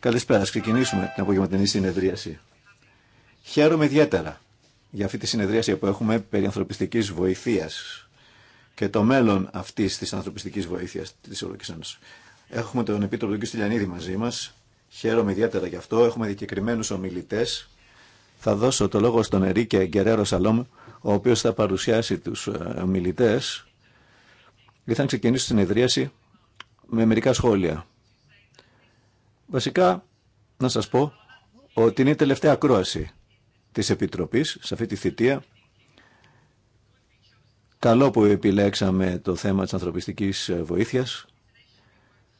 Καλησπέρα, ας ξεκινήσουμε την απογευματινή συνεδρίαση. Χαίρομαι ιδιαίτερα για αυτή τη συνεδρίαση που έχουμε περί ανθρωπιστικής βοηθείας και το μέλλον αυτής της ανθρωπιστικής βοήθειας της Ευρωπαϊκής Ένωσης. Έχουμε τον Επίτροπο τον κ. Στυλιανίδη μαζί μας. Χαίρομαι ιδιαίτερα γι' αυτό. Έχουμε δικαιωμένου ομιλητές. Θα δώσω το λόγο στον Ερίκε Γκερέρο Σαλόμ, ο οποίος θα παρουσιάσει τους ε, ομιλητές Ήθελα να ξεκινήσω την εδρίαση με μερικά σχόλια. Βασικά, να σας πω ότι είναι η τελευταία ακρόαση της Επιτροπής σε αυτή τη θητεία. Καλό που επιλέξαμε το θέμα της ανθρωπιστικής βοήθειας.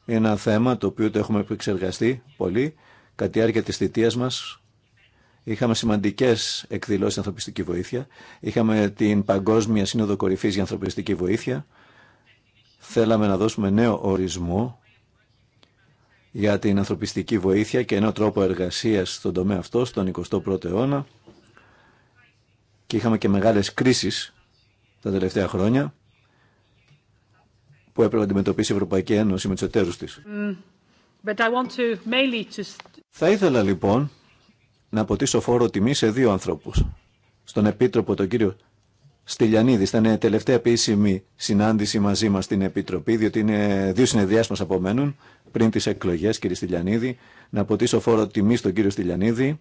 Είναι ένα θέμα το οποίο το έχουμε επεξεργαστεί πολύ. Κατά τη διάρκεια της θητείας μας είχαμε σημαντικές εκδηλώσεις ανθρωπιστική βοήθεια. Είχαμε την Παγκόσμια Σύνοδο Κορυφής για Ανθρωπιστική Βοήθεια Θέλαμε να δώσουμε νέο ορισμό για την ανθρωπιστική βοήθεια και ένα τρόπο εργασίας στον τομέα αυτό, στον 21ο αιώνα. Και είχαμε και μεγάλες κρίσεις τα τελευταία χρόνια που έπρεπε να αντιμετωπίσει η Ευρωπαϊκή Ένωση με τους εταίρους της. Mm, Θα ήθελα λοιπόν να αποτίσω φόρο τιμή σε δύο ανθρώπους. Στον Επίτροπο τον κύριο Στυλιανίδη ήταν η τελευταία επίσημη συνάντηση μαζί μα στην Επιτροπή, διότι είναι δύο συνεδριάσει μα απομένουν πριν τι εκλογέ, κύριε Στυλιανίδη. Να αποτίσω φόρο τιμή στον κύριο Στυλιανίδη,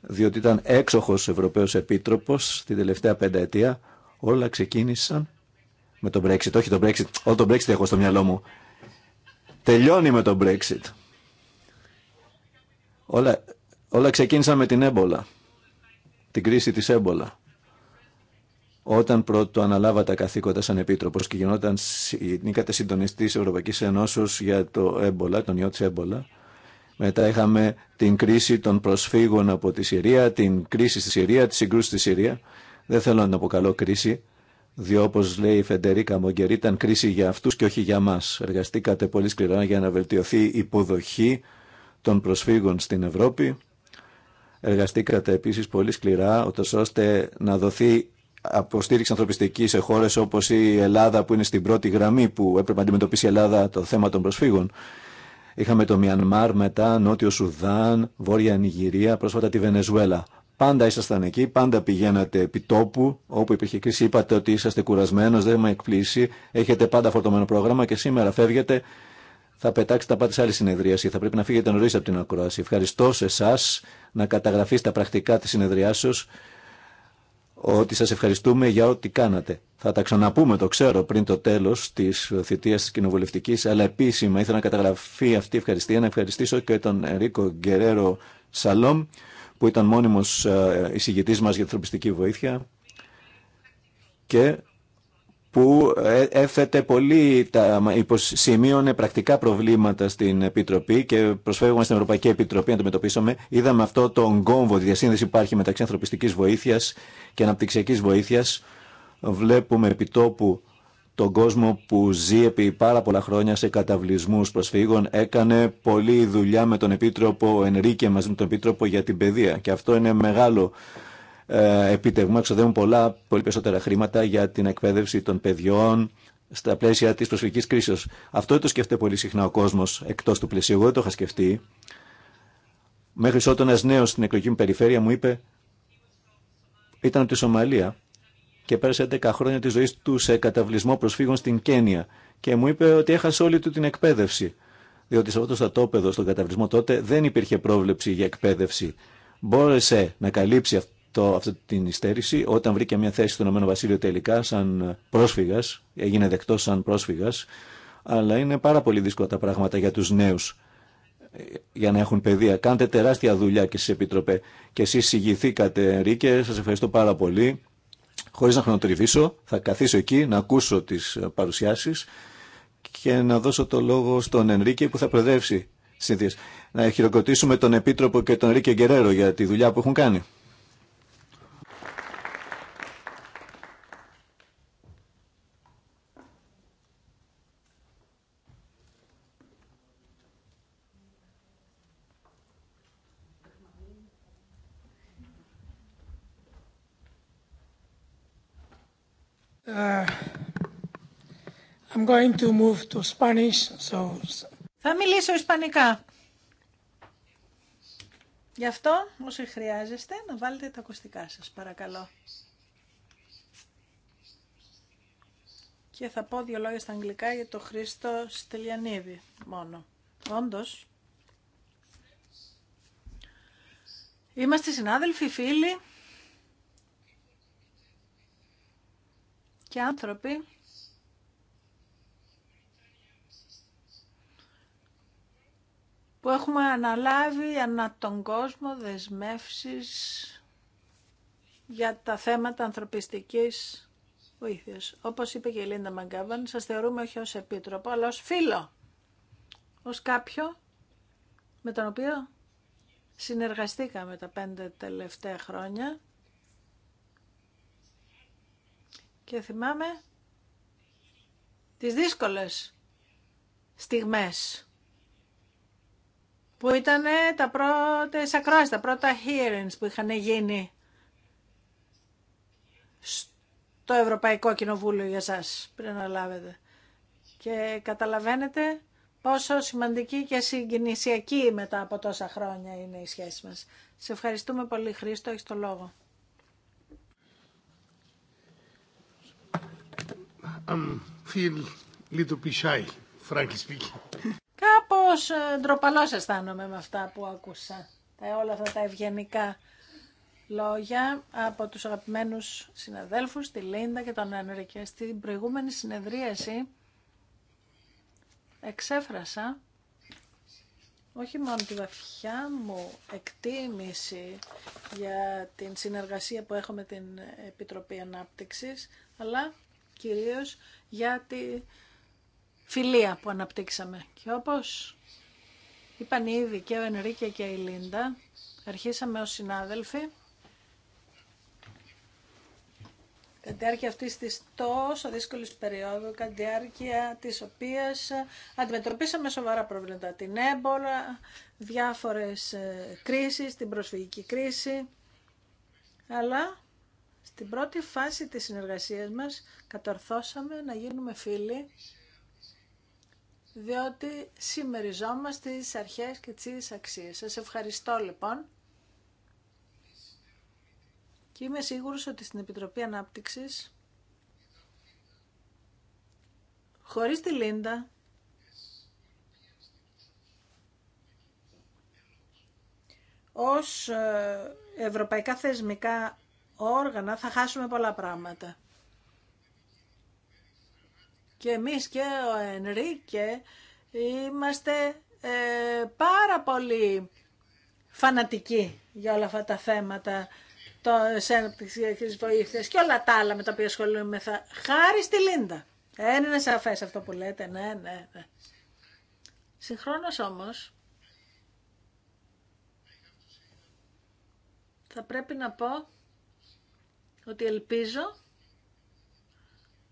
διότι ήταν έξοχο Ευρωπαίο Επίτροπο την τελευταία πενταετία. Όλα ξεκίνησαν με τον Brexit. Όχι τον Brexit, όλο τον Brexit έχω στο μυαλό μου. Τελειώνει με τον Brexit. Όλα, όλα ξεκίνησαν με την έμπολα. Την κρίση της έμπολα όταν πρώτο αναλάβα τα καθήκοντα σαν επίτροπο και γινόταν, νίκατε συντονιστή Ευρωπαϊκή Ενώσεω για το έμπολα, τον ιό τη έμπολα. Μετά είχαμε την κρίση των προσφύγων από τη Συρία, την κρίση στη Συρία, τη συγκρούση στη Συρία. Δεν θέλω να την αποκαλώ κρίση, διότι όπω λέει η Φεντερίκα Μογκερή, ήταν κρίση για αυτού και όχι για μα. Εργαστήκατε πολύ σκληρά για να βελτιωθεί η υποδοχή των προσφύγων στην Ευρώπη. Εργαστήκατε επίσης πολύ σκληρά, ώστε να δοθεί αποστήριξη ανθρωπιστική σε χώρε όπω η Ελλάδα που είναι στην πρώτη γραμμή που έπρεπε να αντιμετωπίσει η Ελλάδα το θέμα των προσφύγων. Είχαμε το Μιανμάρ, μετά Νότιο Σουδάν, Βόρεια Νιγηρία, πρόσφατα τη Βενεζουέλα. Πάντα ήσασταν εκεί, πάντα πηγαίνατε επί τόπου, όπου υπήρχε κρίση. Είπατε ότι είσαστε κουρασμένο, δεν με εκπλήσει. Έχετε πάντα φορτωμένο πρόγραμμα και σήμερα φεύγετε. Θα πετάξετε τα πάτε σε άλλη συνεδρίαση. Θα πρέπει να φύγετε νωρί από την ακρόαση. Ευχαριστώ σε εσά να καταγραφεί τα πρακτικά τη συνεδριάσεω ότι σας ευχαριστούμε για ό,τι κάνατε. Θα τα ξαναπούμε, το ξέρω, πριν το τέλος της θητείας της κοινοβουλευτικής, αλλά επίσημα ήθελα να καταγραφεί αυτή η ευχαριστία, να ευχαριστήσω και τον Ρίκο Γκερέρο Σαλόμ, που ήταν μόνιμος ε, εισηγητής μας για την ανθρωπιστική βοήθεια και που ε, έφθετε πολύ, τα, υποσημείωνε πρακτικά προβλήματα στην Επιτροπή και προσφεύγουμε στην Ευρωπαϊκή Επιτροπή να το μετωπίσουμε. Είδαμε αυτό τον γκόμβο, τη διασύνδεση υπάρχει μεταξύ ανθρωπιστική βοήθειας και αναπτυξιακή βοήθειας. Βλέπουμε επιτόπου τον κόσμο που ζει επί πάρα πολλά χρόνια σε καταβλισμούς προσφύγων έκανε πολλή δουλειά με τον Επίτροπο Ενρίκε μαζί με τον Επίτροπο για την παιδεία και αυτό είναι μεγάλο ε, επίτευγμα. εξοδεύουν πολλά, πολύ περισσότερα χρήματα για την εκπαίδευση των παιδιών στα πλαίσια τη προσφυγική κρίση. Αυτό δεν το σκέφτεται πολύ συχνά ο κόσμο εκτό του πλαισίου. Εγώ δεν το είχα σκεφτεί. Μέχρι όταν ένα νέο στην εκλογική μου περιφέρεια μου είπε, ήταν από τη Σομαλία και πέρασε 11 χρόνια τη ζωή του σε καταβλισμό προσφύγων στην Κένια. Και μου είπε ότι έχασε όλη του την εκπαίδευση. Διότι σε αυτό το στατόπεδο, στον καταβλισμό τότε, δεν υπήρχε πρόβλεψη για εκπαίδευση. Μπόρεσε να καλύψει το, αυτή την υστέρηση. Όταν βρήκε μια θέση στο Ηνωμένο Βασίλειο τελικά σαν πρόσφυγας, έγινε δεκτός σαν πρόσφυγας, αλλά είναι πάρα πολύ δύσκολα τα πράγματα για τους νέους ε, για να έχουν παιδεία. Κάντε τεράστια δουλειά και στι επιτροπέ. Και εσείς συγηθήκατε Ρίκε, σας ευχαριστώ πάρα πολύ. Χωρίς να χρονοτριβήσω, θα καθίσω εκεί να ακούσω τις ε, παρουσιάσεις και να δώσω το λόγο στον Ενρίκε που θα προεδρεύσει Να χειροκροτήσουμε τον Επίτροπο και τον Ρίκε Γκερέρο για τη δουλειά που έχουν κάνει. Θα μιλήσω ισπανικά. Γι' αυτό, όσοι χρειάζεστε, να βάλετε τα ακουστικά σας, παρακαλώ. Και θα πω δύο λόγια στα αγγλικά για το Χρήστο Στελιανίδη μόνο. Όντως, είμαστε συνάδελφοι, φίλοι και άνθρωποι που έχουμε αναλάβει ανά τον κόσμο δεσμεύσεις για τα θέματα ανθρωπιστικής βοήθειας. Όπως είπε και η Λίντα Μαγκάβαν, σας θεωρούμε όχι ως επίτροπο, αλλά ως φίλο, ως κάποιο με τον οποίο συνεργαστήκαμε τα πέντε τελευταία χρόνια και θυμάμαι τις δύσκολες στιγμές που ήταν ε, τα πρώτα τα πρώτα hearings που είχαν γίνει στο Ευρωπαϊκό Κοινοβούλιο για σας πριν να λάβετε. Και καταλαβαίνετε πόσο σημαντική και συγκινησιακή μετά από τόσα χρόνια είναι η σχέση μας. Σε ευχαριστούμε πολύ Χρήστο, έχεις το λόγο. I'm feel little bit shy, Κάπως ε, ντροπαλός αισθάνομαι με αυτά που άκουσα. Τα, όλα αυτά τα ευγενικά λόγια από τους αγαπημένους συναδέλφους, τη Λίντα και τον και Στην προηγούμενη συνεδρίαση εξέφρασα όχι μόνο τη βαθιά μου εκτίμηση για την συνεργασία που έχω με την Επιτροπή Ανάπτυξης, αλλά κυρίως για τη φιλία που αναπτύξαμε. Και όπως είπαν ήδη και ο Ενρίκε και η Λίντα, αρχίσαμε ως συνάδελφοι. Κατά τη διάρκεια αυτή τη τόσο δύσκολη περίοδου, κατά τη διάρκεια τη οποία αντιμετωπίσαμε σοβαρά προβλήματα. Την έμπολα, διάφορες ε, κρίσεις, την προσφυγική κρίση. Αλλά στην πρώτη φάση της συνεργασίας μας κατορθώσαμε να γίνουμε φίλοι διότι συμμεριζόμαστε στις αρχές και τις αξίες. Σας ευχαριστώ λοιπόν και είμαι σίγουρος ότι στην Επιτροπή Ανάπτυξης χωρίς τη Λίντα ως ε, ευρωπαϊκά θεσμικά όργανα θα χάσουμε πολλά πράγματα και εμείς και ο Ενρίκε είμαστε ε, πάρα πολύ φανατικοί για όλα αυτά τα θέματα το, σε τις βοήθειες και όλα τα άλλα με τα οποία θα... Χάρη στη Λίντα. Ε, είναι σαφές αυτό που λέτε, ναι, ναι, ναι. Συγχρόνως όμως, θα πρέπει να πω ότι ελπίζω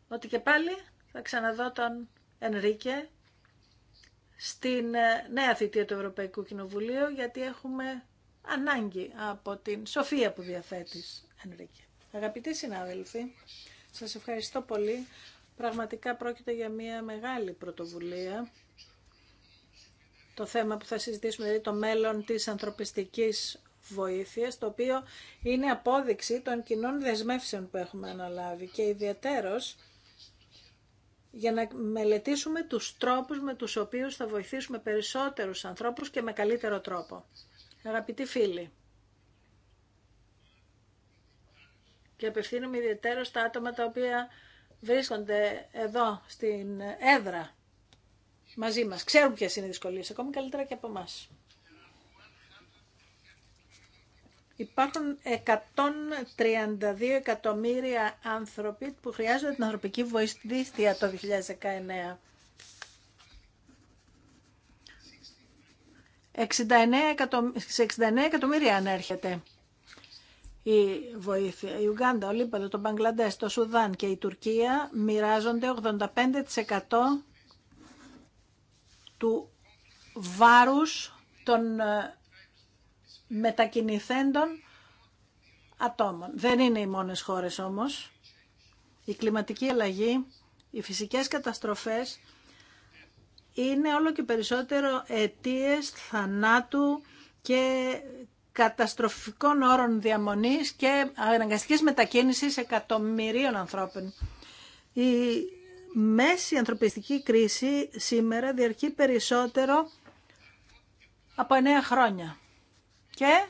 ότι και πάλι θα ξαναδώ τον Ενρίκε στην ε, νέα θητεία του Ευρωπαϊκού Κοινοβουλίου γιατί έχουμε ανάγκη από την σοφία που διαθέτεις, Ενρίκε. Αγαπητοί συνάδελφοι, σας ευχαριστώ πολύ. Πραγματικά πρόκειται για μια μεγάλη πρωτοβουλία. Το θέμα που θα συζητήσουμε, δηλαδή το μέλλον της ανθρωπιστικής βοήθειας, το οποίο είναι απόδειξη των κοινών δεσμεύσεων που έχουμε αναλάβει και ιδιαίτερος για να μελετήσουμε τους τρόπους με τους οποίους θα βοηθήσουμε περισσότερους ανθρώπους και με καλύτερο τρόπο. Αγαπητοί φίλοι, και απευθύνομαι ιδιαίτερα στα άτομα τα οποία βρίσκονται εδώ στην έδρα μαζί μας. Ξέρουν ποιες είναι οι δυσκολίες, ακόμη καλύτερα και από εμάς. Υπάρχουν 132 εκατομμύρια άνθρωποι που χρειάζονται την ανθρωπική βοήθεια το 2019. 69 Σε 69 εκατομμύρια ανέρχεται η βοήθεια. Η Ουγγάντα, ο το Μπαγκλαντές, το Σουδάν και η Τουρκία μοιράζονται 85% του βάρους των ε, μετακινηθέντων ατόμων. Δεν είναι οι μόνες χώρες όμως. Η κλιματική αλλαγή, οι φυσικές καταστροφές είναι όλο και περισσότερο αιτίες θανάτου και καταστροφικών όρων διαμονής και αναγκαστικής μετακίνησης εκατομμυρίων ανθρώπων. Η μέση ανθρωπιστική κρίση σήμερα διαρκεί περισσότερο από 9 χρόνια. Και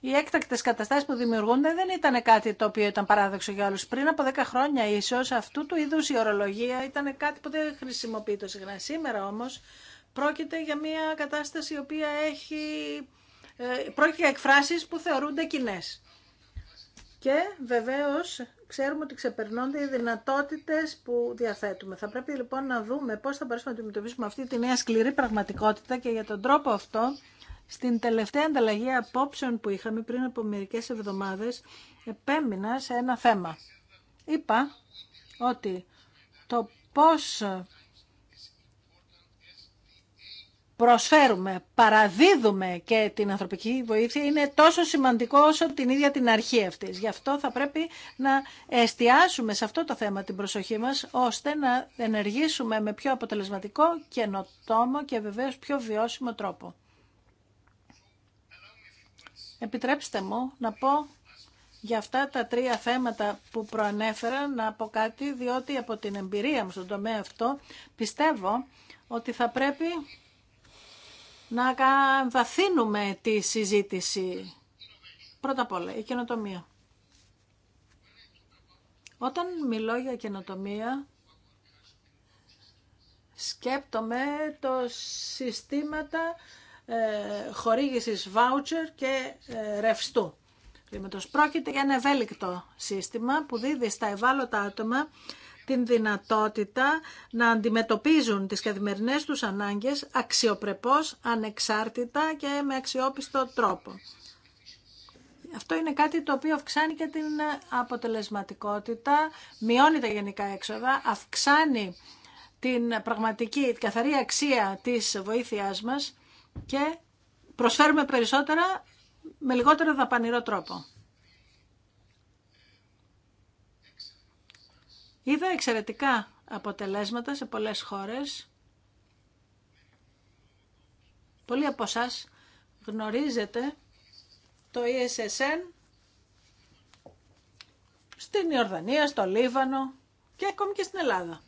οι έκτακτε καταστάσει που δημιουργούνται δεν ήταν κάτι το οποίο ήταν παράδοξο για όλου. Πριν από 10 χρόνια, ίσω αυτού του είδου η ορολογία ήταν κάτι που δεν χρησιμοποιείται συχνά. Σήμερα όμω πρόκειται για μια κατάσταση η οποία έχει. Ε, πρόκειται για εκφράσει που θεωρούνται κοινέ. Και βεβαίω ξέρουμε ότι ξεπερνώνται οι δυνατότητε που διαθέτουμε. Θα πρέπει λοιπόν να δούμε πώ θα μπορέσουμε να αντιμετωπίσουμε αυτή τη νέα σκληρή πραγματικότητα και για τον τρόπο αυτό στην τελευταία ανταλλαγή απόψεων που είχαμε πριν από μερικές εβδομάδες, επέμεινα σε ένα θέμα. Είπα ότι το πώς προσφέρουμε, παραδίδουμε και την ανθρωπική βοήθεια είναι τόσο σημαντικό όσο την ίδια την αρχή αυτής. Γι' αυτό θα πρέπει να εστιάσουμε σε αυτό το θέμα την προσοχή μας, ώστε να ενεργήσουμε με πιο αποτελεσματικό, καινοτόμο και βεβαίως πιο βιώσιμο τρόπο. Επιτρέψτε μου να πω για αυτά τα τρία θέματα που προανέφερα να πω κάτι, διότι από την εμπειρία μου στον τομέα αυτό πιστεύω ότι θα πρέπει να βαθύνουμε τη συζήτηση. Πρώτα απ' όλα, η καινοτομία. Όταν μιλώ για καινοτομία, σκέπτομαι το συστήματα ε, χορήγησης voucher και ε, ρευστού. Πρόκειται για ένα ευέλικτο σύστημα που δίδει στα ευάλωτα άτομα την δυνατότητα να αντιμετωπίζουν τις καθημερινές τους ανάγκες αξιοπρεπώς, ανεξάρτητα και με αξιόπιστο τρόπο. Αυτό είναι κάτι το οποίο αυξάνει και την αποτελεσματικότητα, μειώνει τα γενικά έξοδα, αυξάνει την πραγματική, την καθαρή αξία της βοήθειάς μας και προσφέρουμε περισσότερα με λιγότερο δαπανηρό τρόπο. Είδα εξαιρετικά αποτελέσματα σε πολλές χώρες. Πολλοί από εσά γνωρίζετε το ESSN στην Ιορδανία, στο Λίβανο και ακόμη και στην Ελλάδα.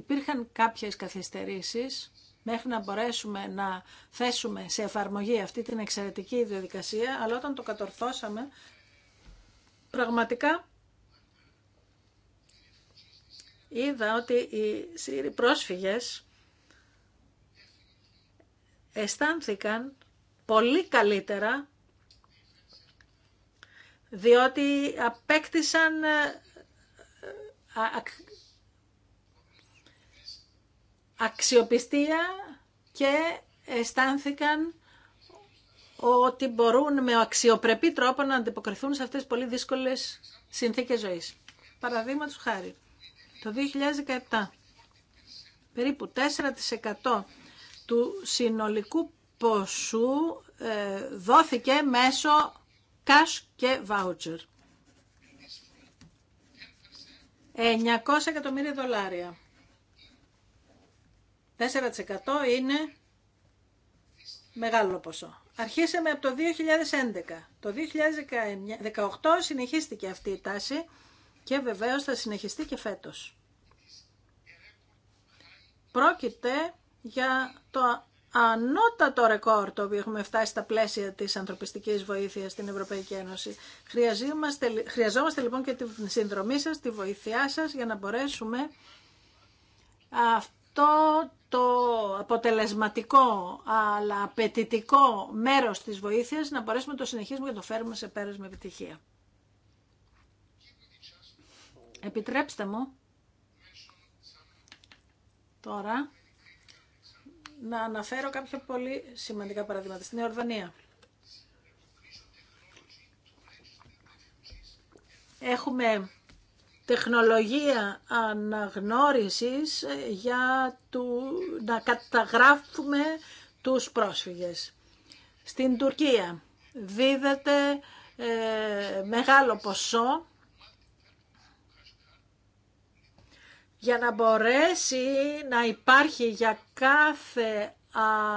Υπήρχαν κάποιες καθυστερήσεις μέχρι να μπορέσουμε να θέσουμε σε εφαρμογή αυτή την εξαιρετική διαδικασία, αλλά όταν το κατορθώσαμε, πραγματικά είδα ότι οι Σύριοι πρόσφυγες αισθάνθηκαν πολύ καλύτερα διότι απέκτησαν ε, ε, αξιοπιστία και αισθάνθηκαν ότι μπορούν με αξιοπρεπή τρόπο να αντιποκριθούν σε αυτές τις πολύ δύσκολες συνθήκες ζωής. Παραδείγματος χάρη, το 2017 περίπου 4% του συνολικού ποσού ε, δόθηκε μέσω cash και voucher. 900 εκατομμύρια δολάρια. 4% είναι μεγάλο ποσό. Αρχίσαμε από το 2011. Το 2018 συνεχίστηκε αυτή η τάση και βεβαίως θα συνεχιστεί και φέτος. Πρόκειται για το ανώτατο ρεκόρ το οποίο έχουμε φτάσει στα πλαίσια της ανθρωπιστικής βοήθειας στην Ευρωπαϊκή Ένωση. Χρειαζόμαστε, χρειαζόμαστε λοιπόν και τη συνδρομή σας, τη βοήθειά σας για να μπορέσουμε αυτό το αποτελεσματικό αλλά απαιτητικό μέρος της βοήθειας να μπορέσουμε να το συνεχίσουμε και το φέρουμε σε πέρας με επιτυχία. Επιτρέψτε μου τώρα να αναφέρω κάποια πολύ σημαντικά παραδείγματα. Στην Ιορδανία έχουμε τεχνολογία αναγνώρισης ε, για να καταγράφουμε τους πρόσφυγες. Στην Τουρκία δίδεται ε, μεγάλο ποσό για να μπορέσει να υπάρχει για κάθε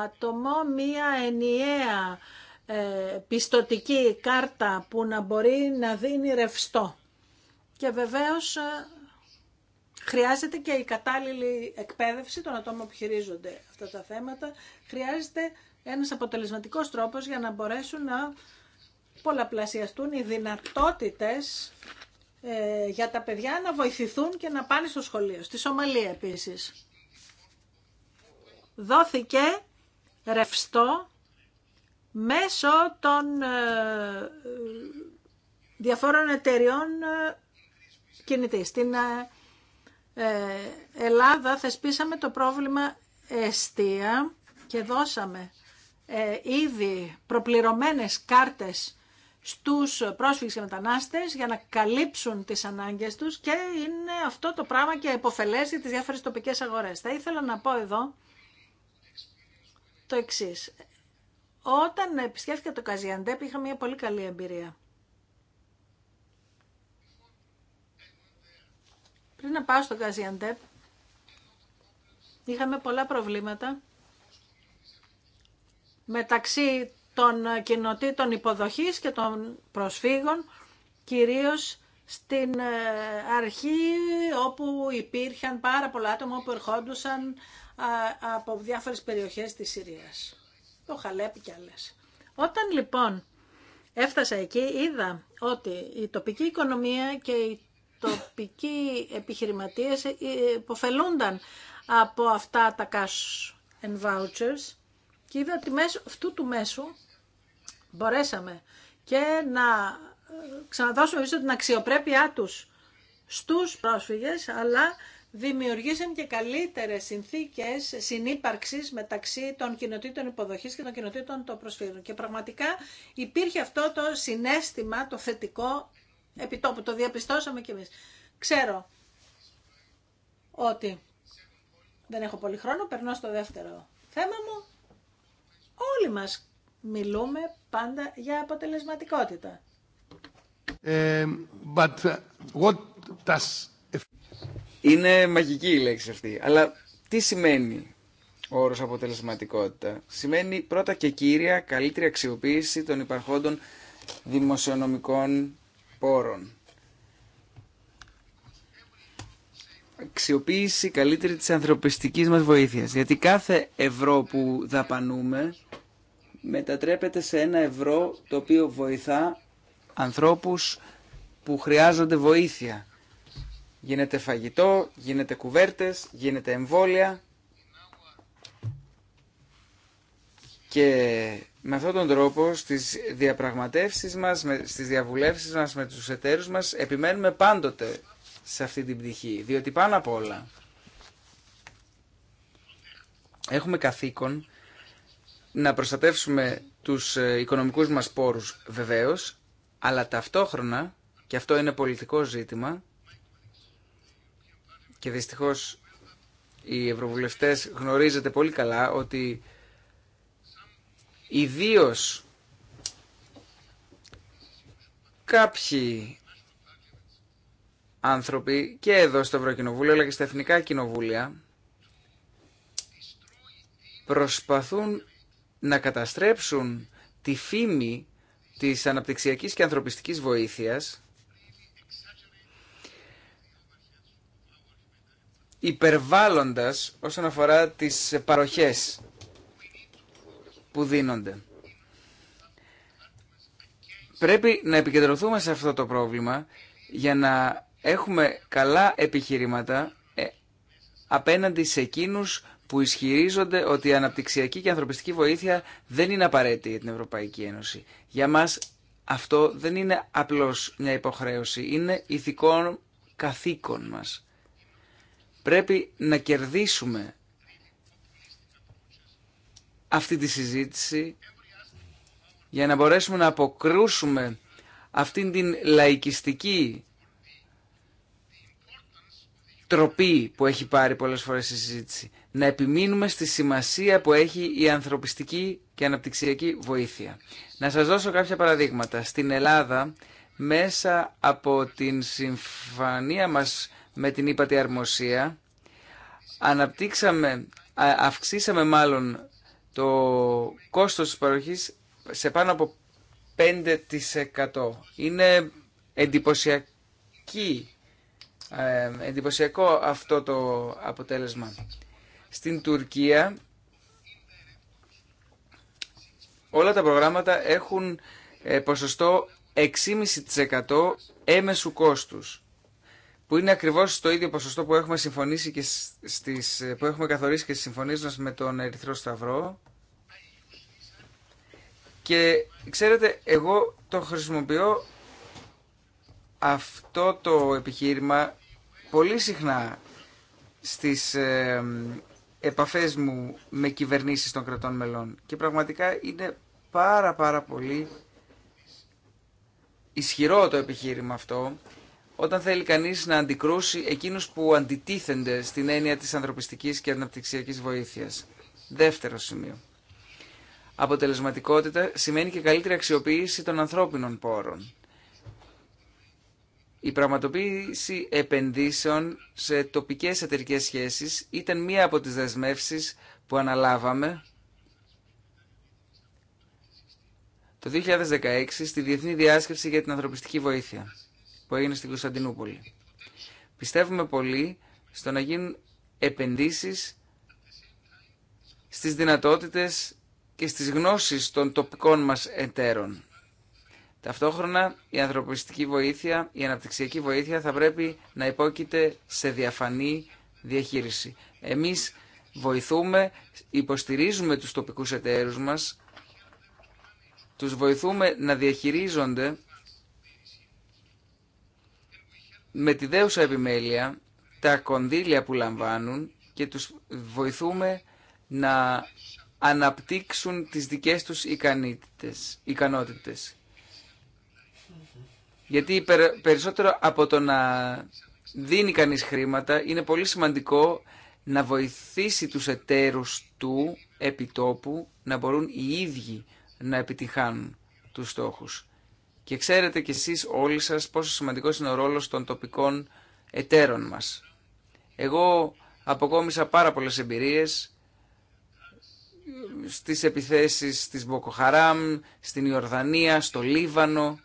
άτομο μία ενιαία ε, πιστοτική κάρτα που να μπορεί να δίνει ρευστό και βεβαίως ε, χρειάζεται και η κατάλληλη εκπαίδευση των ατόμων που χειρίζονται αυτά τα θέματα. Χρειάζεται ένας αποτελεσματικός τρόπος για να μπορέσουν να πολλαπλασιαστούν οι δυνατότητες ε, για τα παιδιά να βοηθηθούν και να πάνε στο σχολείο. Στη Σομαλία επίσης. Δόθηκε ρευστό μέσω των ε, διαφόρων εταιριών κινητή. Στην ε, ε, Ελλάδα θεσπίσαμε το πρόβλημα εστία και δώσαμε ε, ήδη προπληρωμένες κάρτες στους πρόσφυγες και μετανάστες για να καλύψουν τις ανάγκες τους και είναι αυτό το πράγμα και υποφελές για τις διάφορες τοπικές αγορές. Θα ήθελα να πω εδώ το εξής. Όταν επισκέφθηκα το Καζιαντέπ είχα μια πολύ καλή εμπειρία. Πριν να πάω στο Gaziantep, είχαμε πολλά προβλήματα μεταξύ των κοινοτήτων υποδοχής και των προσφύγων, κυρίως στην ε, αρχή όπου υπήρχαν πάρα πολλά άτομα που ερχόντουσαν ε, από διάφορες περιοχές της Συρίας. Το Χαλέπι κι άλλες. Όταν λοιπόν έφτασα εκεί είδα ότι η τοπική οικονομία και η τοπικοί επιχειρηματίες ε, υποφελούνταν από αυτά τα cash and vouchers και είδα ότι μέσω αυτού του μέσου μπορέσαμε και να ε, ξαναδώσουμε πίσω την αξιοπρέπειά τους στους πρόσφυγες, αλλά δημιουργήσαν και καλύτερες συνθήκες συνύπαρξης μεταξύ των κοινοτήτων υποδοχής και των κοινοτήτων των προσφύγων. Και πραγματικά υπήρχε αυτό το συνέστημα, το θετικό επιτόπου το διαπιστώσαμε κι εμείς. Ξέρω ότι δεν έχω πολύ χρόνο, περνώ στο δεύτερο θέμα μου. Όλοι μας μιλούμε πάντα για αποτελεσματικότητα. Ε, but uh, what does... Είναι μαγική η λέξη αυτή, αλλά τι σημαίνει ο όρος αποτελεσματικότητα. Σημαίνει πρώτα και κύρια καλύτερη αξιοποίηση των υπαρχόντων δημοσιονομικών σπόρων. Αξιοποίηση καλύτερη της ανθρωπιστικής μας βοήθειας. Γιατί κάθε ευρώ που δαπανούμε μετατρέπεται σε ένα ευρώ το οποίο βοηθά ανθρώπους που χρειάζονται βοήθεια. Γίνεται φαγητό, γίνεται κουβέρτες, γίνεται εμβόλια και με αυτόν τον τρόπο στις διαπραγματεύσεις μας, στις διαβουλεύσεις μας με τους εταίρους μας επιμένουμε πάντοτε σε αυτή την πτυχή, διότι πάνω απ' όλα έχουμε καθήκον να προστατεύσουμε τους ε, οικονομικούς μας πόρους βεβαίως, αλλά ταυτόχρονα, και αυτό είναι πολιτικό ζήτημα, και δυστυχώς οι ευρωβουλευτές γνωρίζετε πολύ καλά ότι Ιδίω κάποιοι άνθρωποι και εδώ στο Ευρωκοινοβούλιο αλλά και στα Εθνικά Κοινοβούλια προσπαθούν να καταστρέψουν τη φήμη της αναπτυξιακής και ανθρωπιστικής βοήθειας υπερβάλλοντας όσον αφορά τις παροχές που δίνονται. Πρέπει να επικεντρωθούμε σε αυτό το πρόβλημα για να έχουμε καλά επιχειρήματα ε, απέναντι σε εκείνους που ισχυρίζονται ότι η αναπτυξιακή και ανθρωπιστική βοήθεια δεν είναι απαραίτητη για την Ευρωπαϊκή Ένωση. Για μας αυτό δεν είναι απλώς μια υποχρέωση, είναι ηθικό καθήκον μας. Πρέπει να κερδίσουμε αυτή τη συζήτηση για να μπορέσουμε να αποκρούσουμε αυτήν την λαϊκιστική τροπή που έχει πάρει πολλές φορές η συζήτηση. Να επιμείνουμε στη σημασία που έχει η ανθρωπιστική και αναπτυξιακή βοήθεια. Να σας δώσω κάποια παραδείγματα. Στην Ελλάδα, μέσα από την συμφωνία μας με την ύπατη αρμοσία, αναπτύξαμε, αυξήσαμε μάλλον το κόστος της παροχής σε πάνω από 5%. Είναι εντυπωσιακή, ε, εντυπωσιακό αυτό το αποτέλεσμα. Στην Τουρκία όλα τα προγράμματα έχουν ε, ποσοστό 6,5% έμεσου κόστους που είναι ακριβώς το ίδιο ποσοστό που έχουμε, συμφωνήσει και στις, που έχουμε καθορίσει και στις με τον Ερυθρό Σταυρό. Και ξέρετε, εγώ το χρησιμοποιώ αυτό το επιχείρημα πολύ συχνά στις ε, επαφές μου με κυβερνήσεις των κρατών μελών και πραγματικά είναι πάρα πάρα πολύ ισχυρό το επιχείρημα αυτό όταν θέλει κανείς να αντικρούσει εκείνους που αντιτίθενται στην έννοια της ανθρωπιστικής και αναπτυξιακής βοήθειας. Δεύτερο σημείο. Αποτελεσματικότητα σημαίνει και καλύτερη αξιοποίηση των ανθρώπινων πόρων. Η πραγματοποίηση επενδύσεων σε τοπικές εταιρικέ σχέσεις ήταν μία από τις δεσμεύσεις που αναλάβαμε το 2016 στη Διεθνή Διάσκεψη για την Ανθρωπιστική Βοήθεια που έγινε στην Κωνσταντινούπολη. Πιστεύουμε πολύ στο να γίνουν επενδύσεις στις δυνατότητες και στις γνώσεις των τοπικών μας εταίρων. Ταυτόχρονα η ανθρωπιστική βοήθεια, η αναπτυξιακή βοήθεια θα πρέπει να υπόκειται σε διαφανή διαχείριση. Εμείς βοηθούμε, υποστηρίζουμε τους τοπικούς εταίρους μας, τους βοηθούμε να διαχειρίζονται με τη δέουσα επιμέλεια τα κονδύλια που λαμβάνουν και τους βοηθούμε να αναπτύξουν τις δικές τους ικανότητες. Γιατί περισσότερο από το να δίνει κανείς χρήματα είναι πολύ σημαντικό να βοηθήσει τους εταίρους του επιτόπου να μπορούν οι ίδιοι να επιτυχάνουν τους στόχους. Και ξέρετε κι εσείς όλοι σας πόσο σημαντικός είναι ο ρόλος των τοπικών εταίρων μας. Εγώ αποκόμισα πάρα πολλές εμπειρίες στις επιθέσεις της Μποκοχαράμ, στην Ιορδανία, στο Λίβανο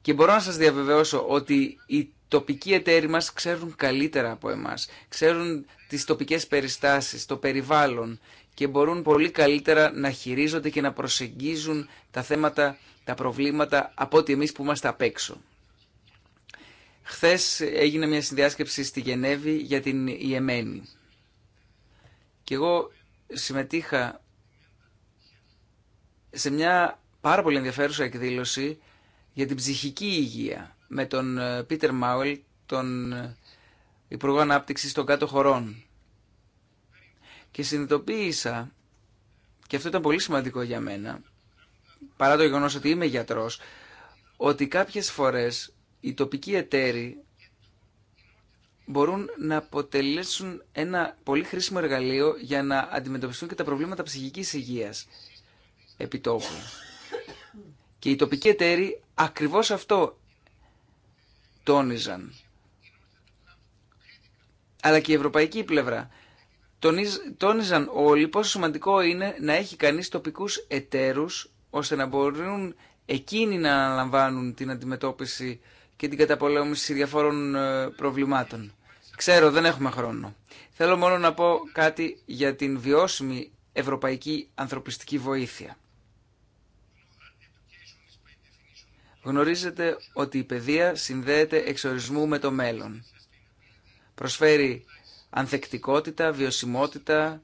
και μπορώ να σας διαβεβαιώσω ότι οι τοπικοί εταίροι μας ξέρουν καλύτερα από εμάς, ξέρουν τις τοπικές περιστάσεις, το περιβάλλον και μπορούν πολύ καλύτερα να χειρίζονται και να προσεγγίζουν τα θέματα τα προβλήματα από ότι εμείς που είμαστε απ' έξω. Χθες έγινε μια συνδιάσκεψη στη Γενέβη για την Ιεμένη. Και εγώ συμμετείχα σε μια πάρα πολύ ενδιαφέρουσα εκδήλωση για την ψυχική υγεία με τον ε, Πίτερ Μάουελ, τον ε, Υπουργό Ανάπτυξη των Κάτω Χωρών. Και συνειδητοποίησα, και αυτό ήταν πολύ σημαντικό για μένα, παρά το γεγονός ότι είμαι γιατρός, ότι κάποιες φορές οι τοπικοί εταίροι μπορούν να αποτελέσουν ένα πολύ χρήσιμο εργαλείο για να αντιμετωπιστούν και τα προβλήματα ψυχικής υγείας επιτόπου. Και οι τοπικοί εταίροι ακριβώς αυτό τόνιζαν. Αλλά και η ευρωπαϊκή πλευρά. Τόνιζαν όλοι πόσο σημαντικό είναι να έχει κανείς τοπικούς εταίρους ώστε να μπορούν εκείνοι να αναλαμβάνουν την αντιμετώπιση και την καταπολέμηση διαφόρων ε, προβλημάτων. Ξέρω, δεν έχουμε χρόνο. Θέλω μόνο να πω κάτι για την βιώσιμη ευρωπαϊκή ανθρωπιστική βοήθεια. Γνωρίζετε ότι η παιδεία συνδέεται εξορισμού με το μέλλον. Προσφέρει ανθεκτικότητα, βιωσιμότητα,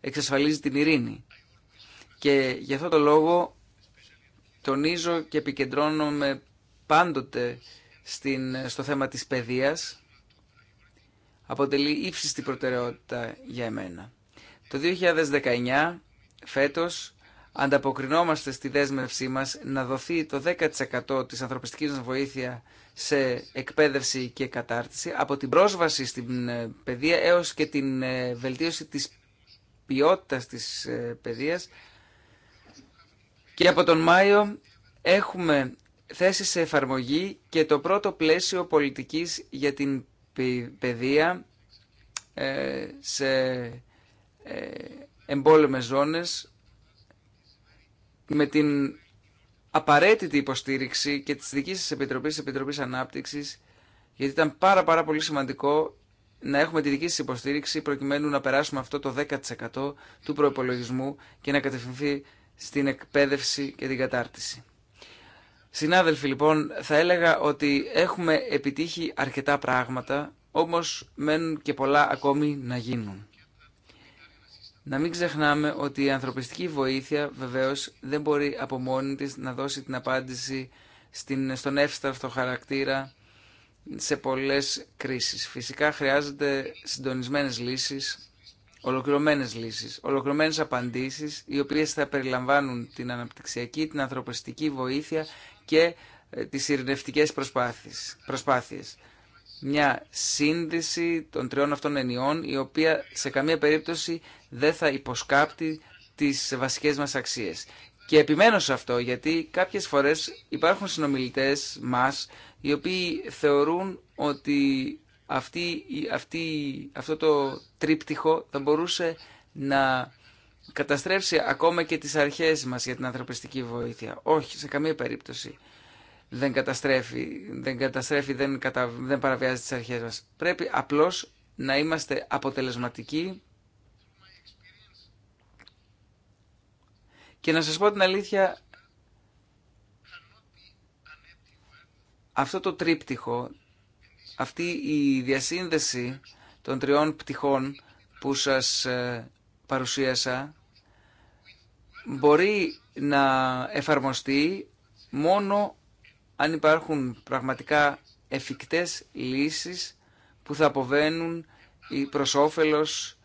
εξασφαλίζει την ειρήνη. Και γι' αυτό το λόγο τονίζω και επικεντρώνομαι πάντοτε στην, στο θέμα της παιδείας αποτελεί ύψιστη προτεραιότητα για εμένα. Το 2019, φέτος, ανταποκρινόμαστε στη δέσμευσή μας να δοθεί το 10% της ανθρωπιστικής μας βοήθεια σε εκπαίδευση και κατάρτιση, από την πρόσβαση στην ε, παιδεία έως και την ε, βελτίωση της ποιότητας της ε, παιδείας και από τον Μάιο έχουμε θέσει σε εφαρμογή και το πρώτο πλαίσιο πολιτικής για την παιδεία ε, σε ε, εμπόλεμες ζώνες με την απαραίτητη υποστήριξη και της δικής σας Επιτροπής, της Επιτροπής Ανάπτυξης, γιατί ήταν πάρα πάρα πολύ σημαντικό να έχουμε τη δική σας υποστήριξη προκειμένου να περάσουμε αυτό το 10% του προϋπολογισμού και να κατευθυνθεί στην εκπαίδευση και την κατάρτιση. Συνάδελφοι, λοιπόν, θα έλεγα ότι έχουμε επιτύχει αρκετά πράγματα, όμως μένουν και πολλά ακόμη να γίνουν. Να μην ξεχνάμε ότι η ανθρωπιστική βοήθεια βεβαίως δεν μπορεί από μόνη της να δώσει την απάντηση στην, στον εύσταυτο χαρακτήρα σε πολλές κρίσεις. Φυσικά χρειάζονται συντονισμένες λύσεις ολοκληρωμένες λύσεις, ολοκληρωμένε απαντήσεις οι οποίες θα περιλαμβάνουν την αναπτυξιακή, την ανθρωπιστική βοήθεια και ε, τις ειρηνευτικέ προσπάθειες. Μια σύνδεση των τριών αυτών ενιών η οποία σε καμία περίπτωση δεν θα υποσκάπτει τις βασικές μας αξίε. Και επιμένω σε αυτό γιατί κάποιε φορές υπάρχουν συνομιλητέ μας οι οποίοι θεωρούν ότι αυτή, αυτή, αυτό το τρίπτυχο θα μπορούσε να καταστρέψει ακόμα και τις αρχές μας για την ανθρωπιστική βοήθεια. Όχι, σε καμία περίπτωση δεν καταστρέφει, δεν, καταστρέφει, δεν, δεν παραβιάζει τις αρχές μας. Πρέπει απλώς να είμαστε αποτελεσματικοί και να σας πω την αλήθεια αυτό το τρίπτυχο αυτή η διασύνδεση των τριών πτυχών που σας ε, παρουσίασα μπορεί να εφαρμοστεί μόνο αν υπάρχουν πραγματικά εφικτές λύσεις που θα αποβαίνουν προς όφελος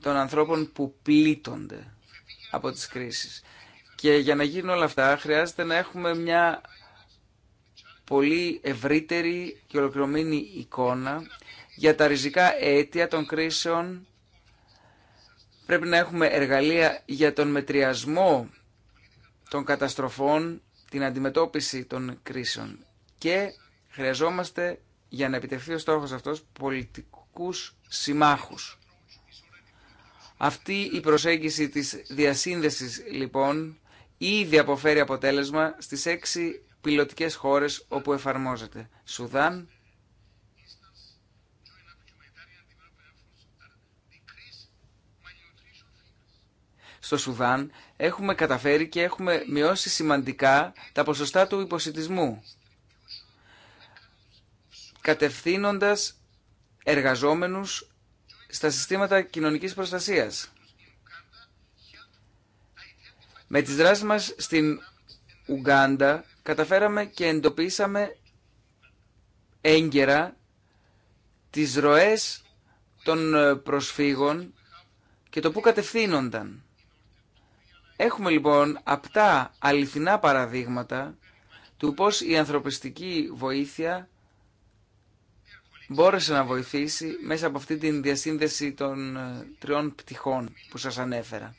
των ανθρώπων που πλήττονται από τις κρίσεις. Και για να γίνουν όλα αυτά χρειάζεται να έχουμε μια πολύ ευρύτερη και ολοκληρωμένη εικόνα για τα ριζικά αίτια των κρίσεων. Πρέπει να έχουμε εργαλεία για τον μετριασμό των καταστροφών, την αντιμετώπιση των κρίσεων και χρειαζόμαστε για να επιτευχθεί ο στόχος αυτός πολιτικούς συμμάχους. Αυτή η προσέγγιση της διασύνδεσης λοιπόν ήδη αποφέρει αποτέλεσμα στις έξι πιλωτικές χώρες όπου εφαρμόζεται. Σουδάν, στο Σουδάν έχουμε καταφέρει και έχουμε μειώσει σημαντικά τα ποσοστά του υποσυτισμού κατευθύνοντας εργαζόμενους στα συστήματα κοινωνικής προστασίας. Με τις δράσεις μας στην Ουγκάντα καταφέραμε και εντοπίσαμε έγκαιρα τις ροές των ε, προσφύγων και το πού κατευθύνονταν. Έχουμε λοιπόν απτά αληθινά παραδείγματα του πώς η ανθρωπιστική βοήθεια μπόρεσε να βοηθήσει μέσα από αυτή την διασύνδεση των ε, τριών πτυχών που σας ανέφερα.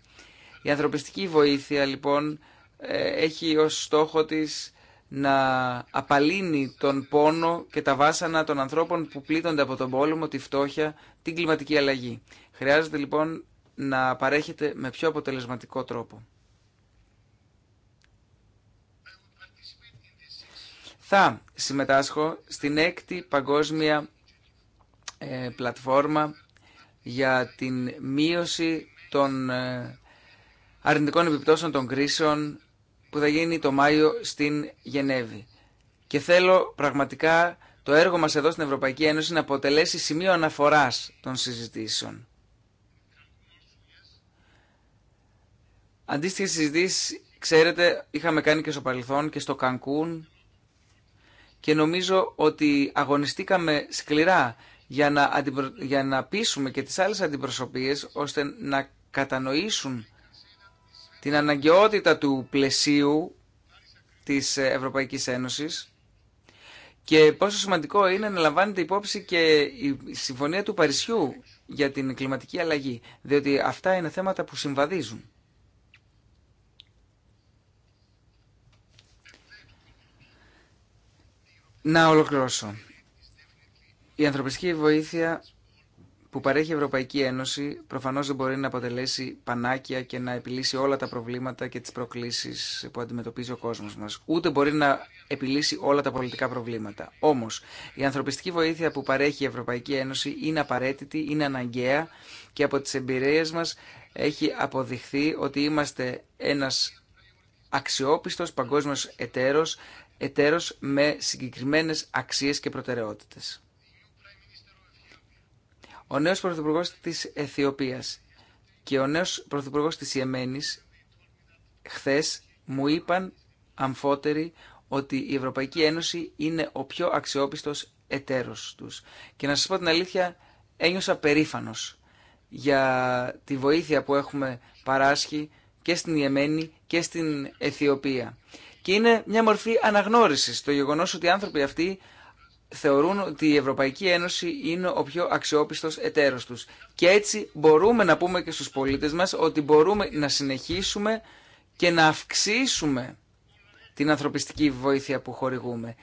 Η ανθρωπιστική βοήθεια λοιπόν ε, έχει ως στόχο της να απαλύνει τον πόνο και τα βάσανα των ανθρώπων που πλήττονται από τον πόλεμο, τη φτώχεια, την κλιματική αλλαγή. Χρειάζεται λοιπόν να παρέχεται με πιο αποτελεσματικό τρόπο. Θα συμμετάσχω στην έκτη παγκόσμια ε, πλατφόρμα για την μείωση των ε, αρνητικών επιπτώσεων των κρίσεων που θα γίνει το Μάιο στην Γενέβη. Και θέλω πραγματικά το έργο μας εδώ στην Ευρωπαϊκή Ένωση να αποτελέσει σημείο αναφοράς των συζητήσεων. Αντίστοιχες συζητήσεις, ξέρετε, είχαμε κάνει και στο παρελθόν και στο Κανκούν και νομίζω ότι αγωνιστήκαμε σκληρά για να, για να πείσουμε και τις άλλες αντιπροσωπείες ώστε να κατανοήσουν την αναγκαιότητα του πλαισίου της Ευρωπαϊκής Ένωσης και πόσο σημαντικό είναι να λαμβάνεται υπόψη και η Συμφωνία του Παρισιού για την κλιματική αλλαγή, διότι αυτά είναι θέματα που συμβαδίζουν. Να ολοκληρώσω. Η ανθρωπιστική βοήθεια που παρέχει η Ευρωπαϊκή Ένωση προφανώ δεν μπορεί να αποτελέσει πανάκια και να επιλύσει όλα τα προβλήματα και τι προκλήσει που αντιμετωπίζει ο κόσμο μα. Ούτε μπορεί να επιλύσει όλα τα πολιτικά προβλήματα. Όμω, η ανθρωπιστική βοήθεια που παρέχει η Ευρωπαϊκή Ένωση είναι απαραίτητη, είναι αναγκαία και από τι εμπειρίες μα έχει αποδειχθεί ότι είμαστε ένα αξιόπιστο παγκόσμιο εταίρος, εταίρος με συγκεκριμένε αξίε και προτεραιότητες. Ο νέος πρωθυπουργός της Αιθιοπίας και ο νέος πρωθυπουργός της Ιεμένης χθες μου είπαν αμφότεροι ότι η Ευρωπαϊκή Ένωση είναι ο πιο αξιόπιστος εταίρος τους. Και να σας πω την αλήθεια, ένιωσα περήφανος για τη βοήθεια που έχουμε παράσχει και στην Ιεμένη και στην Αιθιοπία. Και είναι μια μορφή αναγνώρισης το γεγονός ότι οι άνθρωποι αυτοί θεωρούν ότι η Ευρωπαϊκή Ένωση είναι ο πιο αξιόπιστος εταίρος τους. Και έτσι μπορούμε να πούμε και στους πολίτες μας ότι μπορούμε να συνεχίσουμε και να αυξήσουμε την ανθρωπιστική βοήθεια που χορηγούμε.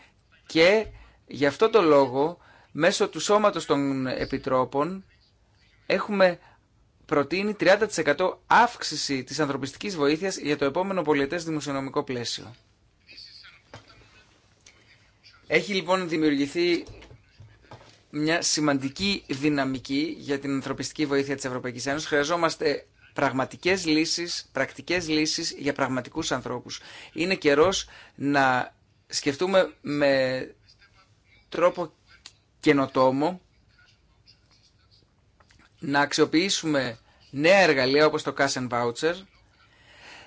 Και γι' αυτό το λόγο, μέσω του σώματος των επιτρόπων, έχουμε προτείνει 30% αύξηση της ανθρωπιστικής βοήθειας για το επόμενο πολιετές δημοσιονομικό πλαίσιο. Έχει λοιπόν δημιουργηθεί μια σημαντική δυναμική για την ανθρωπιστική βοήθεια της Ευρωπαϊκής Ένωσης. Χρειαζόμαστε πραγματικές λύσεις, πρακτικές λύσεις για πραγματικούς ανθρώπους. Είναι καιρός να σκεφτούμε με τρόπο καινοτόμο να αξιοποιήσουμε νέα εργαλεία όπως το Cash and Voucher,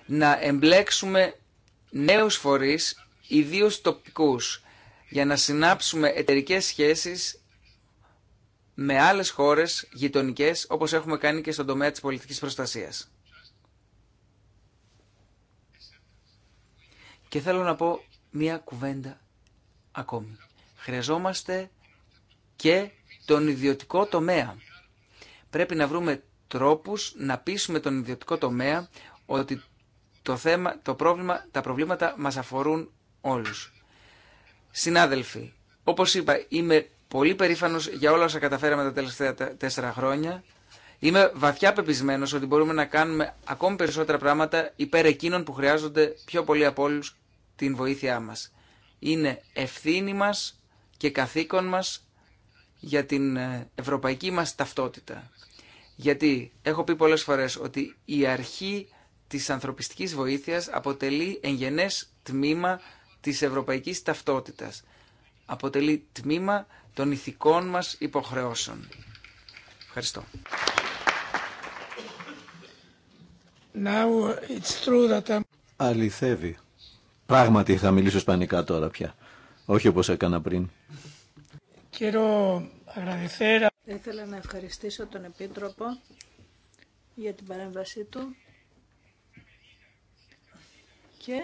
να εμπλέξουμε νέους φορείς, ιδίως τοπικούς, για να συνάψουμε εταιρικέ σχέσεις με άλλες χώρες γειτονικέ όπως έχουμε κάνει και στον τομέα της πολιτικής προστασίας. Και θέλω να πω μία κουβέντα ακόμη. Χρειαζόμαστε και τον ιδιωτικό τομέα. Πρέπει να βρούμε τρόπους να πείσουμε τον ιδιωτικό τομέα ότι το, θέμα, το πρόβλημα, τα προβλήματα μας αφορούν όλους. Συνάδελφοι, όπως είπα, είμαι πολύ περήφανο για όλα όσα καταφέραμε τα τελευταία τέσσερα χρόνια. Είμαι βαθιά πεπισμένο ότι μπορούμε να κάνουμε ακόμη περισσότερα πράγματα υπέρ εκείνων που χρειάζονται πιο πολύ από όλου την βοήθειά μας. Είναι ευθύνη μα και καθήκον μας για την ε, ευρωπαϊκή μας ταυτότητα. Γιατί έχω πει πολλές φορές ότι η αρχή της ανθρωπιστικής βοήθειας αποτελεί εγγενές τμήμα της ευρωπαϊκής ταυτότητας. Αποτελεί τμήμα των ηθικών μας υποχρεώσεων. Ευχαριστώ. Now it's true that Αληθεύει. Πράγματι θα μιλήσω σπανικά τώρα πια. Όχι όπως έκανα πριν. Κύριο Ήθελα να ευχαριστήσω τον Επίτροπο για την παρέμβασή του και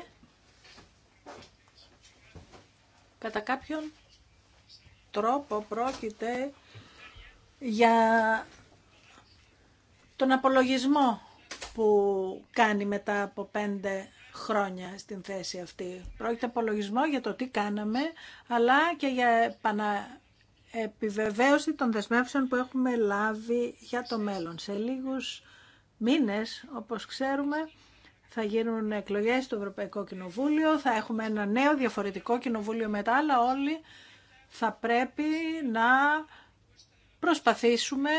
κατά κάποιον τρόπο πρόκειται για τον απολογισμό που κάνει μετά από πέντε χρόνια στην θέση αυτή. Πρόκειται απολογισμό για το τι κάναμε, αλλά και για επιβεβαίωση των δεσμεύσεων που έχουμε λάβει για το μέλλον. Σε λίγους μήνες, όπως ξέρουμε, θα γίνουν εκλογές στο Ευρωπαϊκό Κοινοβούλιο, θα έχουμε ένα νέο διαφορετικό κοινοβούλιο μετά, αλλά όλοι θα πρέπει να προσπαθήσουμε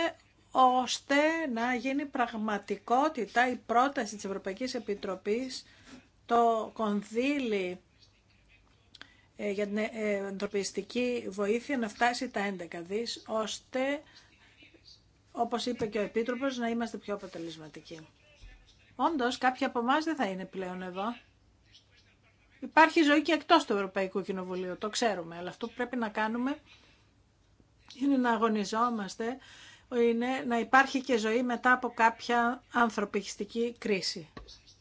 ώστε να γίνει πραγματικότητα η πρόταση της Ευρωπαϊκής Επιτροπής το κονδύλι ε, για την ε, ανθρωπιστική βοήθεια να φτάσει τα 11 δις, ώστε, όπως είπε και ο Επίτροπος, να είμαστε πιο αποτελεσματικοί. Όντω, κάποιοι από εμά δεν θα είναι πλέον εδώ. Υπάρχει ζωή και εκτό του Ευρωπαϊκού Κοινοβουλίου, το ξέρουμε, αλλά αυτό που πρέπει να κάνουμε είναι να αγωνιζόμαστε, είναι να υπάρχει και ζωή μετά από κάποια ανθρωπιστική κρίση.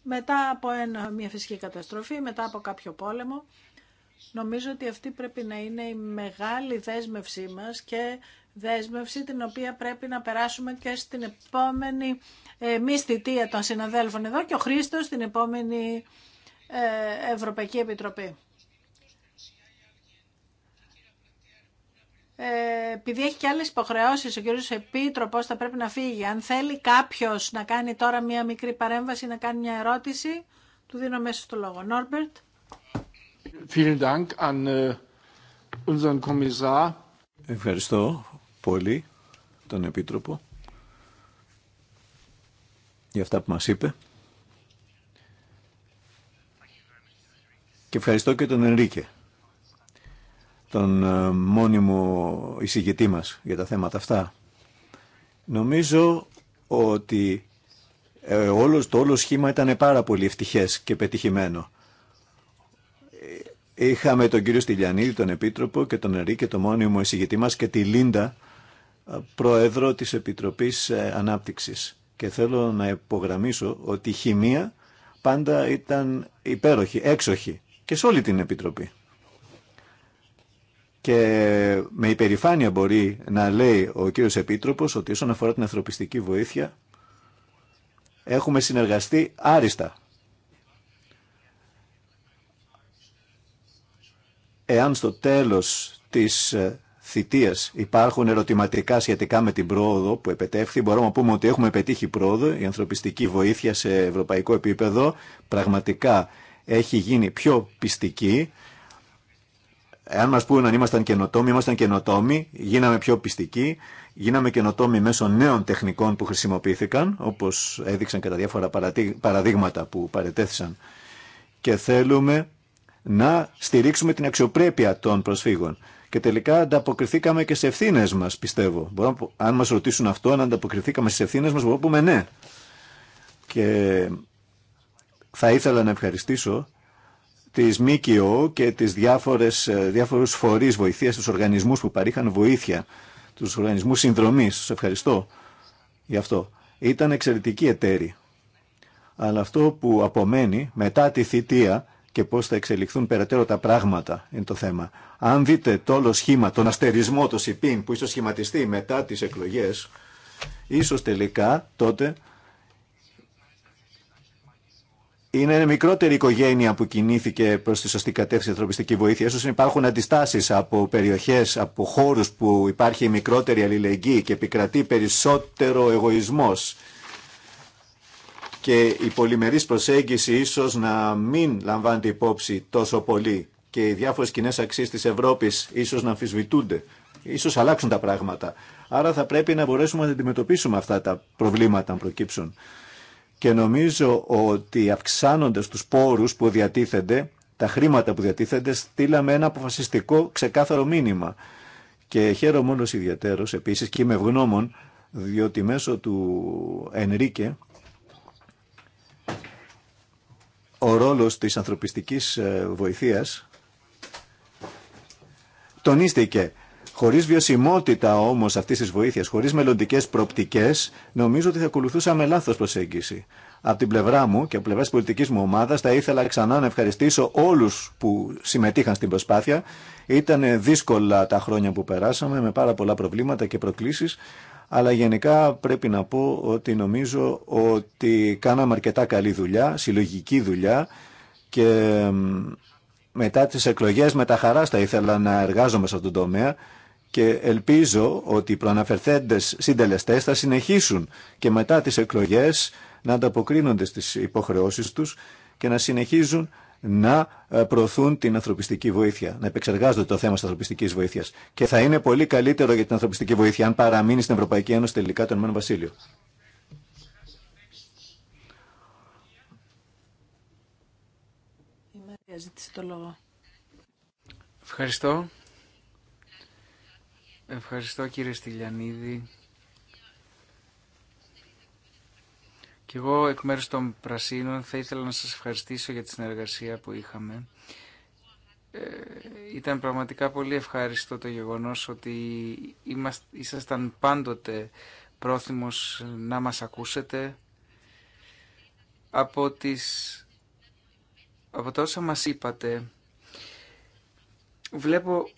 Μετά από ένα, μια φυσική καταστροφή, μετά από κάποιο πόλεμο. Νομίζω ότι αυτή πρέπει να είναι η μεγάλη δέσμευσή μας και δέσμευση την οποία πρέπει να περάσουμε και στην επόμενη ε, μη των συναδέλφων εδώ και ο Χρήστος στην επόμενη ε, Ευρωπαϊκή Επιτροπή. Ε, επειδή έχει και άλλες υποχρεώσεις, ο κύριος Επίτροπος θα πρέπει να φύγει. Αν θέλει κάποιος να κάνει τώρα μία μικρή παρέμβαση, να κάνει μια ερώτηση, του δίνω μέσα στο λόγο. Νόρμπερτ. Äh, Ευχαριστώ πολύ τον Επίτροπο για αυτά που μας είπε. Και ευχαριστώ και τον Ενρίκε, τον ε, μόνιμο εισηγητή μας για τα θέματα αυτά. Νομίζω ότι ε, όλος, το όλο σχήμα ήταν πάρα πολύ ευτυχές και πετυχημένο. Ε, είχαμε τον κύριο Στυλιανίδη, τον Επίτροπο και τον Ερή και τον μόνιμο εισηγητή μας και τη Λίντα Πρόεδρο της Επιτροπής ε, Ανάπτυξης και θέλω να υπογραμμίσω ότι η χημεία πάντα ήταν υπέροχη, έξοχη και σε όλη την Επιτροπή. Και με υπερηφάνεια μπορεί να λέει ο κύριος Επίτροπος ότι όσον αφορά την ανθρωπιστική βοήθεια έχουμε συνεργαστεί άριστα. Εάν στο τέλος της ε, υπάρχουν ερωτηματικά σχετικά με την πρόοδο που επετεύχθη. Μπορούμε να πούμε ότι έχουμε πετύχει πρόοδο. Η ανθρωπιστική βοήθεια σε ευρωπαϊκό επίπεδο πραγματικά έχει γίνει πιο πιστική. Αν μας πούνε αν ήμασταν καινοτόμοι, ήμασταν καινοτόμοι, γίναμε πιο πιστικοί, γίναμε καινοτόμοι μέσω νέων τεχνικών που χρησιμοποιήθηκαν, όπως έδειξαν κατά διάφορα παραδείγματα που παρετέθησαν. Και θέλουμε να στηρίξουμε την αξιοπρέπεια των προσφύγων. Και τελικά ανταποκριθήκαμε και σε ευθύνε μα, πιστεύω. Μπορώ, αν μα ρωτήσουν αυτό, αν ανταποκριθήκαμε στι ευθύνε μα, μπορούμε να πούμε ναι. Και θα ήθελα να ευχαριστήσω τις ΜΚΟ και τις διάφορες, ε, φορεί φορείς του οργανισμού οργανισμούς που παρήχαν βοήθεια, του οργανισμούς συνδρομής. Σας ευχαριστώ γι' αυτό. Ήταν εξαιρετική εταίρη. Αλλά αυτό που απομένει μετά τη θητεία και πώς θα εξελιχθούν περαιτέρω τα πράγματα είναι το θέμα. Αν δείτε το όλο σχήμα, τον αστερισμό, το ΣΥΠΗΝ που ίσως σχηματιστεί μετά τις εκλογές, ίσως τελικά τότε είναι μικρότερη οικογένεια που κινήθηκε προς τη σωστή κατεύθυνση ανθρωπιστική βοήθεια. Ίσως υπάρχουν αντιστάσεις από περιοχές, από χώρους που υπάρχει μικρότερη αλληλεγγύη και επικρατεί περισσότερο εγωισμός και η πολυμερής προσέγγιση ίσως να μην λαμβάνεται υπόψη τόσο πολύ και οι διάφορες κοινέ αξίες της Ευρώπης ίσως να αμφισβητούνται, ίσως αλλάξουν τα πράγματα. Άρα θα πρέπει να μπορέσουμε να αντιμετωπίσουμε αυτά τα προβλήματα αν προκύψουν. Και νομίζω ότι αυξάνοντας τους πόρους που διατίθενται, τα χρήματα που διατίθενται, στείλαμε ένα αποφασιστικό ξεκάθαρο μήνυμα. Και χαίρομαι όλος ιδιαίτερος επίσης και είμαι ευγνώμων, διότι μέσω του Ενρίκε ο ρόλος της ανθρωπιστικής ε, βοηθείας τονίστηκε. Χωρίς βιωσιμότητα όμως αυτής της βοήθειας, χωρίς μελλοντικές προπτικές, νομίζω ότι θα ακολουθούσαμε λάθος προσέγγιση. Από την πλευρά μου και από πλευρά της πολιτικής μου ομάδας θα ήθελα ξανά να ευχαριστήσω όλους που συμμετείχαν στην προσπάθεια. Ήταν δύσκολα τα χρόνια που περάσαμε με πάρα πολλά προβλήματα και προκλήσεις, αλλά γενικά πρέπει να πω ότι νομίζω ότι κάναμε αρκετά καλή δουλειά, συλλογική δουλειά και μετά τις εκλογές με τα χαρά θα ήθελα να εργάζομαι σε αυτόν τον τομέα και ελπίζω ότι οι προαναφερθέντες συντελεστές θα συνεχίσουν και μετά τις εκλογές να ανταποκρίνονται στις υποχρεώσεις τους και να συνεχίζουν να ε, προωθούν την ανθρωπιστική βοήθεια, να επεξεργάζονται το θέμα τη ανθρωπιστική βοήθεια. Και θα είναι πολύ καλύτερο για την ανθρωπιστική βοήθεια αν παραμείνει στην Ευρωπαϊκή Ένωση τελικά το Ηνωμένο Βασίλειο. το λόγο. Ευχαριστώ. Ευχαριστώ κύριε Στυλιανίδη Και εγώ εκ μέρους των Πρασίνων θα ήθελα να σας ευχαριστήσω για τη συνεργασία που είχαμε. Ε, ήταν πραγματικά πολύ ευχάριστο το γεγονός ότι ήσασταν πάντοτε πρόθυμος να μας ακούσετε. Από, τις, από τα όσα μας είπατε, βλέπω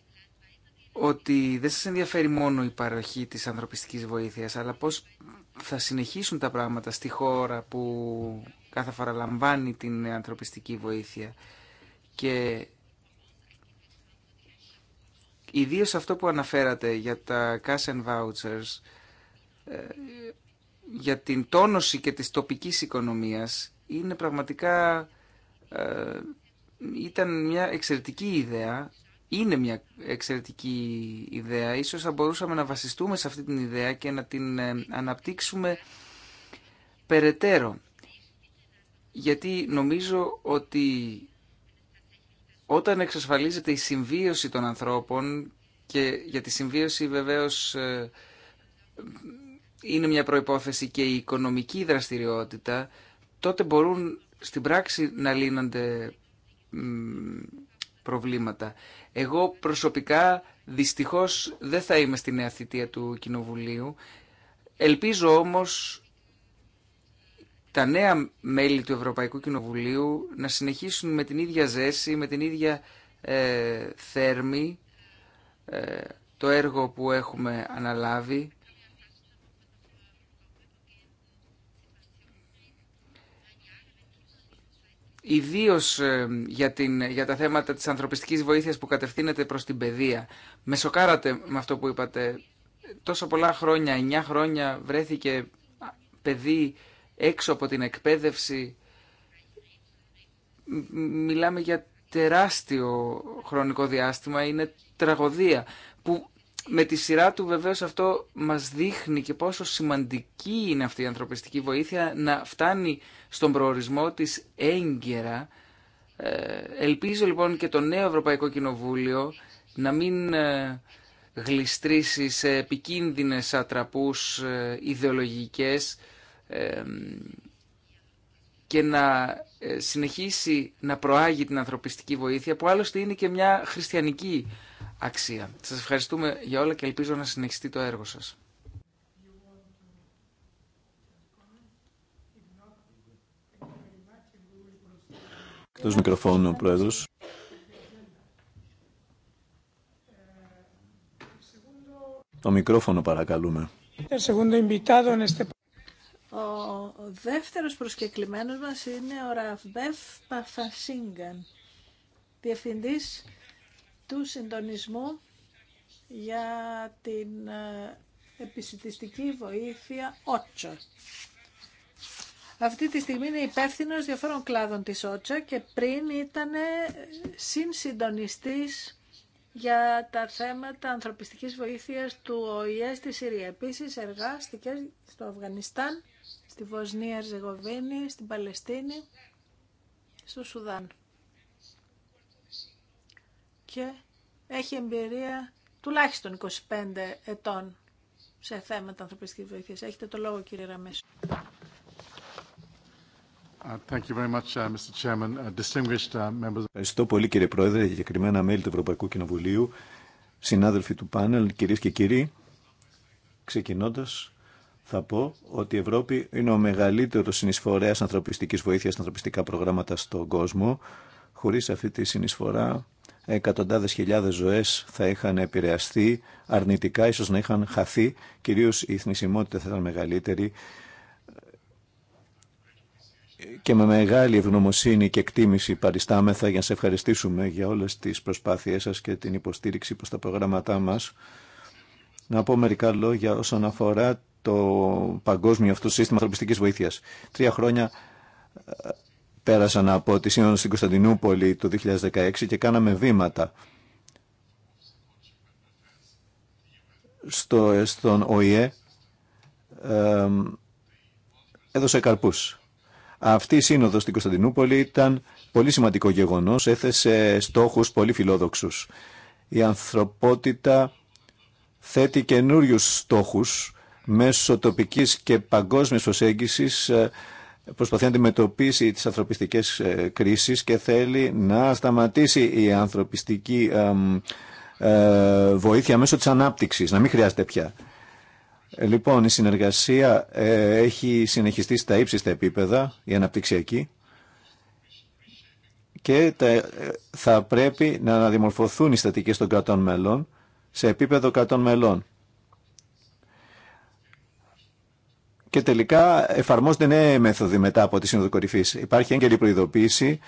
ότι δεν σας ενδιαφέρει μόνο η παροχή της ανθρωπιστικής βοήθειας, αλλά πώς θα συνεχίσουν τα πράγματα στη χώρα που κάθε φορά λαμβάνει την ανθρωπιστική βοήθεια και ιδίως αυτό που αναφέρατε για τα cash and vouchers ε, για την τόνωση και της τοπικής οικονομίας είναι πραγματικά ε, ήταν μια εξαιρετική ιδέα είναι μια εξαιρετική ιδέα. Ίσως θα μπορούσαμε να βασιστούμε σε αυτή την ιδέα και να την ε, αναπτύξουμε περαιτέρω. Γιατί νομίζω ότι όταν εξασφαλίζεται η συμβίωση των ανθρώπων και για τη συμβίωση βεβαίως ε, είναι μια προϋπόθεση και η οικονομική δραστηριότητα, τότε μπορούν στην πράξη να λύνονται προβλήματα. Εγώ προσωπικά δυστυχώς δεν θα είμαι στη νέα θητεία του Κοινοβουλίου. Ελπίζω όμως τα νέα μέλη του Ευρωπαϊκού Κοινοβουλίου να συνεχίσουν με την ίδια ζέση, με την ίδια ε, θέρμη ε, το έργο που έχουμε αναλάβει Ιδίω ε, για, για τα θέματα της ανθρωπιστικής βοήθειας που κατευθύνεται προς την παιδεία. Με σοκάρατε με αυτό που είπατε. Τόσο πολλά χρόνια, 9 χρόνια βρέθηκε παιδί έξω από την εκπαίδευση. Μιλάμε για τεράστιο χρονικό διάστημα, είναι τραγωδία που με τη σειρά του βεβαίως αυτό μας δείχνει και πόσο σημαντική είναι αυτή η ανθρωπιστική βοήθεια να φτάνει στον προορισμό της έγκαιρα. Ε, ελπίζω λοιπόν και το νέο Ευρωπαϊκό Κοινοβούλιο να μην ε, γλιστρήσει σε επικίνδυνες ατραπούς ε, ιδεολογικές και να συνεχίσει να προάγει την ανθρωπιστική βοήθεια που άλλωστε είναι και μια χριστιανική αξία. Σας ευχαριστούμε για όλα και ελπίζω να συνεχιστεί το έργο σας. Εκτός μικροφώνου ο Πρόεδρος. Το μικρόφωνο παρακαλούμε. Ο δεύτερος προσκεκλημένος μας είναι ο Ραβμπεφ Παφασίγκαν, διευθυντής του συντονισμού για την ε, επισητιστική βοήθεια Ότσο. Αυτή τη στιγμή είναι υπεύθυνο διαφόρων κλάδων της Ότσο και πριν ήταν συνσυντονιστής για τα θέματα ανθρωπιστικής βοήθειας του ΟΗΕ στη Συρία. Επίσης εργάστηκε στο Αφγανιστάν, στη Βοσνία Ζεγοβίνη, στην Παλαιστίνη, στο Σουδάν και έχει εμπειρία τουλάχιστον 25 ετών σε θέματα ανθρωπιστικής βοήθειας. Έχετε το λόγο κύριε Ραμέσου. Uh, uh, uh, Ευχαριστώ πολύ κύριε Πρόεδρε, συγκεκριμένα μέλη του Ευρωπαϊκού Κοινοβουλίου, συνάδελφοι του πάνελ, κυρίες και κύριοι. Ξεκινώντας, θα πω ότι η Ευρώπη είναι ο μεγαλύτερος συνεισφορέας ανθρωπιστικής βοήθειας ανθρωπιστικά προγράμματα στον κόσμο. Χωρίς αυτή τη συνεισφορά εκατοντάδες χιλιάδες ζωές θα είχαν επηρεαστεί αρνητικά, ίσω να είχαν χαθεί, κυρίως η θνησιμότητα θα ήταν μεγαλύτερη και με μεγάλη ευγνωμοσύνη και εκτίμηση παριστάμεθα για να σε ευχαριστήσουμε για όλες τις προσπάθειές σας και την υποστήριξη προς τα προγράμματά μας. Να πω μερικά λόγια όσον αφορά το παγκόσμιο αυτό σύστημα ανθρωπιστικής βοήθειας. Τρία χρόνια πέρασαν από τη Σύνοδο στην Κωνσταντινούπολη το 2016 και κάναμε βήματα στο, στον ΟΗΕ ε, έδωσε καρπούς. Αυτή η σύνοδος στην Κωνσταντινούπολη ήταν πολύ σημαντικό γεγονός, έθεσε στόχους πολύ φιλόδοξους. Η ανθρωπότητα θέτει καινούριου στόχους μέσω τοπικής και παγκόσμιας προσέγγισης ε, προσπαθεί να αντιμετωπίσει τις ανθρωπιστικές ε, κρίσεις και θέλει να σταματήσει η ανθρωπιστική ε, βοήθεια μέσω της ανάπτυξης, να μην χρειάζεται πια. Ε, λοιπόν, η συνεργασία έχει συνεχιστεί στα ύψιστα επίπεδα, η αναπτυξιακή, και θα πρέπει να αναδημορφωθούν οι στατικές των κρατών μελών σε επίπεδο κρατών μελών. και τελικά εφαρμόζονται νέα μέθοδοι μετά από τη Σύνοδο Κορυφή. Υπάρχει έγκαιρη προειδοποίηση,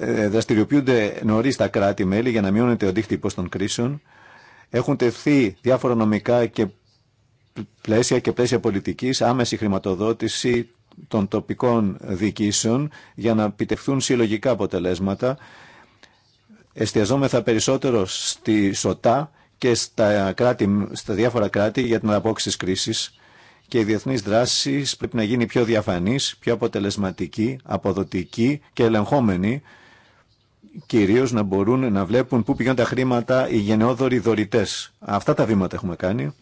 ε, δραστηριοποιούνται νωρί τα κράτη-μέλη για να μειώνεται ο αντίκτυπο των κρίσεων. Έχουν τεθεί διάφορα νομικά και πλαίσια και πλαίσια πολιτική, άμεση χρηματοδότηση των τοπικών διοικήσεων για να επιτευχθούν συλλογικά αποτελέσματα. Εστιαζόμεθα περισσότερο στη ΣΟΤΑ και στα, κράτη, στα διάφορα κράτη για την απόξη της κρίσης και η διεθνής δράση πρέπει να γίνει πιο διαφανής, πιο αποτελεσματική, αποδοτική και ελεγχόμενη, κυρίως να μπορούν να βλέπουν πού πηγαίνουν τα χρήματα οι γενναιόδοροι δωρητέ. Αυτά τα βήματα έχουμε κάνει.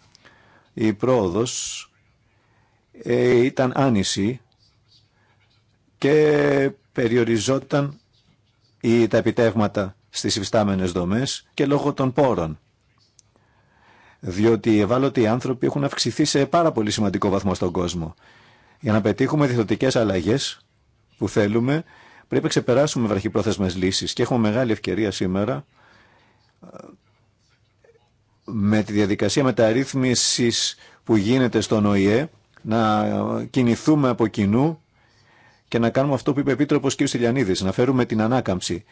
Η πρόοδος ε, ήταν άνηση και περιοριζόταν η, τα επιτεύγματα στις υφιστάμενες δομές και λόγω των πόρων διότι οι ευάλωτοι άνθρωποι έχουν αυξηθεί σε πάρα πολύ σημαντικό βαθμό στον κόσμο. Για να πετύχουμε διθωτικές αλλαγές που θέλουμε, πρέπει να ξεπεράσουμε βραχυπρόθεσμες λύσεις και έχουμε μεγάλη ευκαιρία σήμερα ε, με τη διαδικασία μεταρρύθμισης που γίνεται στον ΟΗΕ να κινηθούμε από κοινού και να κάνουμε αυτό που είπε ο Επίτροπος κ. Στυλιανίδης, να φέρουμε την ανάκαμψη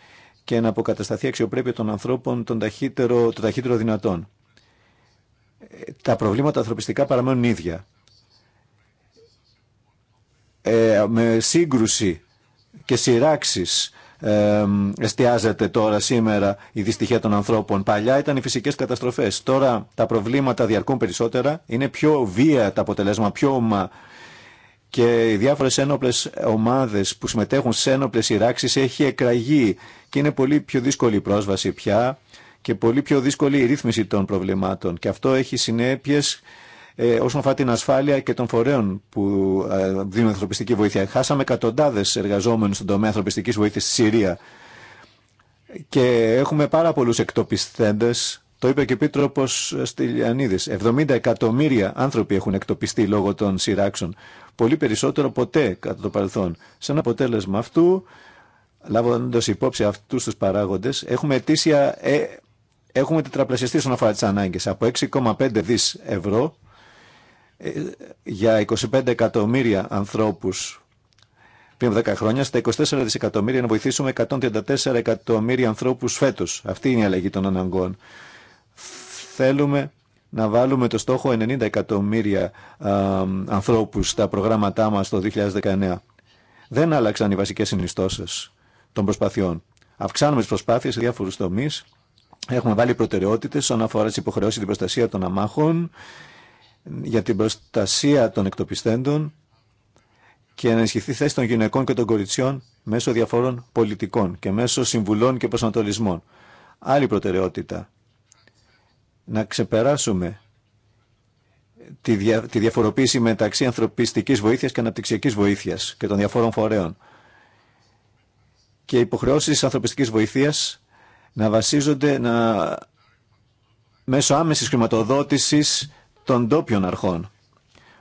και να αποκατασταθεί αξιοπρέπεια των ανθρώπων τον ταχύτερο, το ταχύτερο δυνατόν τα προβλήματα ανθρωπιστικά παραμένουν ίδια. Ε, με σύγκρουση και σειράξεις ε, εστιάζεται τώρα σήμερα η δυστυχία των ανθρώπων. Παλιά ήταν οι φυσικές καταστροφές. Τώρα τα προβλήματα διαρκούν περισσότερα. Είναι πιο βία τα αποτελέσματα, πιο ομα... Και οι διάφορες ένοπλες ομάδες που συμμετέχουν σε ένοπλες σειράξεις έχει εκραγεί και είναι πολύ πιο δύσκολη η πρόσβαση πια και πολύ πιο δύσκολη η ρύθμιση των προβλημάτων. Και αυτό έχει συνέπειε ε, όσον αφορά την ασφάλεια και των φορέων που ε, δίνουν ανθρωπιστική βοήθεια. Χάσαμε εκατοντάδε εργαζόμενου στον τομέα ανθρωπιστική βοήθεια στη Συρία. Και έχουμε πάρα πολλού εκτοπιστέντε. Το είπε και ο Επίτροπο Στυλιανίδη. 70 εκατομμύρια άνθρωποι έχουν εκτοπιστεί λόγω των σειράξεων. Πολύ περισσότερο ποτέ κατά το παρελθόν. Σαν αποτέλεσμα αυτού, λάβοντα υπόψη αυτού του παράγοντε, έχουμε ετήσια ε, έχουμε τετραπλασιαστεί στον αφορά τι από 6,5 δι ευρώ ε, για 25 εκατομμύρια ανθρώπους πριν 10 χρόνια στα 24 δισεκατομμύρια να βοηθήσουμε 134 εκατομμύρια ανθρώπους φέτος. Αυτή είναι η αλλαγή των αναγκών. Θέλουμε να βάλουμε το στόχο 90 εκατομμύρια α, ανθρώπους στα προγράμματά μας το 2019. Δεν άλλαξαν οι βασικές συνιστώσεις των προσπαθειών. Αυξάνουμε τις προσπάθειες σε διάφορους τομείς Έχουμε βάλει προτεραιότητε όσον αφορά τι υποχρεώσει την προστασία των αμάχων, για την προστασία των εκτοπιστέντων και να ενισχυθεί θέση των γυναικών και των κοριτσιών μέσω διαφόρων πολιτικών και μέσω συμβουλών και προσανατολισμών. Άλλη προτεραιότητα. Να ξεπεράσουμε τη, δια, τη διαφοροποίηση μεταξύ ανθρωπιστικής βοήθειας και αναπτυξιακής βοήθειας και των διαφόρων φορέων. Και υποχρεώσεις ανθρωπιστικής βοήθειας να βασίζονται να... μέσω άμεσης χρηματοδότησης των ντόπιων αρχών.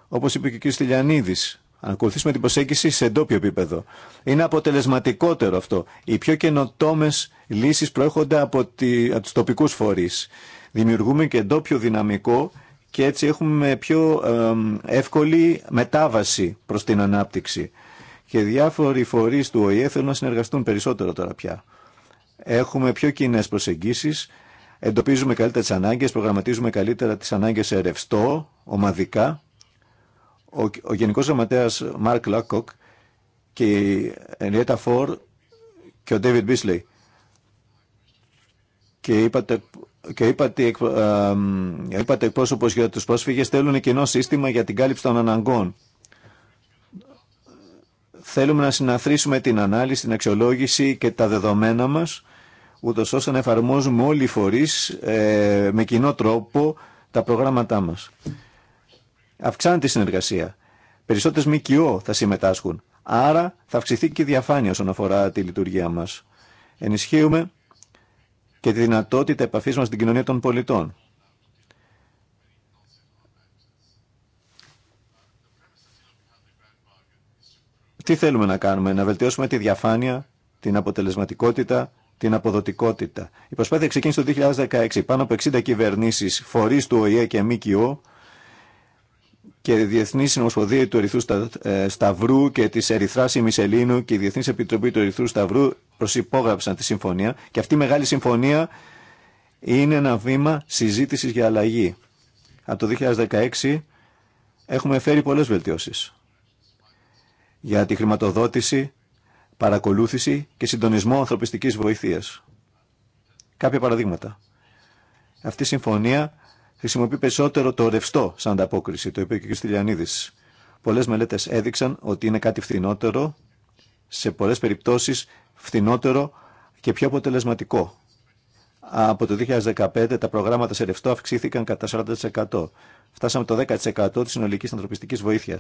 Όπως είπε και ο κ. Στυλιανίδης, ακολουθήσουμε την προσέγγιση σε ντόπιο επίπεδο. Είναι αποτελεσματικότερο αυτό. Οι πιο καινοτόμε λύσεις προέρχονται από, τη... από τους τοπικούς φορείς. Δημιουργούμε και ντόπιο δυναμικό και έτσι έχουμε πιο εύκολη μετάβαση προς την ανάπτυξη. Και διάφοροι φορείς του ΟΗΕ θέλουν να συνεργαστούν περισσότερο τώρα πια έχουμε πιο κοινέ προσεγγίσεις, εντοπίζουμε καλύτερα τις ανάγκες, προγραμματίζουμε καλύτερα τις ανάγκες σε ρευστό, ομαδικά. Ο, ο Γενικός Γραμματέας Μάρκ Λάκοκ και η Ενιέτα Φόρ και ο Ντέιβιντ Μπίσλεϊ και είπατε, και είπατε, είπατε για τους πρόσφυγες θέλουν κοινό σύστημα για την κάλυψη των αναγκών. Θέλουμε να συναθρήσουμε την ανάλυση, την αξιολόγηση και τα δεδομένα μας ούτως ώστε να εφαρμόζουμε όλοι οι φορείς ε, με κοινό τρόπο τα προγράμματά μας. Αυξάνεται η συνεργασία. Περισσότερες ΜΚΟ θα συμμετάσχουν. Άρα θα αυξηθεί και η διαφάνεια όσον αφορά τη λειτουργία μας. Ενισχύουμε και τη δυνατότητα επαφής μας στην κοινωνία των πολιτών. Τι θέλουμε να κάνουμε, να βελτιώσουμε τη διαφάνεια, την αποτελεσματικότητα, την αποδοτικότητα. Η προσπάθεια ξεκίνησε το 2016. Πάνω από 60 κυβερνήσει, φορεί του ΟΗΕ και ΜΚΟ και η Διεθνή Συνομοσπονδία του Ερυθρού ε, Σταυρού και τη Ερυθρά Ημισελίνου και η Διεθνή Επιτροπή του Ερυθρού Σταυρού προσυπόγραψαν τη συμφωνία. Και αυτή η μεγάλη συμφωνία είναι ένα βήμα συζήτηση για αλλαγή. Από το 2016 έχουμε φέρει πολλέ βελτιώσει για τη χρηματοδότηση παρακολούθηση και συντονισμό ανθρωπιστική βοήθεια. Κάποια παραδείγματα. Αυτή η συμφωνία χρησιμοποιεί περισσότερο το ρευστό σαν ανταπόκριση, το είπε και ο Κ. Τηλιανίδη. Πολλέ μελέτε έδειξαν ότι είναι κάτι φθηνότερο, σε πολλέ περιπτώσει, φθηνότερο και πιο αποτελεσματικό. Από το 2015 τα προγράμματα σε ρευστό αυξήθηκαν κατά 40%. Φτάσαμε το 10% τη συνολική ανθρωπιστική βοήθεια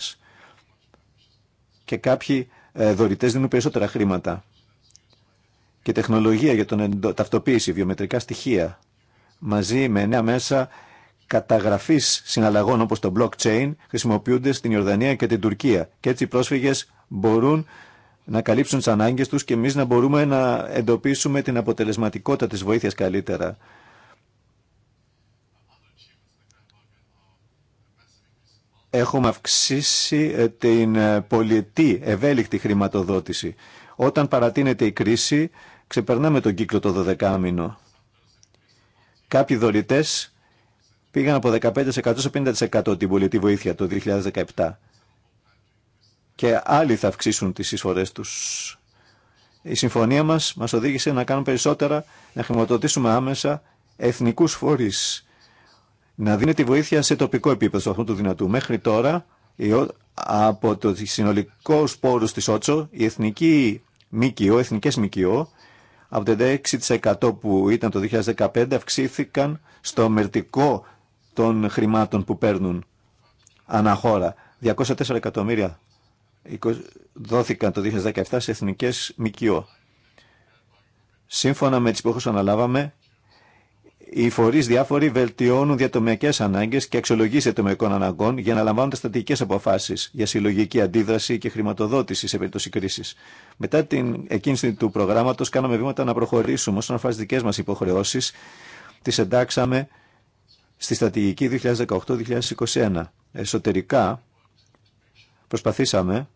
Και κάποιοι ε, δωρητέ δίνουν περισσότερα χρήματα. Και τεχνολογία για τον ταυτοποίηση, βιομετρικά στοιχεία, μαζί με νέα μέσα καταγραφής συναλλαγών όπως το blockchain χρησιμοποιούνται στην Ιορδανία και την Τουρκία. Και έτσι οι πρόσφυγες μπορούν να καλύψουν τι ανάγκες τους και εμεί να μπορούμε να εντοπίσουμε την αποτελεσματικότητα τη βοήθεια καλύτερα. έχουμε αυξήσει ε, την ε, πολιτή ευέλικτη χρηματοδότηση. Όταν παρατείνεται η κρίση, ξεπερνάμε τον κύκλο το 12 μήνο. Κάποιοι δωρητές πήγαν από 15% σε 50% την πολιτική βοήθεια το 2017. Και άλλοι θα αυξήσουν τις εισφορές τους. Η συμφωνία μας μας οδήγησε να κάνουμε περισσότερα, να χρηματοδοτήσουμε άμεσα εθνικούς φορείς να δίνει τη βοήθεια σε τοπικό επίπεδο, στο του δυνατού. Μέχρι τώρα, από το συνολικό πόρου τη Ότσο, η εθνική ΜΚΟ, εθνικές ΜΚΟ, από το 6% που ήταν το 2015 αυξήθηκαν στο μερτικό των χρημάτων που παίρνουν αναχώρα. 204 εκατομμύρια δόθηκαν το 2017 σε εθνικές ΜΚΟ. Σύμφωνα με τις που αναλάβαμε, οι φορεί διάφοροι βελτιώνουν διατομιακέ ανάγκε και αξιολογήσει διατομιακών αναγκών για να λαμβάνονται στατικέ αποφάσει για συλλογική αντίδραση και χρηματοδότηση σε περίπτωση κρίση. Μετά την εκκίνηση του προγράμματο, κάναμε βήματα να προχωρήσουμε όσον αφορά τι δικέ μα υποχρεώσει. Τι εντάξαμε στη στρατηγική 2018-2021. Εσωτερικά προσπαθήσαμε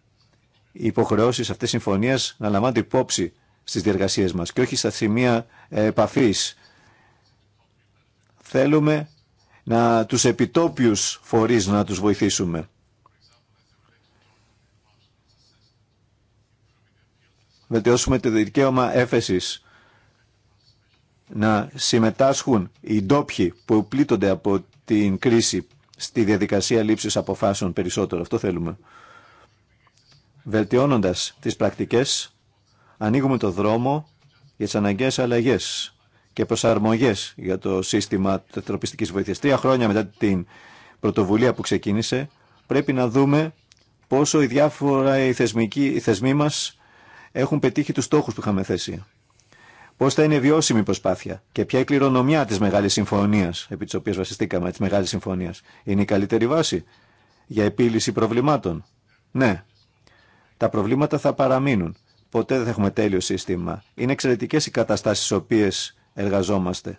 οι υποχρεώσει αυτή τη συμφωνία να λαμβάνονται υπόψη στι διεργασίε μα και όχι στα σημεία ε, επαφή Θέλουμε να τους επιτόπιους φορείς να τους βοηθήσουμε. Βελτιώσουμε το δικαίωμα έφεσης να συμμετάσχουν οι ντόπιοι που πλήττονται από την κρίση στη διαδικασία λήψης αποφάσεων περισσότερο. Αυτό θέλουμε. Βελτιώνοντας τις πρακτικές, ανοίγουμε το δρόμο για τις αναγκαίες αλλαγές και προσαρμογέ για το σύστημα τετροπιστική βοήθειας. Τρία χρόνια μετά την πρωτοβουλία που ξεκίνησε, πρέπει να δούμε πόσο οι διάφορα οι, θεσμικοί, οι θεσμοί μα έχουν πετύχει του στόχου που είχαμε θέσει. Πώ θα είναι βιώσιμη η προσπάθεια και ποια η κληρονομιά τη μεγάλη Συμφωνίας, επί τη οποίας βασιστήκαμε, τη μεγάλη συμφωνία. είναι η καλύτερη βάση για επίλυση προβλημάτων. Ναι, τα προβλήματα θα παραμείνουν. Ποτέ δεν θα έχουμε τέλειο σύστημα. Είναι εξαιρετικέ οι καταστάσει εργαζόμαστε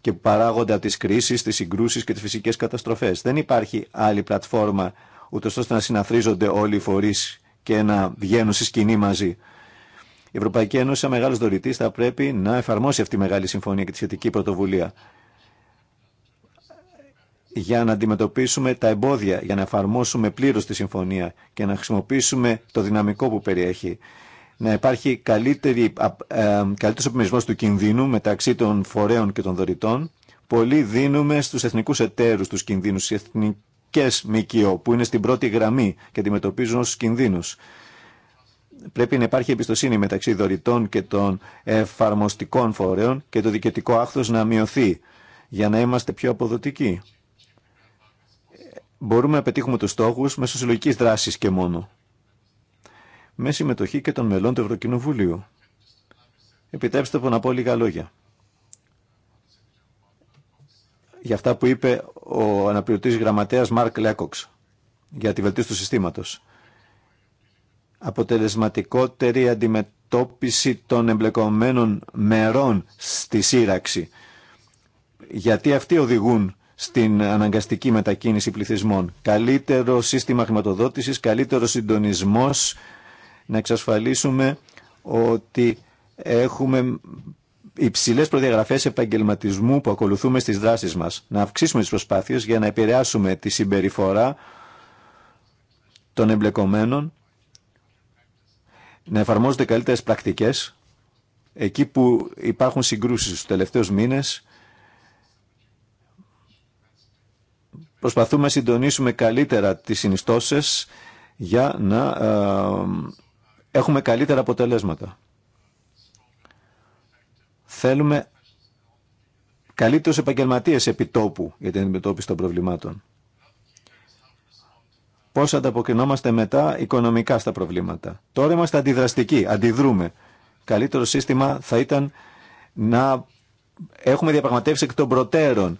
και που παράγονται από τις κρίσεις, τις συγκρούσεις και τις φυσικές καταστροφές. Δεν υπάρχει άλλη πλατφόρμα ούτως ώστε να συναθρίζονται όλοι οι φορείς και να βγαίνουν στη σκηνή μαζί. Η Ευρωπαϊκή Ένωση, σαν μεγάλο δωρητή, θα πρέπει να εφαρμόσει αυτή τη μεγάλη συμφωνία και τη σχετική πρωτοβουλία για να αντιμετωπίσουμε τα εμπόδια, για να εφαρμόσουμε πλήρως τη συμφωνία και να χρησιμοποιήσουμε το δυναμικό που περιέχει να υπάρχει καλύτερη, ε, καλύτερος του κινδύνου μεταξύ των φορέων και των δωρητών. Πολύ δίνουμε στους εθνικούς εταίρους τους κινδύνους, στις εθνικές ΜΚΟ που είναι στην πρώτη γραμμή και αντιμετωπίζουν ως κινδύνους. Πρέπει να υπάρχει εμπιστοσύνη μεταξύ δωρητών και των εφαρμοστικών φορέων και το δικαιωτικό άχθος να μειωθεί για να είμαστε πιο αποδοτικοί. Μπορούμε να πετύχουμε τους στόχους μέσω συλλογικής δράσης και μόνο με συμμετοχή και των μελών του Ευρωκοινοβουλίου. Επιτρέψτε μου να πω λίγα λόγια. Για αυτά που είπε ο αναπληρωτής γραμματέας Μάρκ Λέκοξ για τη βελτίωση του συστήματος. Αποτελεσματικότερη αντιμετώπιση των εμπλεκομένων μερών στη σύραξη. Γιατί αυτοί οδηγούν στην αναγκαστική μετακίνηση πληθυσμών. Καλύτερο σύστημα χρηματοδότησης, καλύτερο συντονισμός να εξασφαλίσουμε ότι έχουμε υψηλέ προδιαγραφέ επαγγελματισμού που ακολουθούμε στι δράσει μα. Να αυξήσουμε τι προσπάθειε για να επηρεάσουμε τη συμπεριφορά των εμπλεκομένων, να εφαρμόζονται καλύτερε πρακτικέ εκεί που υπάρχουν συγκρούσεις του τελευταίους μήνες. Προσπαθούμε να συντονίσουμε καλύτερα τις συνιστώσεις για να ε, έχουμε καλύτερα αποτελέσματα. Θέλουμε καλύτερους επαγγελματίες επιτόπου για την αντιμετώπιση των προβλημάτων. Πώς ανταποκρινόμαστε μετά οικονομικά στα προβλήματα. Τώρα είμαστε αντιδραστικοί, αντιδρούμε. Καλύτερο σύστημα θα ήταν να έχουμε διαπραγματεύσει εκ των προτέρων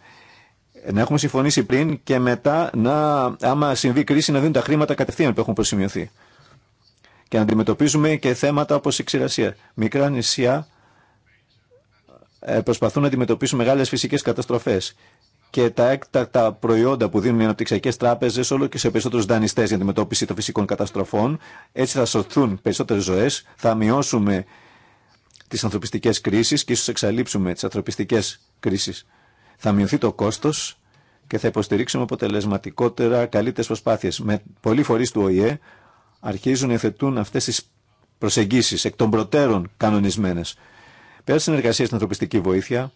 να έχουμε συμφωνήσει πριν και μετά, να, άμα συμβεί κρίση, να δίνουν τα χρήματα κατευθείαν που έχουν προσημειωθεί και να αντιμετωπίζουμε και θέματα όπως η ξηρασία. Μικρά νησιά ε, προσπαθούν να αντιμετωπίσουν μεγάλες φυσικές καταστροφές και τα έκτακτα προϊόντα που δίνουν οι αναπτυξιακές τράπεζε όλο και σε περισσότερου δανειστές για αντιμετώπιση των φυσικών καταστροφών. Έτσι θα σωθούν περισσότερες ζωές, θα μειώσουμε τις ανθρωπιστικές κρίσεις και ίσως εξαλείψουμε τι ανθρωπιστικέ κρίσει. Θα μειωθεί το κόστος και θα υποστηρίξουμε αποτελεσματικότερα καλύτερε προσπάθειες. Με πολλοί φορεί του ΟΗΕ, αρχίζουν να εθετούν αυτές τις προσεγγίσεις εκ των προτέρων κανονισμένες. Πέρα συνεργασία στην ανθρωπιστική βοήθεια,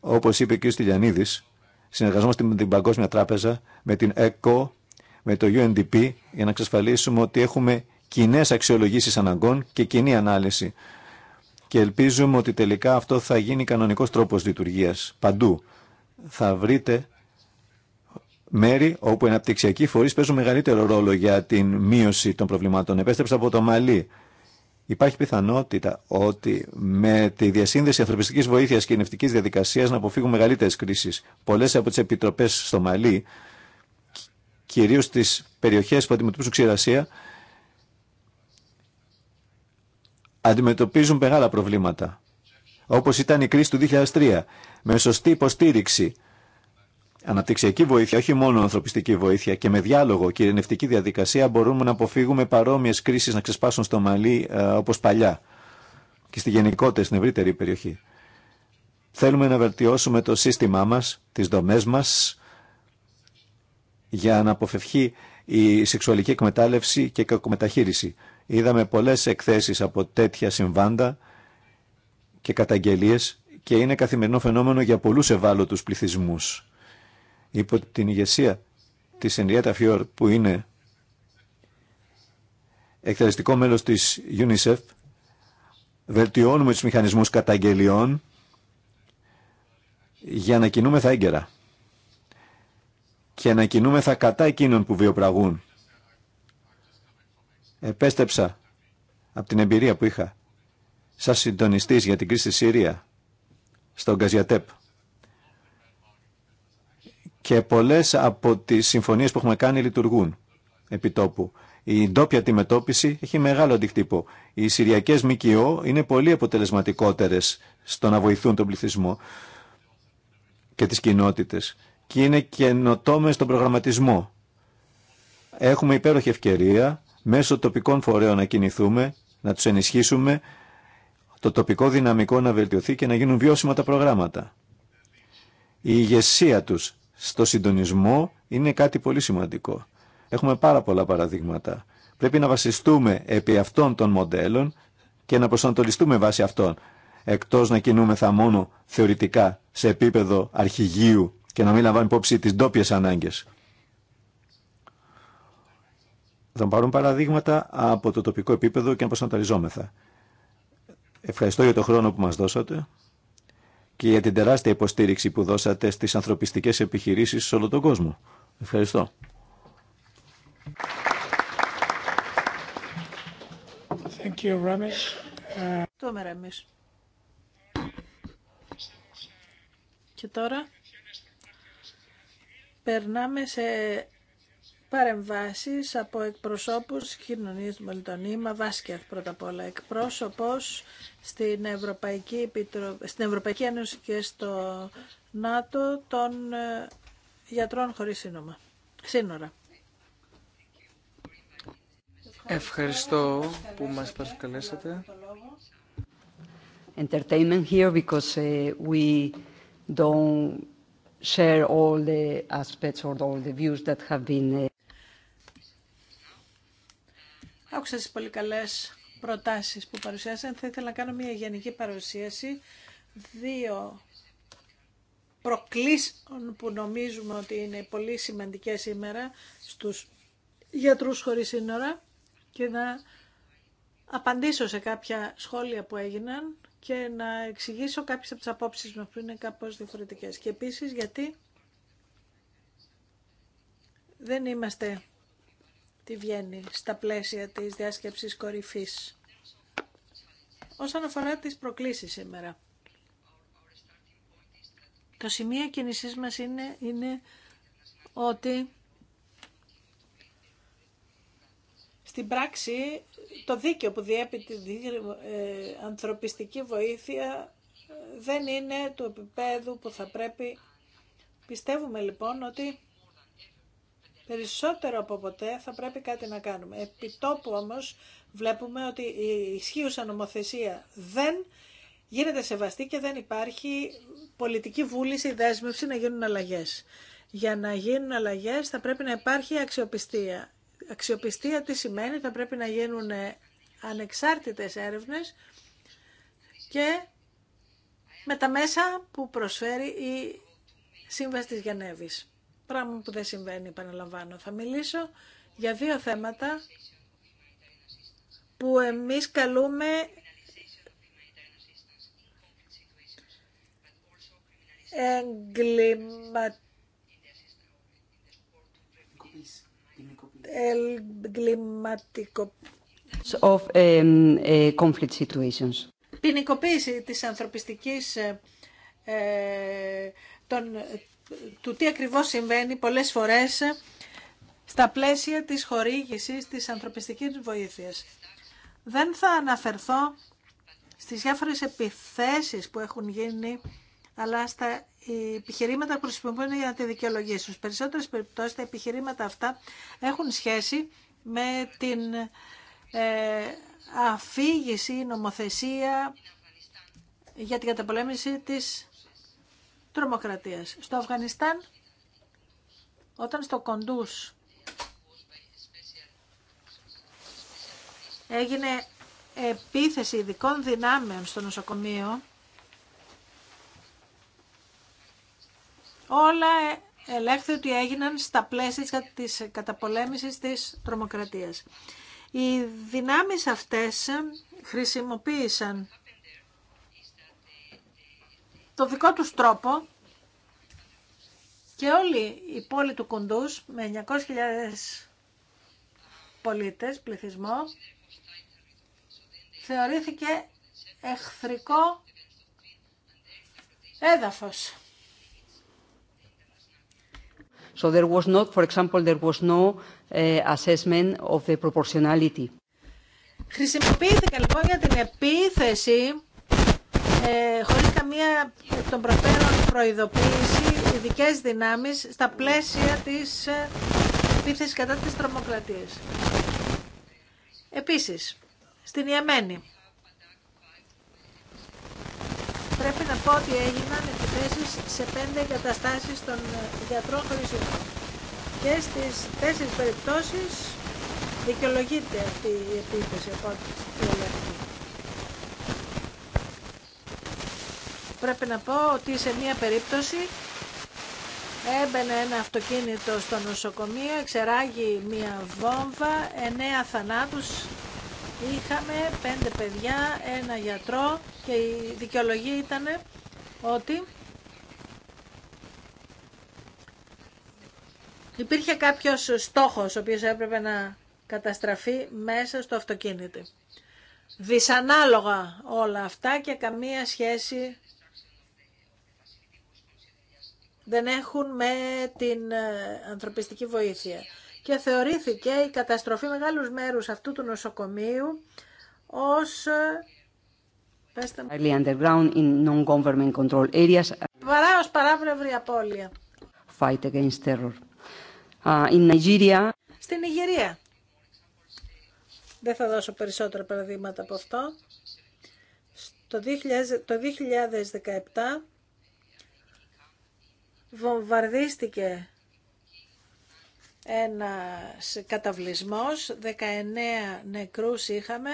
όπως είπε ο κ. Στυλιανίδης, συνεργαζόμαστε με την Παγκόσμια Τράπεζα, με την ΕΚΟ, με το UNDP, για να εξασφαλίσουμε ότι έχουμε κοινέ αξιολογήσεις αναγκών και κοινή ανάλυση. Και ελπίζουμε ότι τελικά αυτό θα γίνει κανονικός τρόπος λειτουργίας παντού. Θα βρείτε μέρη όπου οι αναπτυξιακοί φορεί παίζουν μεγαλύτερο ρόλο για την μείωση των προβλημάτων. Επέστρεψα από το Μαλί. Υπάρχει πιθανότητα ότι με τη διασύνδεση ανθρωπιστική βοήθεια και νευτική διαδικασία να αποφύγουν μεγαλύτερε κρίσει πολλέ από τι επιτροπέ στο Μαλί, κυρίω στις περιοχέ που αντιμετωπίζουν ξηρασία, αντιμετωπίζουν μεγάλα προβλήματα. Όπω ήταν η κρίση του 2003, με σωστή υποστήριξη αναπτυξιακή βοήθεια, όχι μόνο ανθρωπιστική βοήθεια και με διάλογο και ειρηνευτική διαδικασία μπορούμε να αποφύγουμε παρόμοιε κρίσει να ξεσπάσουν στο Μαλί ε, όπω παλιά και στη γενικότερη, στην ευρύτερη περιοχή. Θέλουμε να βελτιώσουμε το σύστημά μα, τι δομέ μα για να αποφευχεί η σεξουαλική εκμετάλλευση και η κακομεταχείριση. Είδαμε πολλέ εκθέσει από τέτοια συμβάντα και καταγγελίε, και είναι καθημερινό φαινόμενο για πολλού ευάλωτου πληθυσμού υπό την ηγεσία της Ενριέτα Φιόρ που είναι εκτελεστικό μέλος της UNICEF βελτιώνουμε τους μηχανισμούς καταγγελιών για να κινούμεθα έγκαιρα και να κινούμεθα κατά εκείνων που βιοπραγούν. Επέστεψα από την εμπειρία που είχα σαν συντονιστής για την κρίση στη Συρία στον Καζιατέπ και πολλές από τις συμφωνίες που έχουμε κάνει λειτουργούν επί τόπου. Η ντόπια αντιμετώπιση έχει μεγάλο αντικτύπο. Οι Συριακές ΜΚΟ είναι πολύ αποτελεσματικότερες στο να βοηθούν τον πληθυσμό και τις κοινότητες και είναι καινοτόμες στον προγραμματισμό. Έχουμε υπέροχη ευκαιρία μέσω τοπικών φορέων να κινηθούμε, να τους ενισχύσουμε, το τοπικό δυναμικό να βελτιωθεί και να γίνουν βιώσιμα τα προγράμματα. Η ηγεσία τους στο συντονισμό είναι κάτι πολύ σημαντικό. Έχουμε πάρα πολλά παραδείγματα. Πρέπει να βασιστούμε επί αυτών των μοντέλων και να προσανατολιστούμε βάσει αυτών, εκτός να κινούμεθα μόνο θεωρητικά σε επίπεδο αρχηγείου και να μην λαμβάνει υπόψη τις ντόπιε ανάγκες. Θα πάρουν παραδείγματα από το τοπικό επίπεδο και να προσανατολιζόμεθα. Ευχαριστώ για το χρόνο που μας δώσατε και για την τεράστια υποστήριξη που δώσατε στις ανθρωπιστικές επιχειρήσεις σε όλο τον κόσμο. Ευχαριστώ. Thank you, Και τώρα περνάμε σε παρεμβάσεις από εκπροσώπους κοινωνίας των πολιτών. Είμαι Βάσκεφ πρώτα απ' όλα, εκπρόσωπος στην Ευρωπαϊκή, Επιτρο... στην Ευρωπαϊκή Ένωση και στο ΝΑΤΟ των ε, γιατρών χωρίς σύνομα. σύνορα. Ευχαριστώ που μας παρακαλέσατε. Entertainment here because ε, we don't share all the aspects or all the views that have been ε, Άκουσα τι πολύ καλέ προτάσεις που παρουσιάσαν. Θα ήθελα να κάνω μια γενική παρουσίαση. Δύο προκλήσεων που νομίζουμε ότι είναι πολύ σημαντικέ σήμερα στους γιατρού χωρίς σύνορα και να απαντήσω σε κάποια σχόλια που έγιναν και να εξηγήσω κάποιες από τις απόψεις μου που είναι κάπως διαφορετικές. Και επίσης γιατί δεν είμαστε τι βγαίνει στα πλαίσια της διάσκεψης κορυφής. Όσον αφορά τις προκλήσεις σήμερα, το σημείο κινησής μας είναι, είναι ότι στην πράξη το δίκαιο που διέπει την ε, ανθρωπιστική βοήθεια δεν είναι του επίπεδου που θα πρέπει. Πιστεύουμε λοιπόν ότι Περισσότερο από ποτέ θα πρέπει κάτι να κάνουμε. Επιτόπου όμως βλέπουμε ότι η ισχύουσα νομοθεσία δεν γίνεται σεβαστή και δεν υπάρχει πολιτική βούληση, δέσμευση να γίνουν αλλαγές. Για να γίνουν αλλαγές θα πρέπει να υπάρχει αξιοπιστία. Αξιοπιστία τι σημαίνει, θα πρέπει να γίνουν ανεξάρτητες έρευνες και με τα μέσα που προσφέρει η Σύμβαση της Γενέβης. Πράγμα που δεν συμβαίνει, επαναλαμβάνω. Θα μιλήσω για δύο θέματα που εμείς καλούμε εγκληματικο... Um, uh, ποινικοποίηση της ανθρωπιστικής ε, ε των, του τι ακριβώς συμβαίνει πολλές φορές στα πλαίσια της χορήγησης της ανθρωπιστικής βοήθειας. Δεν θα αναφερθώ στις διάφορες επιθέσεις που έχουν γίνει, αλλά στα επιχειρήματα που χρησιμοποιούν για τη δικαιολογήσουν. Στις περισσότερες περιπτώσεις τα επιχειρήματα αυτά έχουν σχέση με την ε, αφήγηση, νομοθεσία για την καταπολέμηση της τρομοκρατίας. Στο Αφγανιστάν, όταν στο Κοντούς έγινε επίθεση ειδικών δυνάμεων στο νοσοκομείο, όλα ελέγχθη ότι έγιναν στα πλαίσια της καταπολέμησης της τρομοκρατίας. Οι δυνάμεις αυτές χρησιμοποίησαν το δικό του τρόπο και όλη η πόλη του Κουντούς με 900.000 πολίτες πληθυσμό θεωρήθηκε εχθρικό έδαφος. So there was not, for example, there was no uh, assessment of the proportionality. λοιπόν για την επίθεση ε, χωρίς καμία των προτέρων προειδοποίηση ειδικές δυνάμεις στα πλαίσια της ε, επίθεσης κατά της τρομοκρατίας. Επίσης, στην Ιεμένη πρέπει να πω ότι έγιναν επιθέσεις σε πέντε εγκαταστάσεις των ε, γιατρών χωρίς Και στις τέσσερις περιπτώσεις δικαιολογείται αυτή η επίθεση από ό,τι πρέπει να πω ότι σε μία περίπτωση έμπαινε ένα αυτοκίνητο στο νοσοκομείο, εξεράγει μία βόμβα, εννέα θανάτους είχαμε, πέντε παιδιά, ένα γιατρό και η δικαιολογία ήταν ότι υπήρχε κάποιος στόχος ο οποίος έπρεπε να καταστραφεί μέσα στο αυτοκίνητο. Δυσανάλογα όλα αυτά και καμία σχέση δεν έχουν με την ε, ανθρωπιστική βοήθεια. Και θεωρήθηκε η καταστροφή μεγάλους μέρους αυτού του νοσοκομείου ως ε, underground Παρά ως παράβρευρη απώλεια. Fight against Στην Ιγυρία. Δεν θα δώσω περισσότερα παραδείγματα από αυτό. το 2017 βομβαρδίστηκε ένα καταβλισμός, 19 νεκρούς είχαμε,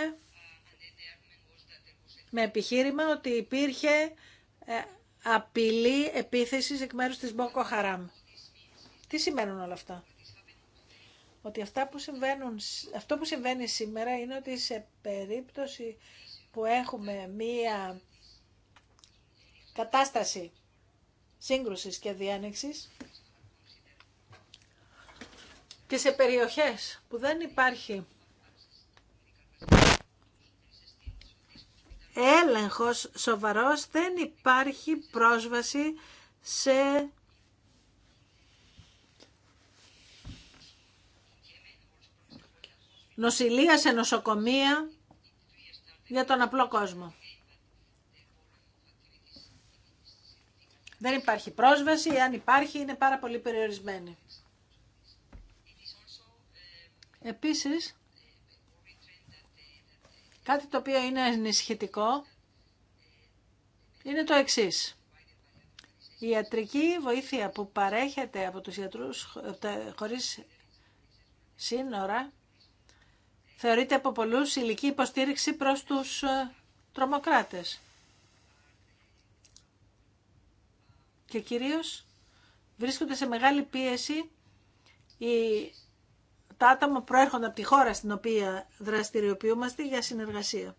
με επιχείρημα ότι υπήρχε ε, απειλή επίθεσης εκ μέρους της Μπόκο Χαράμ. Τι σημαίνουν όλα αυτά. Ότι αυτά που συμβαίνουν, αυτό που συμβαίνει σήμερα είναι ότι σε περίπτωση που έχουμε μία κατάσταση σύγκρουσης και διένεξης και σε περιοχές που δεν υπάρχει έλεγχος σοβαρός, δεν υπάρχει πρόσβαση σε νοσηλεία, σε νοσοκομεία για τον απλό κόσμο. Δεν υπάρχει πρόσβαση, αν υπάρχει είναι πάρα πολύ περιορισμένη. Επίσης, κάτι το οποίο είναι ενισχυτικό είναι το εξής. Η ιατρική βοήθεια που παρέχεται από τους γιατρούς χωρίς σύνορα θεωρείται από πολλούς ηλική υποστήριξη προς τους ε, τρομοκράτες. και κυρίως βρίσκονται σε μεγάλη πίεση οι, τα άτομα που προέρχονται από τη χώρα στην οποία δραστηριοποιούμαστε για συνεργασία.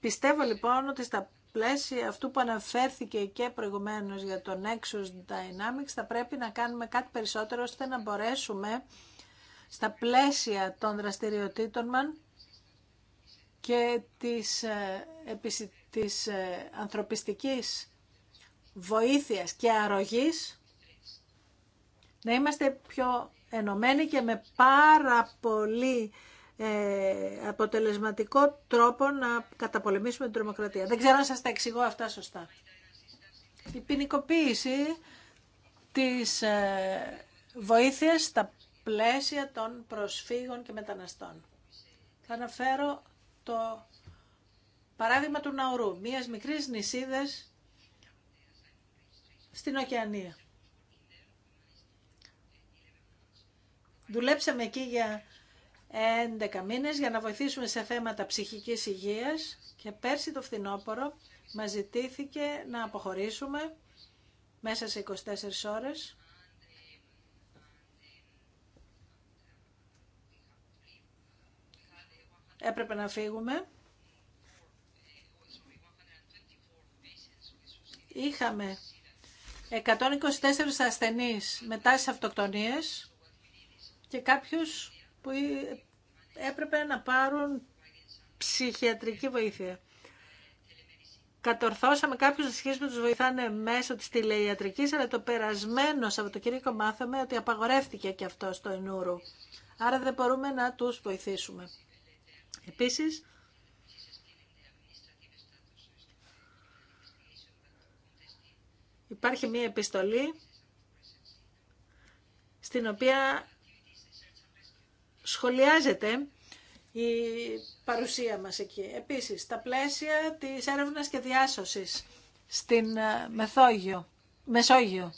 Πιστεύω λοιπόν ότι στα πλαίσια αυτού που αναφέρθηκε και προηγουμένως για τον Nexus Dynamics θα πρέπει να κάνουμε κάτι περισσότερο ώστε να μπορέσουμε στα πλαίσια των δραστηριοτήτων μας και της, ε, της ε, ανθρωπιστικής βοήθειας και αρρωγής να είμαστε πιο ενωμένοι και με πάρα πολύ ε, αποτελεσματικό τρόπο να καταπολεμήσουμε την τρομοκρατία. Δεν ξέρω αν σας τα εξηγώ αυτά σωστά. Η ποινικοποίηση της ε, βοήθειας στα πλαίσια των προσφύγων και μεταναστών. Θα αναφέρω το παράδειγμα του Ναουρού, μιας μικρής νησίδας στην Οκεανία. Δουλέψαμε εκεί για 11 μήνες για να βοηθήσουμε σε θέματα ψυχικής υγείας και πέρσι το φθινόπωρο μας ζητήθηκε να αποχωρήσουμε μέσα σε 24 ώρες έπρεπε να φύγουμε. Είχαμε 124 ασθενείς με τάσεις αυτοκτονίες και κάποιους που έπρεπε να πάρουν ψυχιατρική βοήθεια. Κατορθώσαμε κάποιους να σχέση που τους βοηθάνε μέσω της τηλεϊατρικής, αλλά το περασμένο Σαββατοκύριακο μάθαμε ότι απαγορεύτηκε και αυτό στο Ενούρου. Άρα δεν μπορούμε να τους βοηθήσουμε. Επίσης, υπάρχει μία επιστολή στην οποία σχολιάζεται η παρουσία μας εκεί. Επίσης, τα πλαίσια της έρευνας και διάσωσης στην ε, Μεθόγειο, Μεσόγειο.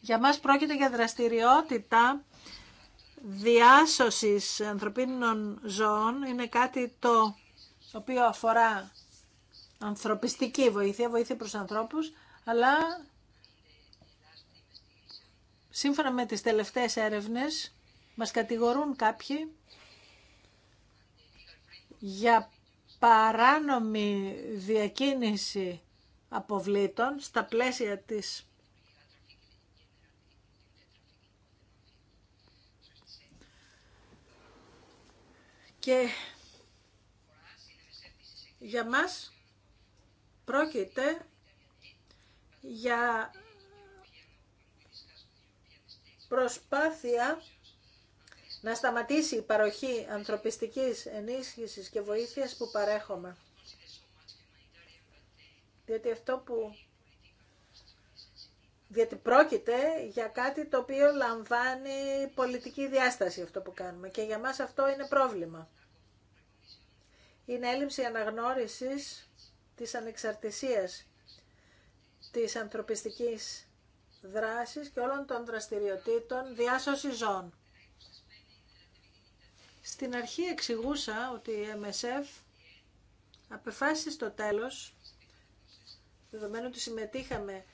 Για μας πρόκειται για δραστηριότητα διάσωσης ανθρωπίνων ζώων είναι κάτι το οποίο αφορά ανθρωπιστική βοήθεια, βοήθεια προς ανθρώπους, αλλά σύμφωνα με τις τελευταίες έρευνες μας κατηγορούν κάποιοι για παράνομη διακίνηση αποβλήτων στα πλαίσια της Και για μας πρόκειται για προσπάθεια να σταματήσει η παροχή ανθρωπιστικής ενίσχυσης και βοήθειας που παρέχομαι. Διότι αυτό που... πρόκειται για κάτι το οποίο λαμβάνει πολιτική διάσταση αυτό που κάνουμε και για μας αυτό είναι πρόβλημα είναι έλλειψη αναγνώρισης της ανεξαρτησίας της ανθρωπιστικής δράσης και όλων των δραστηριοτήτων διάσωσης ζώων. Στην αρχή εξηγούσα ότι η MSF απεφάσισε στο τέλος, δεδομένου ότι συμμετείχαμε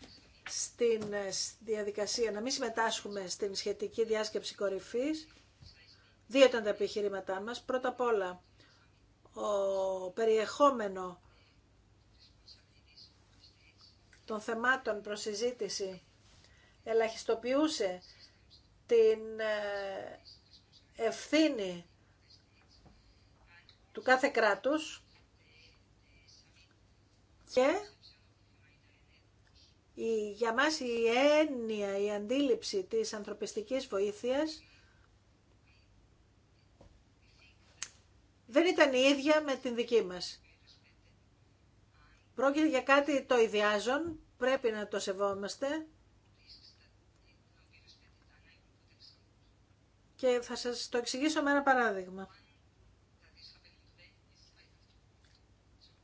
στην ε, διαδικασία να μην συμμετάσχουμε στην σχετική διάσκεψη κορυφής, δύο ήταν τα επιχειρήματά μας. Πρώτα απ' όλα, ο περιεχόμενο των θεμάτων προς ελαχιστοποιούσε την ε, ευθύνη του κάθε κράτους και η, για μας η έννοια, η αντίληψη της ανθρωπιστικής βοήθειας δεν ήταν η ίδια με την δική μας. Πρόκειται για κάτι το ιδιάζον, πρέπει να το σεβόμαστε και θα σας το εξηγήσω με ένα παράδειγμα.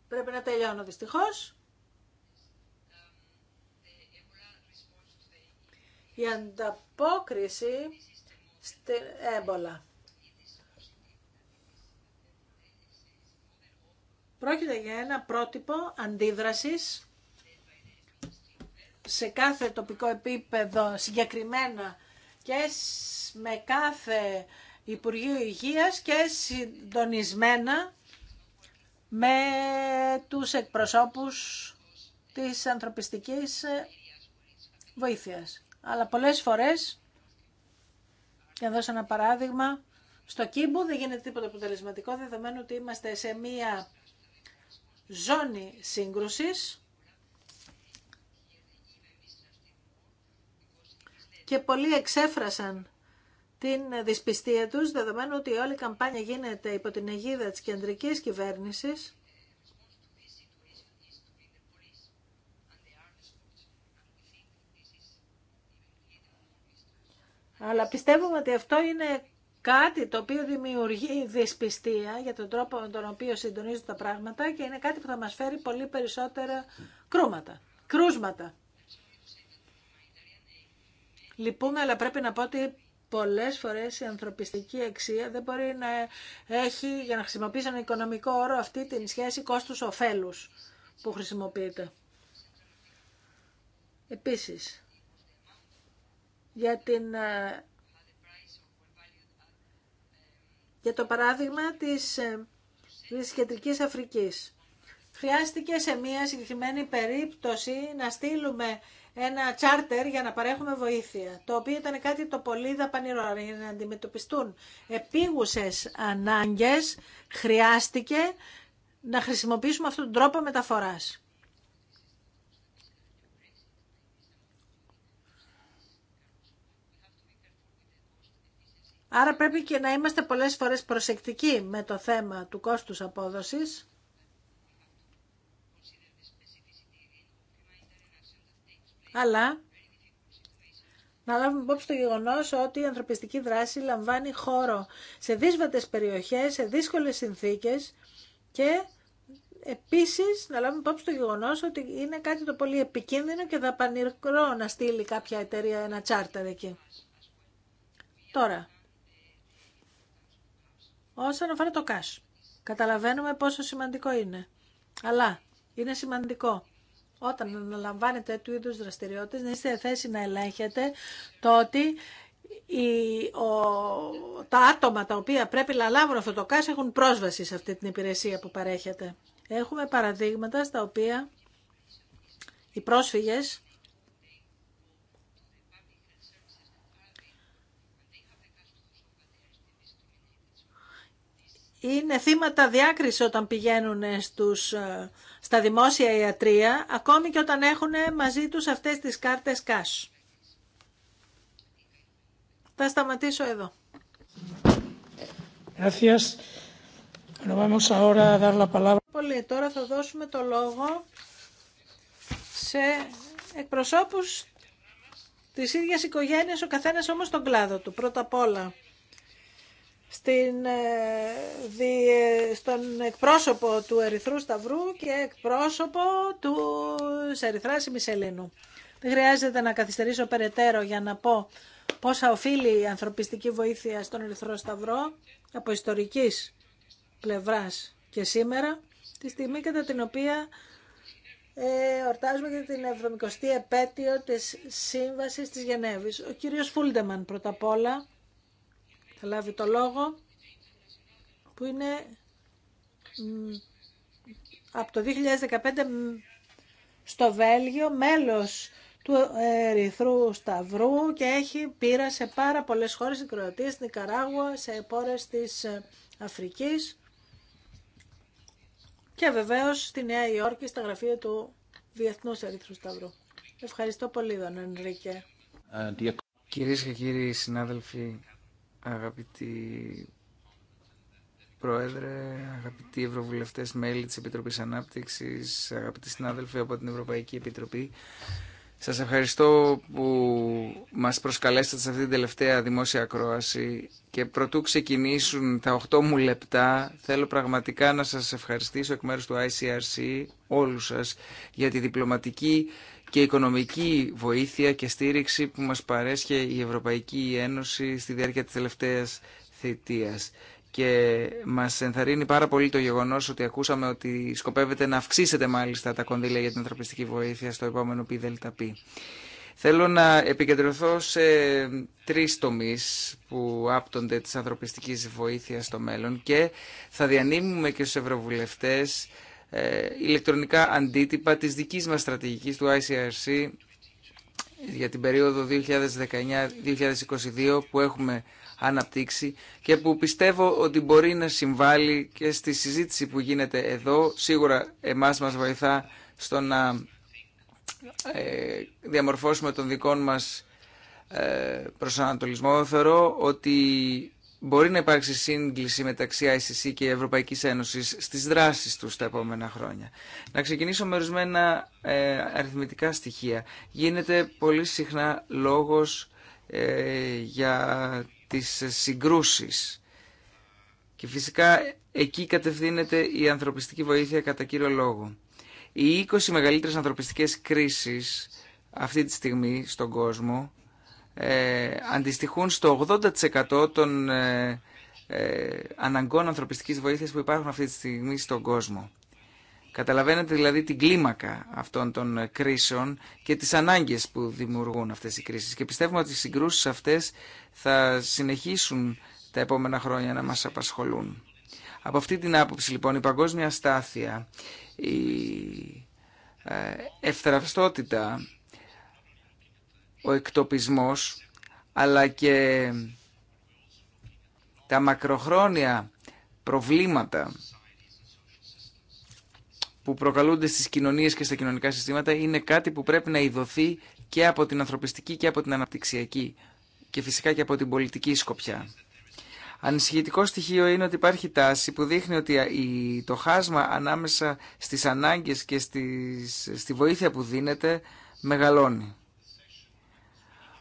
Πρέπει να τελειώνω δυστυχώς. Η ανταπόκριση στην έμπολα. Πρόκειται για ένα πρότυπο αντίδρασης σε κάθε τοπικό επίπεδο συγκεκριμένα και με κάθε Υπουργείο Υγείας και συντονισμένα με τους εκπροσώπους της ανθρωπιστικής βοήθειας. Αλλά πολλές φορές, για να δώσω ένα παράδειγμα, στο Κίμπου δεν γίνεται τίποτα αποτελεσματικό, δεδομένου ότι είμαστε σε μία ζώνη σύγκρουσης και πολλοί εξέφρασαν την δυσπιστία τους, δεδομένου ότι όλη η καμπάνια γίνεται υπό την αιγίδα της κεντρικής κυβέρνησης Αλλά πιστεύουμε ότι αυτό είναι κάτι το οποίο δημιουργεί δυσπιστία για τον τρόπο με τον οποίο συντονίζονται τα πράγματα και είναι κάτι που θα μας φέρει πολύ περισσότερα κρούματα, κρούσματα. Λυπούμε, αλλά πρέπει να πω ότι πολλές φορές η ανθρωπιστική αξία δεν μπορεί να έχει, για να χρησιμοποιήσει ένα οικονομικό όρο, αυτή την σχέση κόστους-οφέλους που χρησιμοποιείται. Επίσης, για την ε, για το παράδειγμα της, ε, της Κεντρικής Αφρικής. Χρειάστηκε σε μια συγκεκριμένη περίπτωση να στείλουμε ένα τσάρτερ για να παρέχουμε βοήθεια, το οποίο ήταν κάτι το πολύ δαπανηρό για να αντιμετωπιστούν επίγουσες ανάγκες, χρειάστηκε να χρησιμοποιήσουμε αυτόν τον τρόπο μεταφοράς. Άρα πρέπει και να είμαστε πολλές φορές προσεκτικοί με το θέμα του κόστους απόδοσης. Αλλά να λάβουμε υπόψη το γεγονό ότι η ανθρωπιστική δράση λαμβάνει χώρο σε δύσβατες περιοχές, σε δύσκολες συνθήκες και επίσης να λάβουμε υπόψη το γεγονός ότι είναι κάτι το πολύ επικίνδυνο και δαπανηρκρό να στείλει κάποια εταιρεία ένα τσάρτερ εκεί. Τώρα, όσον αφορά το cash. Καταλαβαίνουμε πόσο σημαντικό είναι. Αλλά είναι σημαντικό όταν αναλαμβάνετε του είδους δραστηριότητες να είστε θέση να ελέγχετε το ότι ο, τα άτομα τα οποία πρέπει να λάβουν αυτό το cash έχουν πρόσβαση σε αυτή την υπηρεσία που παρέχεται. Έχουμε παραδείγματα στα οποία οι πρόσφυγες είναι θύματα διάκριση όταν πηγαίνουν στους, ε, στα δημόσια ιατρία, ακόμη και όταν έχουν μαζί τους αυτές τις κάρτες cash. Θα σταματήσω εδώ. Gracias. Πολύ. Τώρα θα δώσουμε το λόγο σε εκπροσώπους της ίδιας οικογένειας, ο καθένας όμως τον κλάδο του. Πρώτα απ' όλα, στην, ε, ε, στον εκπρόσωπο του Ερυθρού Σταυρού και εκπρόσωπο του Ερυθράς Ημισελίνου. Δεν χρειάζεται να καθυστερήσω περαιτέρω για να πω πόσα οφείλει η ανθρωπιστική βοήθεια στον Ερυθρό Σταυρό από ιστορικής πλευράς και σήμερα, τη στιγμή κατά την οποία ε, ορτάζουμε και την 70η επέτειο της Σύμβασης της Γενέβης. Ο κύριος Φούλτεμαν πρώτα απ' όλα θα λάβει το λόγο που είναι από το 2015 στο Βέλγιο μέλος του Ερυθρού Σταυρού και έχει πείρα σε πάρα πολλές χώρες, στην Κροατία, στην Καράγουα, σε πόρες της Αφρικής και βεβαίως στη Νέα Υόρκη, στα γραφεία του Διεθνούς Ερυθρού Σταυρού. Ευχαριστώ πολύ, Δον Ενρίκε. Ε, Κυρίες και κύριοι συνάδελφοι, Αγαπητοί Πρόεδρε, αγαπητοί Ευρωβουλευτές, μέλη της Επιτροπής Ανάπτυξης, αγαπητοί συνάδελφοι από την Ευρωπαϊκή Επιτροπή, σας ευχαριστώ που μας προσκαλέσατε σε αυτή την τελευταία δημόσια ακρόαση και προτού ξεκινήσουν τα 8 μου λεπτά θέλω πραγματικά να σας ευχαριστήσω εκ μέρους του ICRC όλους σας για τη διπλωματική και οικονομική βοήθεια και στήριξη που μας παρέσχε η Ευρωπαϊκή Ένωση στη διάρκεια της τελευταίας θητείας. Και μας ενθαρρύνει πάρα πολύ το γεγονός ότι ακούσαμε ότι σκοπεύετε να αυξήσετε μάλιστα τα κονδύλια για την ανθρωπιστική βοήθεια στο επόμενο ΠΔΠ. Θέλω να επικεντρωθώ σε τρεις τομείς που άπτονται της ανθρωπιστικής βοήθειας στο μέλλον και θα διανύμουμε και στους ευρωβουλευτές ε, ηλεκτρονικά αντίτυπα της δικής μας στρατηγικής του ICRC για την περίοδο 2019-2022 που έχουμε αναπτύξει και που πιστεύω ότι μπορεί να συμβάλλει και στη συζήτηση που γίνεται εδώ. Σίγουρα εμάς μας βοηθά στο να ε, διαμορφώσουμε τον δικό μας ε, προσανατολισμό. Θεωρώ ότι μπορεί να υπάρξει σύγκληση μεταξύ ICC και Ευρωπαϊκής Ένωσης στις δράσεις τους τα επόμενα χρόνια. Να ξεκινήσω με ορισμένα ε, αριθμητικά στοιχεία. Γίνεται πολύ συχνά λόγος ε, για τις συγκρούσεις και φυσικά εκεί κατευθύνεται η ανθρωπιστική βοήθεια κατά κύριο λόγο. Οι 20 μεγαλύτερες ανθρωπιστικές κρίσεις αυτή τη στιγμή στον κόσμο ε, αντιστοιχούν στο 80% των ε, ε, αναγκών ανθρωπιστικής βοήθειας που υπάρχουν αυτή τη στιγμή στον κόσμο. Καταλαβαίνετε δηλαδή την κλίμακα αυτών των κρίσεων και τις ανάγκες που δημιουργούν αυτές οι κρίσεις. Και πιστεύουμε ότι οι συγκρούσεις αυτές θα συνεχίσουν τα επόμενα χρόνια να μας απασχολούν. Από αυτή την άποψη λοιπόν η παγκόσμια στάθεια, η ευθραυστότητα ο εκτοπισμός αλλά και τα μακροχρόνια προβλήματα που προκαλούνται στις κοινωνίες και στα κοινωνικά συστήματα είναι κάτι που πρέπει να ειδωθεί και από την ανθρωπιστική και από την αναπτυξιακή και φυσικά και από την πολιτική σκοπιά. Ανησυχητικό στοιχείο είναι ότι υπάρχει τάση που δείχνει ότι το χάσμα ανάμεσα στις ανάγκες και στη βοήθεια που δίνεται μεγαλώνει.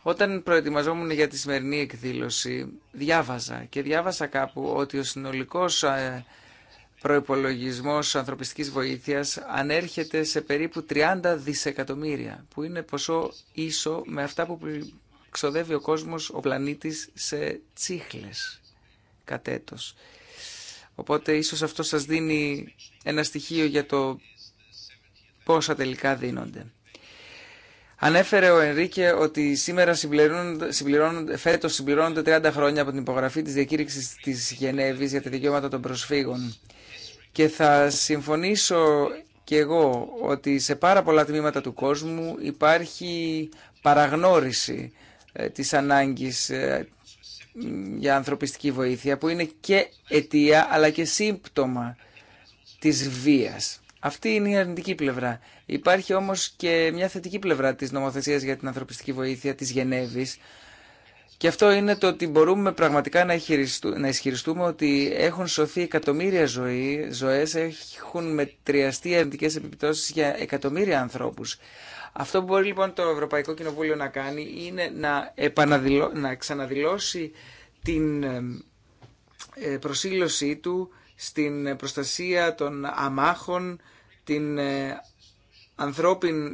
Όταν προετοιμαζόμουν για τη σημερινή εκδήλωση, διάβαζα και διάβασα κάπου ότι ο συνολικός ε, προϋπολογισμός ανθρωπιστικής βοήθειας ανέρχεται σε περίπου 30 δισεκατομμύρια, που είναι ποσό ίσο με αυτά που ξοδεύει ο κόσμος, ο πλανήτης, σε τσίχλες κατέτος. Οπότε ίσως αυτό σας δίνει ένα στοιχείο για το πόσα τελικά δίνονται. Ανέφερε ο Ενρίκε ότι σήμερα συμπληρώνονται, φέτος συμπληρώνονται 30 χρόνια από την υπογραφή της διακήρυξης της Γενέβης για τα δικαιώματα των προσφύγων. Και θα συμφωνήσω και εγώ ότι σε πάρα πολλά τμήματα του κόσμου υπάρχει παραγνώριση ε, της ανάγκης ε, για ανθρωπιστική βοήθεια που είναι και αιτία αλλά και σύμπτωμα της βίας. Αυτή είναι η αρνητική πλευρά. Υπάρχει όμως και μια θετική πλευρά της νομοθεσίας για την ανθρωπιστική βοήθεια της γενέβη. Και αυτό είναι το ότι μπορούμε πραγματικά να, να ισχυριστούμε ότι έχουν σωθεί εκατομμύρια ζωή, ζωές, έχουν μετριαστεί αρνητικές επιπτώσεις για εκατομμύρια ανθρώπους. Αυτό που μπορεί λοιπόν το Ευρωπαϊκό Κοινοβούλιο να κάνει είναι να, να ξαναδηλώσει την ε, προσήλωσή του στην προστασία των αμάχων, την ε,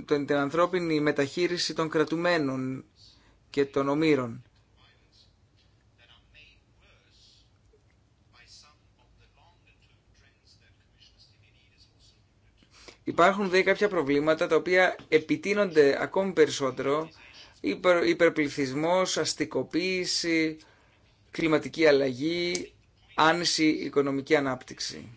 την ανθρώπινη μεταχείριση των κρατουμένων και των ομήρων. Υπάρχουν δε κάποια προβλήματα τα οποία επιτείνονται ακόμη περισσότερο, υπερ, υπερπληθισμός, αστικοποίηση, κλιματική αλλαγή, άνηση οικονομική ανάπτυξη.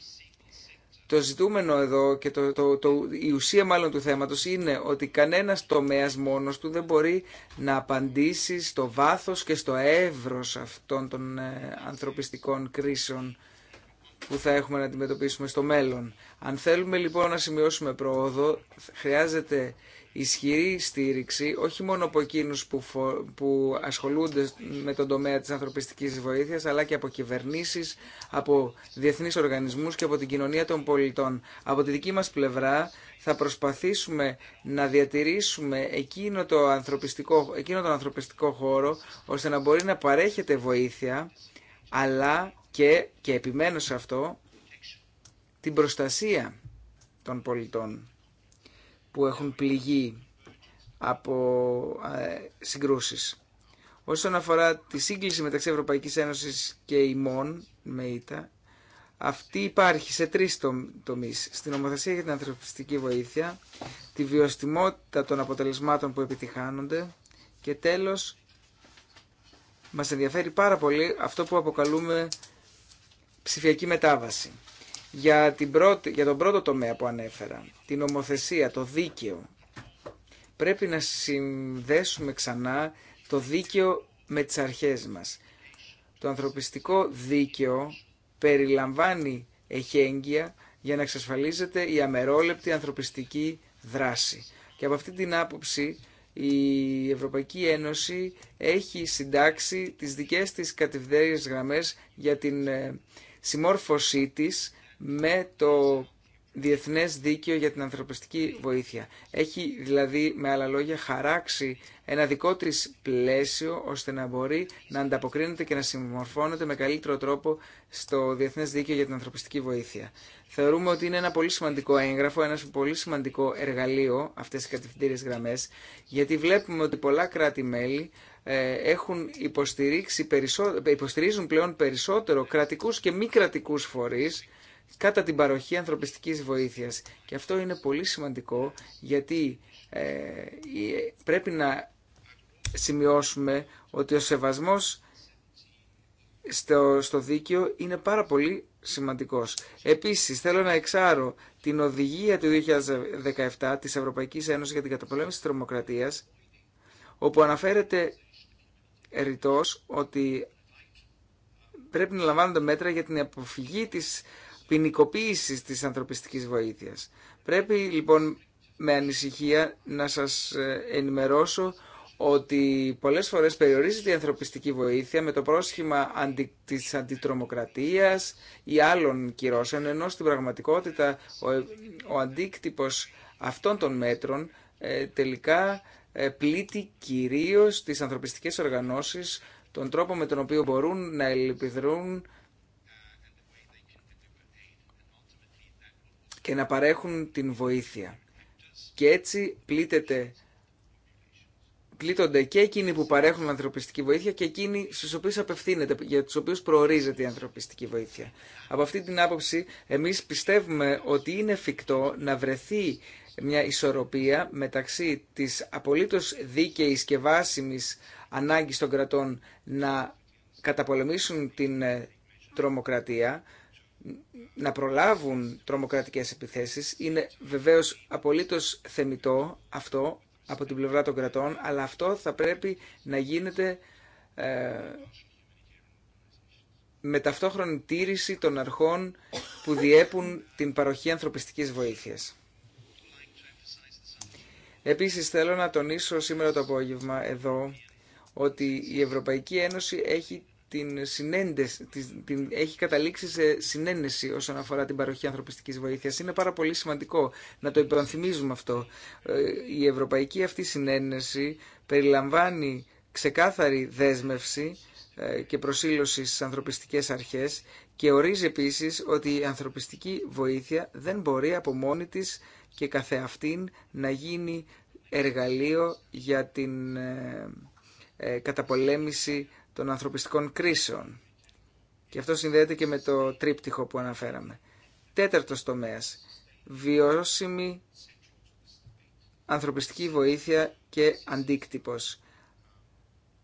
Το ζητούμενο εδώ και το, το, το, η ουσία μάλλον του θέματος είναι ότι κανένας τομέας μόνος του δεν μπορεί να απαντήσει στο βάθος και στο εύρος αυτών των ε, ανθρωπιστικών κρίσεων που θα έχουμε να αντιμετωπίσουμε στο μέλλον. Αν θέλουμε λοιπόν να σημειώσουμε πρόοδο, χρειάζεται ισχυρή στήριξη όχι μόνο από εκείνους που, που ασχολούνται με τον τομέα της ανθρωπιστικής βοήθειας αλλά και από κυβερνήσεις, από διεθνείς οργανισμούς και από την κοινωνία των πολιτών. Από τη δική μας πλευρά θα προσπαθήσουμε να διατηρήσουμε εκείνο, το ανθρωπιστικό, εκείνο τον ανθρωπιστικό χώρο ώστε να μπορεί να παρέχεται βοήθεια αλλά και, και επιμένω σε αυτό, την προστασία των πολιτών που έχουν πληγεί από ε, συγκρούσεις. Όσον αφορά τη σύγκληση μεταξύ Ευρωπαϊκής Ένωσης και ημών, με ΙΤΑ, αυτή υπάρχει σε τρεις τομείς. Στην ομοθεσία για την ανθρωπιστική βοήθεια, τη βιωστημότητα των αποτελεσμάτων που επιτυχάνονται και τέλος, μας ενδιαφέρει πάρα πολύ αυτό που αποκαλούμε ψηφιακή μετάβαση για, την πρώτη, για τον πρώτο τομέα που ανέφερα, την ομοθεσία, το δίκαιο. Πρέπει να συνδέσουμε ξανά το δίκαιο με τις αρχές μας. Το ανθρωπιστικό δίκαιο περιλαμβάνει εχέγγυα για να εξασφαλίζεται η αμερόλεπτη ανθρωπιστική δράση. Και από αυτή την άποψη η Ευρωπαϊκή Ένωση έχει συντάξει τις δικές της κατευθυντήριες γραμμές για την ε, συμμόρφωσή της με το Διεθνές Δίκαιο για την Ανθρωπιστική Βοήθεια. Έχει δηλαδή με άλλα λόγια χαράξει ένα δικό της πλαίσιο ώστε να μπορεί να ανταποκρίνεται και να συμμορφώνεται με καλύτερο τρόπο στο Διεθνές Δίκαιο για την Ανθρωπιστική Βοήθεια. Θεωρούμε ότι είναι ένα πολύ σημαντικό έγγραφο, ένα πολύ σημαντικό εργαλείο αυτές οι κατευθυντήριες γραμμές γιατί βλέπουμε ότι πολλά κράτη-μέλη ε, έχουν υποστηρίζουν πλέον περισσότερο κρατικούς και μη κρατικούς φορείς κατά την παροχή ανθρωπιστικής βοήθειας. Και αυτό είναι πολύ σημαντικό γιατί ε, πρέπει να σημειώσουμε ότι ο σεβασμός στο, στο δίκαιο είναι πάρα πολύ σημαντικός. Επίσης θέλω να εξάρω την οδηγία του 2017 της Ευρωπαϊκής Ένωσης για την καταπολέμηση της τρομοκρατίας όπου αναφέρεται ρητός ότι πρέπει να λαμβάνονται μέτρα για την αποφυγή της ποινικοποίηση της ανθρωπιστικής βοήθειας. Πρέπει λοιπόν με ανησυχία να σας ε, ενημερώσω ότι πολλές φορές περιορίζεται η ανθρωπιστική βοήθεια με το πρόσχημα αντι, της αντιτρομοκρατίας ή άλλων κυρώσεων, ενώ στην πραγματικότητα ο, ο αντίκτυπος αυτών των μέτρων ε, τελικά ε, πλήττει κυρίως τις ανθρωπιστικές οργανώσεις, τον τρόπο με τον οποίο μπορούν να ελπιδρούν. και να παρέχουν την βοήθεια. Και έτσι πλήτεται, πλήττονται και εκείνοι που παρέχουν ανθρωπιστική βοήθεια και εκείνοι στους οποίους απευθύνεται, για τους οποίους προορίζεται η ανθρωπιστική βοήθεια. Από αυτή την άποψη, εμείς πιστεύουμε ότι είναι εφικτό να βρεθεί μια ισορροπία μεταξύ της απολύτως δίκαιης και βάσιμης ανάγκης των κρατών να καταπολεμήσουν την ε, τρομοκρατία να προλάβουν τρομοκρατικές επιθέσεις. Είναι βεβαίως απολύτως θεμητό αυτό από την πλευρά των κρατών, αλλά αυτό θα πρέπει να γίνεται ε, με ταυτόχρονη τήρηση των αρχών που διέπουν την παροχή ανθρωπιστικής βοήθειας. Επίσης θέλω να τονίσω σήμερα το απόγευμα εδώ ότι η Ευρωπαϊκή Ένωση έχει την την, έχει καταλήξει σε συνένεση όσον αφορά την παροχή ανθρωπιστικής βοήθειας. Είναι πάρα πολύ σημαντικό να το υπενθυμίζουμε αυτό. Ε, η ευρωπαϊκή αυτή συνένεση περιλαμβάνει ξεκάθαρη δέσμευση ε, και προσήλωση στις ανθρωπιστικές αρχές και ορίζει επίσης ότι η ανθρωπιστική βοήθεια δεν μπορεί από μόνη της και καθεαυτήν να γίνει εργαλείο για την ε, καταπολέμηση των ανθρωπιστικών κρίσεων. Και αυτό συνδέεται και με το τρίπτυχο που αναφέραμε. Τέταρτος τομέας, βιώσιμη ανθρωπιστική βοήθεια και αντίκτυπος.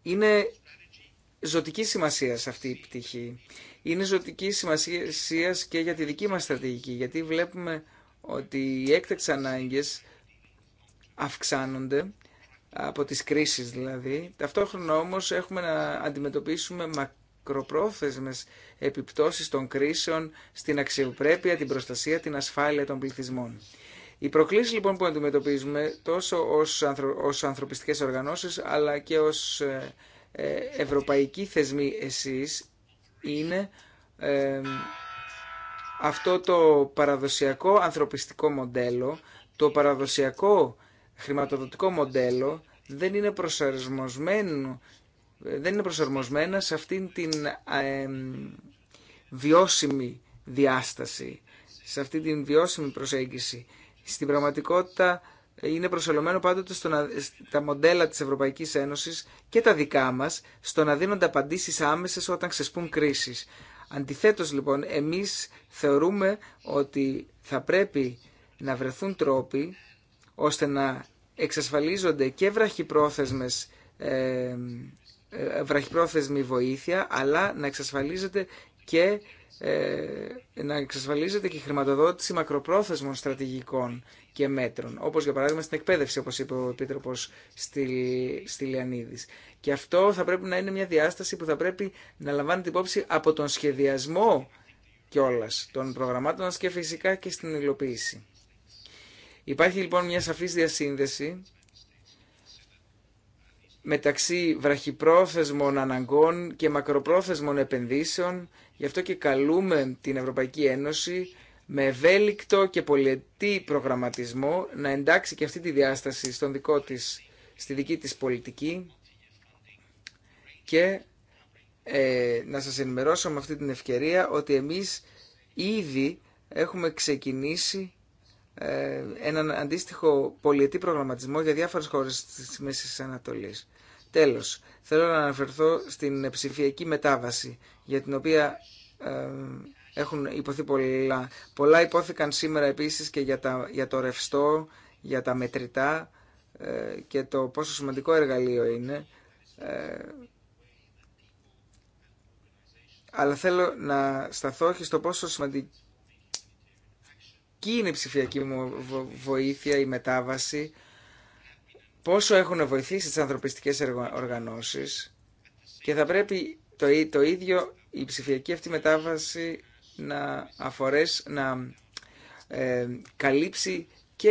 Είναι ζωτική σημασία αυτή η πτυχή. Είναι ζωτική σημασία και για τη δική μας στρατηγική, γιατί βλέπουμε ότι οι έκτακτες ανάγκες αυξάνονται από τις κρίσεις δηλαδή. Ταυτόχρονα όμως έχουμε να αντιμετωπίσουμε μακροπρόθεσμες επιπτώσεις των κρίσεων στην αξιοπρέπεια, την προστασία, την ασφάλεια των πληθυσμών. Οι προκλήσεις λοιπόν που αντιμετωπίζουμε τόσο ως, ανθρω... ως ανθρωπιστικές οργανώσεις αλλά και ως ε, ε, ευρωπαϊκοί θεσμοί εσείς είναι αυτό το παραδοσιακό ανθρωπιστικό μοντέλο, το παραδοσιακό χρηματοδοτικό μοντέλο δεν είναι προσαρμοσμένο δεν είναι προσαρμοσμένα σε αυτήν την ε, βιώσιμη διάσταση, σε αυτήν την βιώσιμη προσέγγιση. Στην πραγματικότητα είναι προσελωμένο πάντοτε στο μοντέλα της Ευρωπαϊκής Ένωσης και τα δικά μας στο να δίνονται απαντήσεις άμεσες όταν ξεσπούν κρίσεις. Αντιθέτως λοιπόν εμείς θεωρούμε ότι θα πρέπει να βρεθούν τρόποι ώστε να εξασφαλίζονται και βραχυπρόθεσμες ε, ε βοήθεια, αλλά να εξασφαλίζεται και ε, να εξασφαλίζεται και η χρηματοδότηση μακροπρόθεσμων στρατηγικών και μέτρων, όπως για παράδειγμα στην εκπαίδευση, όπως είπε ο Επίτροπος στη, στη Λιανίδης. Και αυτό θα πρέπει να είναι μια διάσταση που θα πρέπει να την υπόψη από τον σχεδιασμό κιόλας των προγραμμάτων και φυσικά και στην υλοποίηση. Υπάρχει λοιπόν μια σαφής διασύνδεση μεταξύ βραχυπρόθεσμων αναγκών και μακροπρόθεσμων επενδύσεων. Γι' αυτό και καλούμε την Ευρωπαϊκή Ένωση με ευέλικτο και πολιετή προγραμματισμό να εντάξει και αυτή τη διάσταση στον δικό της, στη δική της πολιτική και ε, να σας ενημερώσω με αυτή την ευκαιρία ότι εμείς ήδη έχουμε ξεκινήσει ε, έναν αντίστοιχο πολιετή προγραμματισμό για διάφορες χώρες της Μέσης Ανατολής. Τέλος, θέλω να αναφερθώ στην ψηφιακή μετάβαση, για την οποία ε, έχουν υποθεί πολλά. Πολλά υπόθηκαν σήμερα επίσης και για, το ρευστό, για τα μετρητά ε, και το πόσο σημαντικό εργαλείο είναι. αλλά θέλω να σταθώ και στο πόσο σημαντικό εκεί είναι η ψηφιακή μου βοήθεια, η μετάβαση, πόσο έχουν βοηθήσει τι ανθρωπιστικές οργανώσει, και θα πρέπει το, το ίδιο η ψηφιακή αυτή μετάβαση να αφορές, να ε, καλύψει και,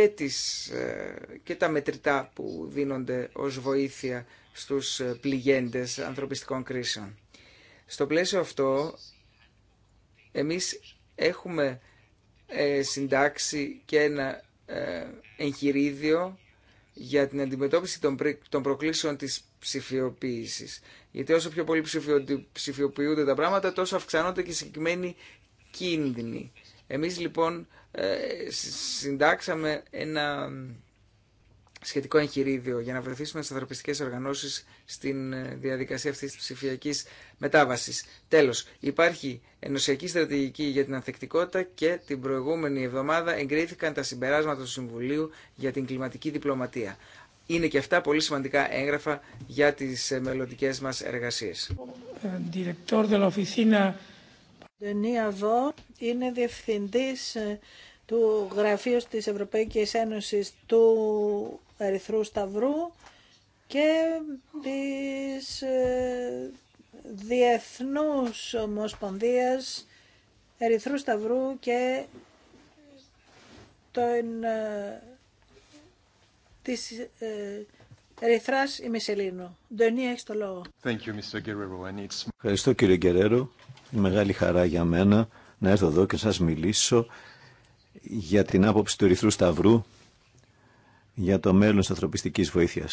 ε, και τα μετρητά που δίνονται ως βοήθεια στους ε, πληγέντες ανθρωπιστικών κρίσεων. Στο πλαίσιο αυτό, εμείς έχουμε ε, συντάξει και ένα ε, εγχειρίδιο για την αντιμετώπιση των προκλήσεων της ψηφιοποίησης. Γιατί όσο πιο πολύ ψηφιοποιούνται τα πράγματα, τόσο αυξάνονται και συγκεκριμένοι κίνδυνοι. Εμείς λοιπόν ε, συντάξαμε ένα σχετικό εγχειρίδιο για να βρεθήσουμε τι ανθρωπιστικέ οργανώσει στην ε, διαδικασία αυτή τη ψηφιακή μετάβαση. Τέλο, υπάρχει ενωσιακή στρατηγική για την ανθεκτικότητα και την προηγούμενη εβδομάδα εγκρίθηκαν τα συμπεράσματα του Συμβουλίου για την κλιματική διπλωματία. Είναι και αυτά πολύ σημαντικά έγγραφα για τι μελλοντικέ μα εργασίε. είναι διευθυντής ε, του Γραφείου της Ευρωπαϊκής Ένωσης του Ερυθρού Σταυρού και της ε, Διεθνούς Ομοσπονδίας Ερυθρού Σταυρού και ε, της ε, Ερυθράς Ημισελίνου. Ντονί, έχει το λόγο. Thank you, Mr. Ευχαριστώ κύριε Γκερέρο. μεγάλη χαρά για μένα να έρθω εδώ και σας μιλήσω για την άποψη του Ερυθρού Σταυρού για το μέλλον τη ανθρωπιστική βοήθεια.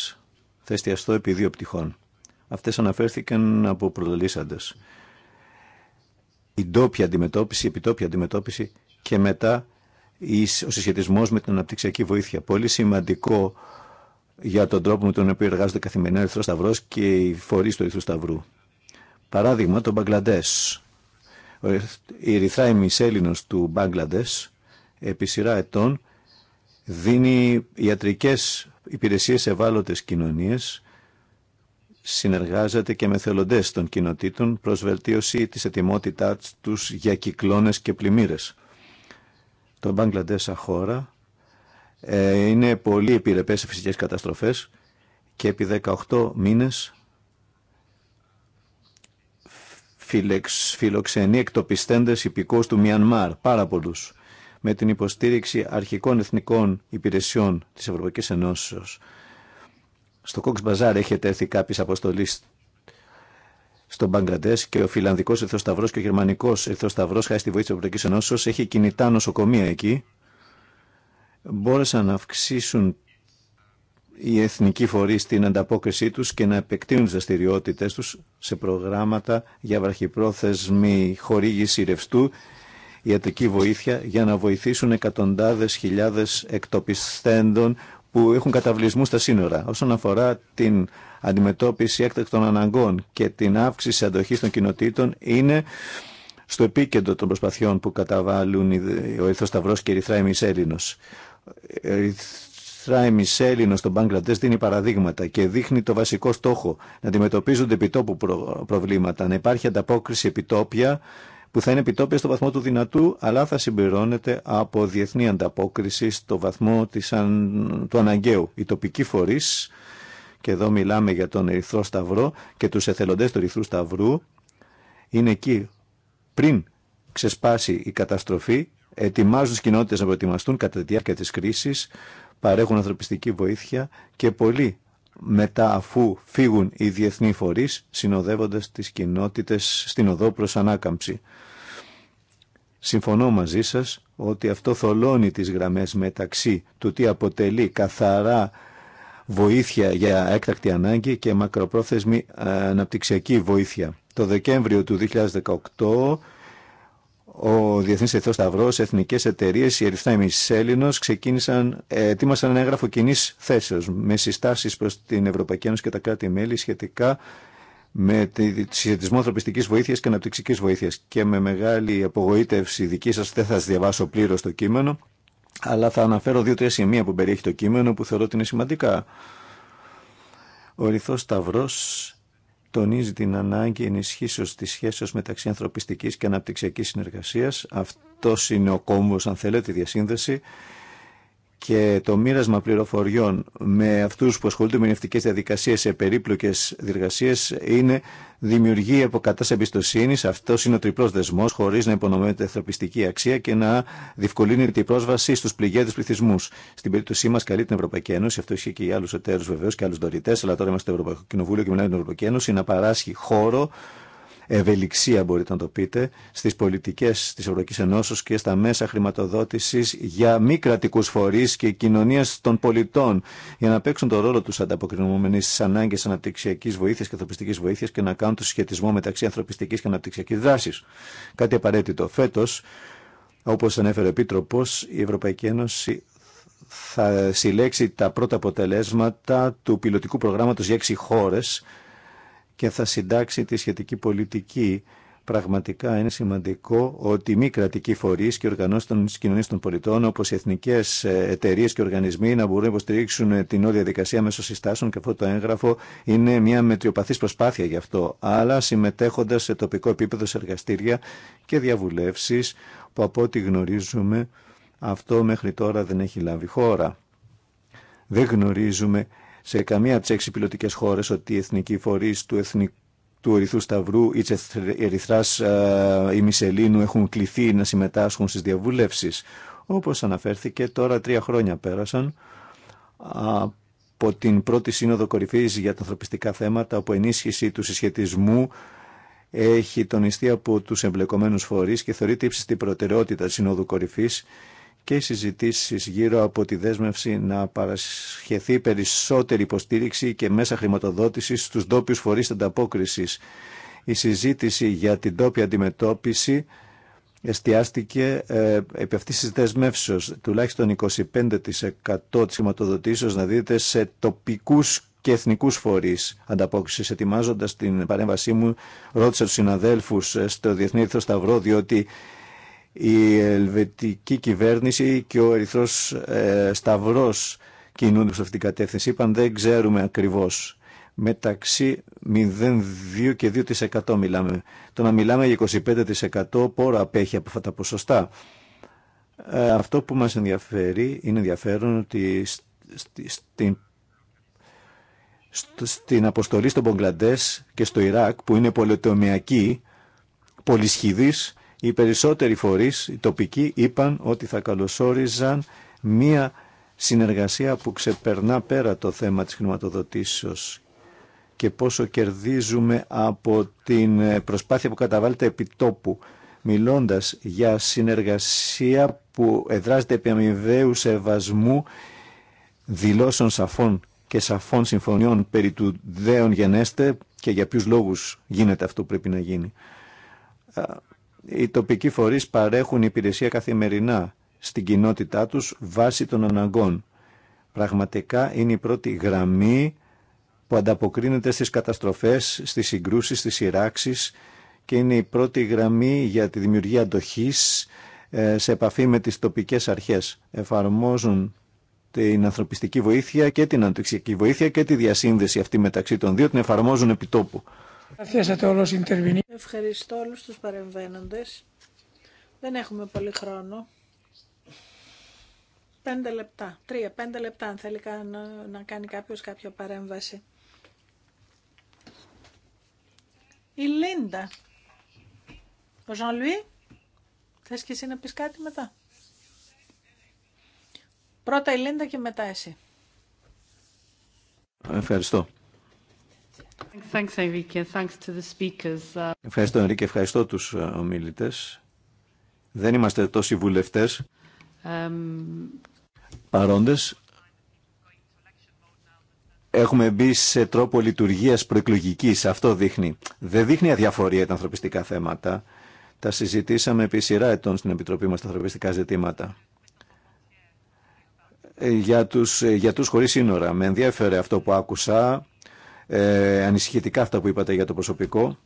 Θα εστιαστώ επί δύο πτυχών. Αυτέ αναφέρθηκαν από προλαλήσαντε. Η ντόπια αντιμετώπιση, η επιτόπια αντιμετώπιση και μετά ο συσχετισμο με την αναπτυξιακή βοήθεια. Πολύ σημαντικό για τον τρόπο με τον οποίο εργάζονται καθημερινά ο Ερυθρό Σταυρό και οι φορεί του Ερυθρού Σταυρού. Παράδειγμα, το Μπαγκλαντέ. Η Ερυθρά Έλληνο του Μπαγκλαντέ επί σειρά ετών δίνει ιατρικές υπηρεσίες σε ευάλωτες κοινωνίες, συνεργάζεται και με θελοντές των κοινοτήτων προς βελτίωση της ετοιμότητάς τους για κυκλώνες και πλημμύρες. Το Μπαγκλαντέσα χώρα ε, είναι πολύ επιρρεπές σε φυσικές καταστροφές και επί 18 μήνες φιλοξενεί εκτοπιστέντες υπηκούς του Μιανμάρ, πάρα πολλούς με την υποστήριξη αρχικών εθνικών υπηρεσιών της Ευρωπαϊκής Ενώσεως. Στο Κόξ Μπαζάρ έχετε έρθει κάποιες αποστολής στον Μπαγκαντέ και ο Φιλανδικό Ερθοσταυρό και ο Γερμανικό Ερθοσταυρό, χάρη στη βοήθεια τη Ευρωπαϊκή Ενώσεω, έχει κινητά νοσοκομεία εκεί. Μπόρεσαν να αυξήσουν οι εθνικοί φορεί την ανταπόκρισή του και να επεκτείνουν τι δραστηριότητε του σε προγράμματα για βραχυπρόθεσμη χορήγηση ρευστού ιατρική βοήθεια για να βοηθήσουν εκατοντάδες χιλιάδες εκτοπιστέντων που έχουν καταβλισμού στα σύνορα. Όσον αφορά την αντιμετώπιση έκτακτων αναγκών και την αύξηση αντοχής των κοινοτήτων είναι στο επίκεντρο των προσπαθειών που καταβάλουν ο Ιθός Σταυρός και η Ερυθράη Η Ερυθράη Μισέλινος στον Μπαγκλαντές δίνει παραδείγματα και δείχνει το βασικό στόχο να αντιμετωπίζονται επιτόπου προβλήματα, να υπάρχει ανταπόκριση επιτόπια που θα είναι επιτόπια στο βαθμό του δυνατού, αλλά θα συμπληρώνεται από διεθνή ανταπόκριση στο βαθμό της αν... του αναγκαίου. Οι τοπικοί φορείς, και εδώ μιλάμε για τον Ερυθρό Σταυρό και τους εθελοντές του Ερυθρού Σταυρού, είναι εκεί πριν ξεσπάσει η καταστροφή, ετοιμάζουν τι κοινότητε να προετοιμαστούν κατά τη διάρκεια τη κρίση, παρέχουν ανθρωπιστική βοήθεια και πολλοί μετά αφού φύγουν οι διεθνείς φορείς συνοδεύοντας τις κοινότητες στην οδό προς ανάκαμψη. Συμφωνώ μαζί σας ότι αυτό θολώνει τις γραμμές μεταξύ του τι αποτελεί καθαρά βοήθεια για έκτακτη ανάγκη και μακροπρόθεσμη ε, αναπτυξιακή βοήθεια. Το Δεκέμβριο του 2018 ο Διεθνή Ερυθρό Σταυρό, εθνικέ εταιρείε, η Ερυφθά Έλληνο, ξεκίνησαν, ε, ετοίμασαν ένα έγγραφο κοινή θέσεω με συστάσει προ την Ευρωπαϊκή Ένωση και τα κράτη-μέλη σχετικά με τη συσχετισμό ανθρωπιστική βοήθεια και αναπτυξική βοήθεια. Και με μεγάλη απογοήτευση δική σα, δεν θα σα διαβάσω πλήρω το κείμενο, αλλά θα αναφέρω δύο-τρία σημεία που περιέχει το κείμενο που θεωρώ ότι είναι σημαντικά. Ο Ερυθρό Σταυρό τονίζει την ανάγκη ενισχύσεω τη σχέση μεταξύ ανθρωπιστικής και αναπτυξιακή συνεργασίας. Αυτό είναι ο κόμβο, αν θέλετε, τη διασύνδεση και το μοίρασμα πληροφοριών με αυτούς που ασχολούνται με νευτικές διαδικασίες σε περίπλοκες διεργασίες είναι δημιουργεί αποκατάσταση εμπιστοσύνη. Αυτό είναι ο τριπλός δεσμό χωρί να υπονομεύεται ανθρωπιστική αξία και να διευκολύνει την πρόσβαση στους πληγέντε πληθυσμού. Στην περίπτωσή μα καλεί την Ευρωπαϊκή Ένωση, αυτό ισχύει και για άλλους εταίρου βεβαίως και άλλου δωρητέ, αλλά τώρα είμαστε στο Ευρωπαϊκό Κοινοβούλιο και μιλάμε την Ευρωπαϊκή Ένωση, να παράσχει χώρο ευελιξία μπορείτε να το πείτε στις πολιτικές της Ευρωπαϊκής Ενώσης και στα μέσα χρηματοδότησης για μη κρατικούς φορείς και κοινωνίες των πολιτών για να παίξουν το ρόλο τους ανταποκρινούμενοι στις ανάγκες αναπτυξιακής βοήθειας και ανθρωπιστικής βοήθειας και να κάνουν το συσχετισμό μεταξύ ανθρωπιστικής και αναπτυξιακής δράσης. Κάτι απαραίτητο. Φέτος, όπως ανέφερε ο Επίτροπος, η Ευρωπαϊκή Ένωση θα συλλέξει τα πρώτα αποτελέσματα του πιλωτικού προγράμματος για έξι χώρες και θα συντάξει τη σχετική πολιτική. Πραγματικά είναι σημαντικό ότι μη κρατικοί φορεί και οργανώσει των κοινωνία των πολιτών, όπω οι εθνικέ ε, εταιρείε και οργανισμοί, να μπορούν να υποστηρίξουν ε, την όλη διαδικασία μέσω συστάσεων και αυτό το έγγραφο είναι μια μετριοπαθή προσπάθεια γι' αυτό. Αλλά συμμετέχοντα σε τοπικό επίπεδο σε εργαστήρια και διαβουλεύσει, που από ό,τι γνωρίζουμε αυτό μέχρι τώρα δεν έχει λάβει χώρα. Δεν γνωρίζουμε σε καμία από τι έξι πιλωτικέ χώρε ότι οι εθνικοί φορεί του Εθνικού του Ερυθρού Σταυρού ή της Ερυθράς ε, ή Μισελίνου έχουν κληθεί να συμμετάσχουν στις διαβουλεύσεις. Όπως αναφέρθηκε, τώρα τρία χρόνια πέρασαν από την πρώτη σύνοδο κορυφής για τα ανθρωπιστικά θέματα, όπου ενίσχυση του συσχετισμού έχει τονιστεί από τους εμπλεκομένους φορείς και θεωρείται ύψιστη προτεραιότητα της Συνόδου Κορυφής και οι συζητήσει γύρω από τη δέσμευση να παρασχεθεί περισσότερη υποστήριξη και μέσα χρηματοδότηση στου ντόπιου φορεί ανταπόκρισης. Η συζήτηση για την ντόπια αντιμετώπιση εστιάστηκε ε, επί αυτή τη του τουλάχιστον 25% τη χρηματοδοτήσεω να δείτε σε τοπικούς και εθνικού φορείς ανταπόκρισης. ετοιμάζοντα την παρέμβασή μου ρώτησα του συναδέλφου ε, στο Διεθνή Ιθρο διότι η ελβετική κυβέρνηση και ο Ερυθρός ε, Σταυρός κινούνται σε αυτήν την κατεύθυνση. Είπαν δεν ξέρουμε ακριβώς. Μεταξύ 0,2 και 2% μιλάμε. Το να μιλάμε για 25% πόρο απέχει από αυτά τα ποσοστά. Ε, αυτό που μας ενδιαφέρει είναι ενδιαφέρον ότι στην στην αποστολή στον Πογκλαντές και στο Ιράκ που είναι πολυτομιακή, πολυσχηδής, οι περισσότεροι φορείς, οι τοπικοί, είπαν ότι θα καλωσόριζαν μία συνεργασία που ξεπερνά πέρα το θέμα της χρηματοδοτήσεως και πόσο κερδίζουμε από την ε, προσπάθεια που καταβάλλεται επί τόπου, μιλώντας για συνεργασία που εδράζεται επί αμοιβαίου σεβασμού δηλώσεων σαφών και σαφών συμφωνιών περί του δέον γενέστε και για ποιους λόγους γίνεται αυτό που πρέπει να γίνει. Οι τοπικοί φορείς παρέχουν υπηρεσία καθημερινά στην κοινότητά τους βάσει των αναγκών. Πραγματικά είναι η πρώτη γραμμή που ανταποκρίνεται στις καταστροφές, στις συγκρούσεις, στις σειράξεις και είναι η πρώτη γραμμή για τη δημιουργία αντοχής ε, σε επαφή με τις τοπικές αρχές. Εφαρμόζουν την ανθρωπιστική βοήθεια και την αντοξιακή βοήθεια και τη διασύνδεση αυτή μεταξύ των δύο την εφαρμόζουν επί τόπου. Ευχαριστώ όλου τους παρεμβαίνοντες. Δεν έχουμε πολύ χρόνο. Πέντε λεπτά, τρία, πέντε λεπτά αν θέλει να, να κάνει κάποιος κάποια παρέμβαση. Η Λίντα. Ο Ζαν Λουί, θες και εσύ να πεις κάτι μετά. Πρώτα η Λίντα και μετά εσύ. Ευχαριστώ. Uh, ευχαριστώ, Ενρίκε. Ευχαριστώ τους ε, ομιλητές. Δεν είμαστε τόσοι βουλευτές um, παρόντες. Έχουμε μπει σε τρόπο λειτουργίας προεκλογικής. Αυτό δείχνει. Δεν δείχνει αδιαφορία τα ανθρωπιστικά θέματα. Τα συζητήσαμε επί σειρά ετών στην Επιτροπή μας τα ανθρωπιστικά ζητήματα ε, για τους, ε, για τους χωρίς σύνορα. Με ενδιαφέρε αυτό που άκουσα ε, ανησυχητικά αυτά που είπατε για το προσωπικό.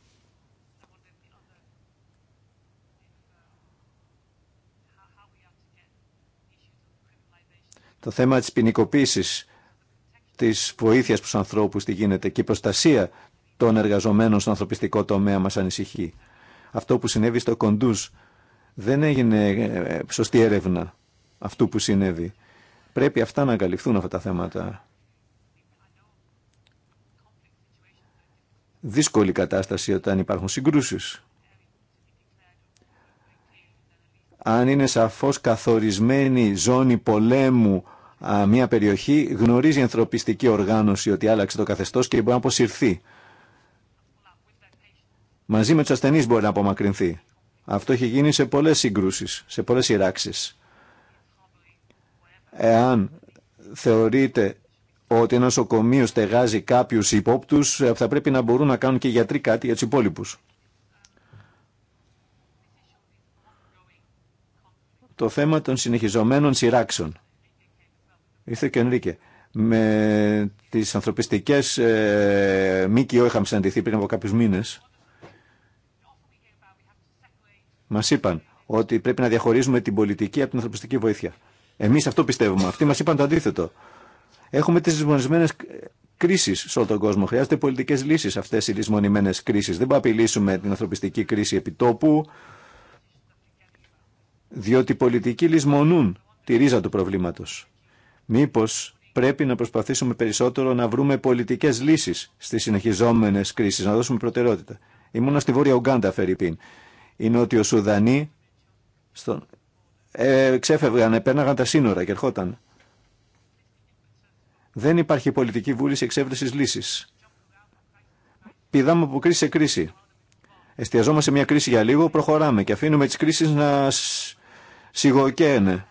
Το θέμα της ποινικοποίηση της βοήθειας προς ανθρώπους τι γίνεται και η προστασία των εργαζομένων στον ανθρωπιστικό τομέα μας ανησυχεί. Αυτό που συνέβη στο Κοντούς δεν έγινε ε, σωστή έρευνα αυτού που συνέβη. Πρέπει αυτά να καλυφθούν αυτά τα θέματα. δύσκολη κατάσταση όταν υπάρχουν συγκρούσεις. Αν είναι σαφώς καθορισμένη ζώνη πολέμου μια περιοχή, γνωρίζει η ανθρωπιστική οργάνωση ότι άλλαξε το καθεστώς και μπορεί να αποσυρθεί. Μαζί με τους ασθενείς μπορεί να απομακρυνθεί. Αυτό έχει γίνει σε πολλές συγκρούσεις, σε πολλές σειράξεις. Εάν θεωρείται ότι ένα νοσοκομείο στεγάζει κάποιου υπόπτου, ε, θα πρέπει να μπορούν να κάνουν και οι γιατροί κάτι για του υπόλοιπου. Το θέμα των συνεχιζομένων σειράξεων. Ήρθε και Ενρίκε. Με τις ανθρωπιστικέ ε, ΜΚΟ είχαμε συναντηθεί πριν από κάποιου μήνε. Μα είπαν ότι πρέπει να διαχωρίζουμε την πολιτική από την ανθρωπιστική βοήθεια. Εμεί αυτό πιστεύουμε. Αυτοί μα είπαν το αντίθετο. Έχουμε τι λησμονισμένες κρίσει σε όλο τον κόσμο. Χρειάζονται πολιτικές λύσεις αυτέ οι λησμονημένες κρίσει. Δεν να απειλήσουμε την ανθρωπιστική κρίση επιτόπου, διότι οι πολιτικοί λησμονούν τη ρίζα του προβλήματο. Μήπω πρέπει να προσπαθήσουμε περισσότερο να βρούμε πολιτικέ λύσει στι συνεχιζόμενες κρίσει, να δώσουμε προτεραιότητα. Ήμουνα στη Βόρεια Ουγγάντα, Φερρυπίν. Οι Νότιο Σουδανοί στον... ε, ξέφευγαν, επέναγαν τα σύνορα και ερχόταν. Δεν υπάρχει πολιτική βούληση εξέβρεση λύση. Πηδάμε από κρίση σε κρίση. Εστιαζόμαστε μια κρίση για λίγο, προχωράμε και αφήνουμε τι κρίσει να σιγοκαίνε.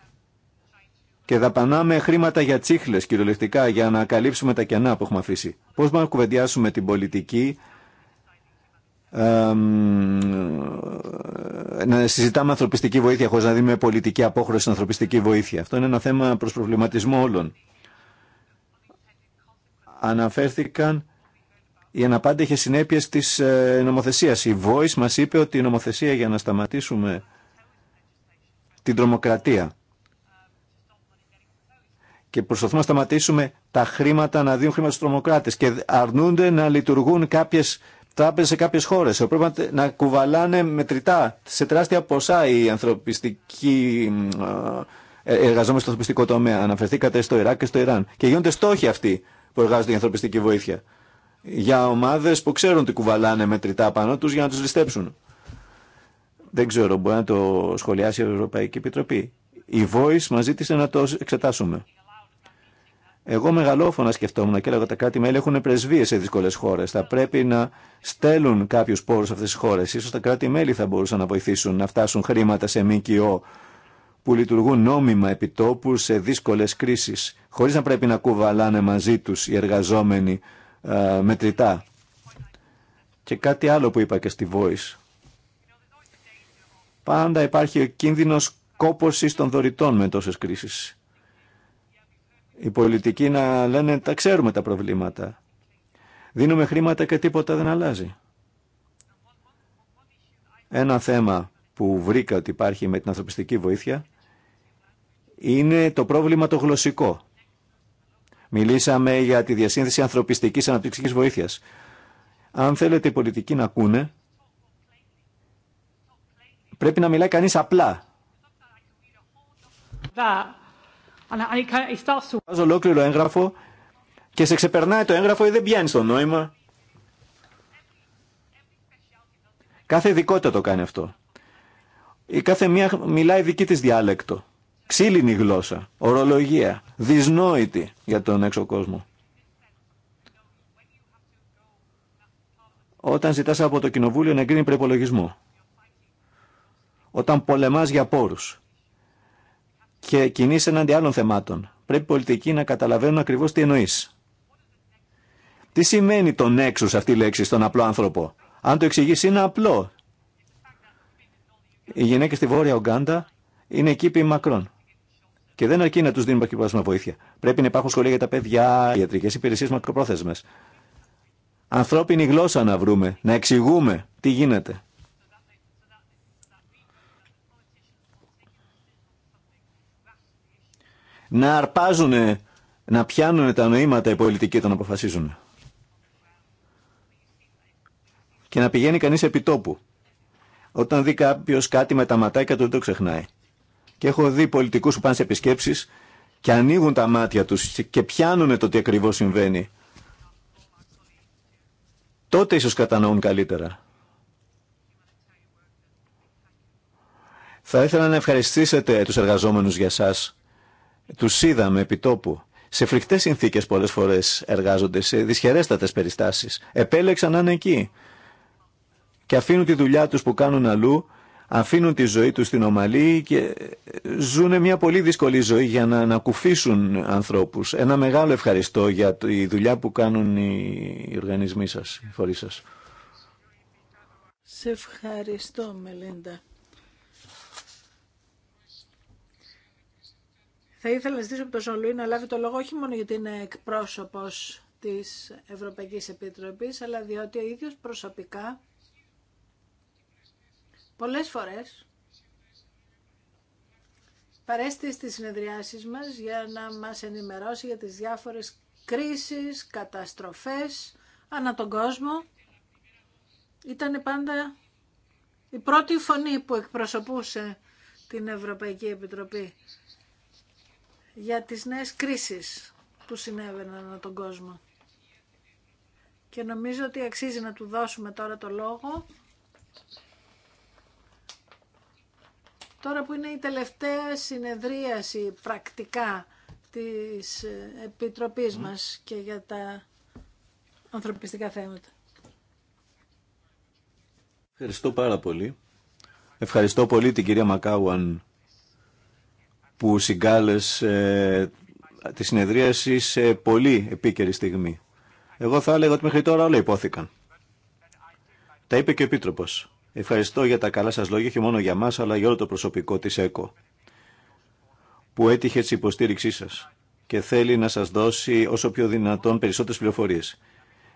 Και δαπανάμε χρήματα για τσίχλε κυριολεκτικά για να καλύψουμε τα κενά που έχουμε αφήσει. Πώ μπορούμε να κουβεντιάσουμε την πολιτική να συζητάμε ανθρωπιστική βοήθεια χωρίς να δούμε πολιτική απόχρωση στην ανθρωπιστική βοήθεια. Αυτό είναι ένα θέμα προς προβληματισμό όλων αναφέρθηκαν η αναπάντα είχε συνέπειε τη ε, νομοθεσία. Η Voice μα είπε ότι η νομοθεσία για να σταματήσουμε την τρομοκρατία και προσπαθούμε να σταματήσουμε τα χρήματα να δίνουν χρήματα στου τρομοκράτε και αρνούνται να λειτουργούν κάποιε τράπεζε σε κάποιε χώρε. Πρέπει να κουβαλάνε μετρητά σε τεράστια ποσά οι ανθρωπιστικοί ε, εργαζόμενοι στο ανθρωπιστικό τομέα. Αναφερθήκατε στο Ιράκ και στο Ιράν. Και γίνονται στόχοι αυτοί που εργάζονται για ανθρωπιστική βοήθεια. Για ομάδε που ξέρουν τι κουβαλάνε με τριτά πάνω του για να του ληστέψουν. Δεν ξέρω, μπορεί να το σχολιάσει η Ευρωπαϊκή Επιτροπή. Η Voice μα ζήτησε να το εξετάσουμε. Εγώ μεγαλόφωνα σκεφτόμουν και έλεγα τα κρατη μέλη έχουν πρεσβείε σε δύσκολε χώρε. Θα πρέπει να στέλνουν κάποιου πόρου σε αυτέ τι χώρε. σω τα κράτη-μέλη θα μπορούσαν να βοηθήσουν να φτάσουν χρήματα σε ΜΚΟ που λειτουργούν νόμιμα επιτόπου σε δύσκολες κρίσεις, χωρίς να πρέπει να κουβαλάνε μαζί τους οι εργαζόμενοι ε, μετρητά. Και κάτι άλλο που είπα και στη Voice. Πάντα υπάρχει ο κίνδυνος κόπωσης των δωρητών με τόσες κρίσεις. Οι πολιτικοί να λένε τα ξέρουμε τα προβλήματα. Δίνουμε χρήματα και τίποτα δεν αλλάζει. Ένα θέμα που βρήκα ότι υπάρχει με την ανθρωπιστική βοήθεια είναι το πρόβλημα το γλωσσικό. Μιλήσαμε για τη διασύνδεση ανθρωπιστικής αναπτυξικής βοήθειας. Αν θέλετε οι πολιτικοί να ακούνε, πρέπει να μιλάει κανεί απλά. Βάζω ολόκληρο έγγραφο και σε ξεπερνάει το έγγραφο ή δεν πιάνει το νόημα. Κάθε ειδικότητα το κάνει αυτό. Η κάθε μία μιλάει δική της διάλεκτο. Ξύλινη γλώσσα, ορολογία, δυσνόητη για τον έξω κόσμο. Όταν ζητάς από το Κοινοβούλιο να εγκρίνει προπολογισμό. Όταν πολεμάς για πόρους και κινείς εναντί άλλων θεμάτων. Πρέπει οι πολιτικοί να καταλαβαίνουν ακριβώς τι εννοείς. Τι σημαίνει τον νέξους αυτή η λέξη στον απλό άνθρωπο. Αν το εξηγείς είναι απλό. Οι γυναίκες στη Βόρεια Ογκάντα είναι εκεί μακρόν. Και δεν αρκεί να του δίνουμε μακροπρόθεσμα βοήθεια. Πρέπει να υπάρχουν σχολεία για τα παιδιά, ιατρικέ υπηρεσίε μακροπρόθεσμε. Ανθρώπινη γλώσσα να βρούμε, να εξηγούμε τι γίνεται. Να αρπάζουν, να πιάνουν τα νοήματα οι πολιτικοί όταν αποφασίζουν. Και να πηγαίνει κανείς επί τόπου. Όταν δει κάποιο κάτι με τα ματάκια του δεν το ξεχνάει. Και έχω δει πολιτικού που πάνε σε επισκέψει και ανοίγουν τα μάτια του και πιάνουν το τι ακριβώ συμβαίνει. Τότε ίσω κατανοούν καλύτερα. Θα ήθελα να ευχαριστήσετε τους εργαζόμενους για σας. Τους είδαμε επί τόπου. Σε φρικτές συνθήκες πολλές φορές εργάζονται, σε δυσχερέστατες περιστάσεις. Επέλεξαν να είναι εκεί και αφήνουν τη δουλειά τους που κάνουν αλλού αφήνουν τη ζωή τους στην ομαλή και ζουν μια πολύ δύσκολη ζωή για να ανακουφίσουν ανθρώπους. Ένα μεγάλο ευχαριστώ για τη δουλειά που κάνουν οι οργανισμοί σας, οι φορείς σας. Σε ευχαριστώ Μελίντα. Θα ήθελα να ζητήσω από τον Σολουή να λάβει το λόγο όχι μόνο γιατί είναι εκπρόσωπος της Ευρωπαϊκής Επιτροπής, αλλά διότι ο ίδιος προσωπικά Πολλές φορές παρέστη στις συνεδριάσεις μας για να μας ενημερώσει για τις διάφορες κρίσεις, καταστροφές ανά τον κόσμο. Ήταν πάντα η πρώτη φωνή που εκπροσωπούσε την Ευρωπαϊκή Επιτροπή για τις νέες κρίσεις που συνέβαιναν ανά τον κόσμο. Και νομίζω ότι αξίζει να του δώσουμε τώρα το λόγο Τώρα που είναι η τελευταία συνεδρίαση πρακτικά της Επιτροπής μας και για τα ανθρωπιστικά θέματα. Ευχαριστώ πάρα πολύ. Ευχαριστώ πολύ την κυρία Μακάουαν που συγκάλεσε ε, τη συνεδρίαση σε πολύ επίκαιρη στιγμή. Εγώ θα έλεγα ότι μέχρι τώρα όλα υπόθηκαν. Τα είπε και ο Επίτροπος. Ευχαριστώ για τα καλά σας λόγια, όχι μόνο για μας, αλλά για όλο το προσωπικό της ΕΚΟ, που έτυχε τη υποστήριξή σας και θέλει να σας δώσει όσο πιο δυνατόν περισσότερες πληροφορίες.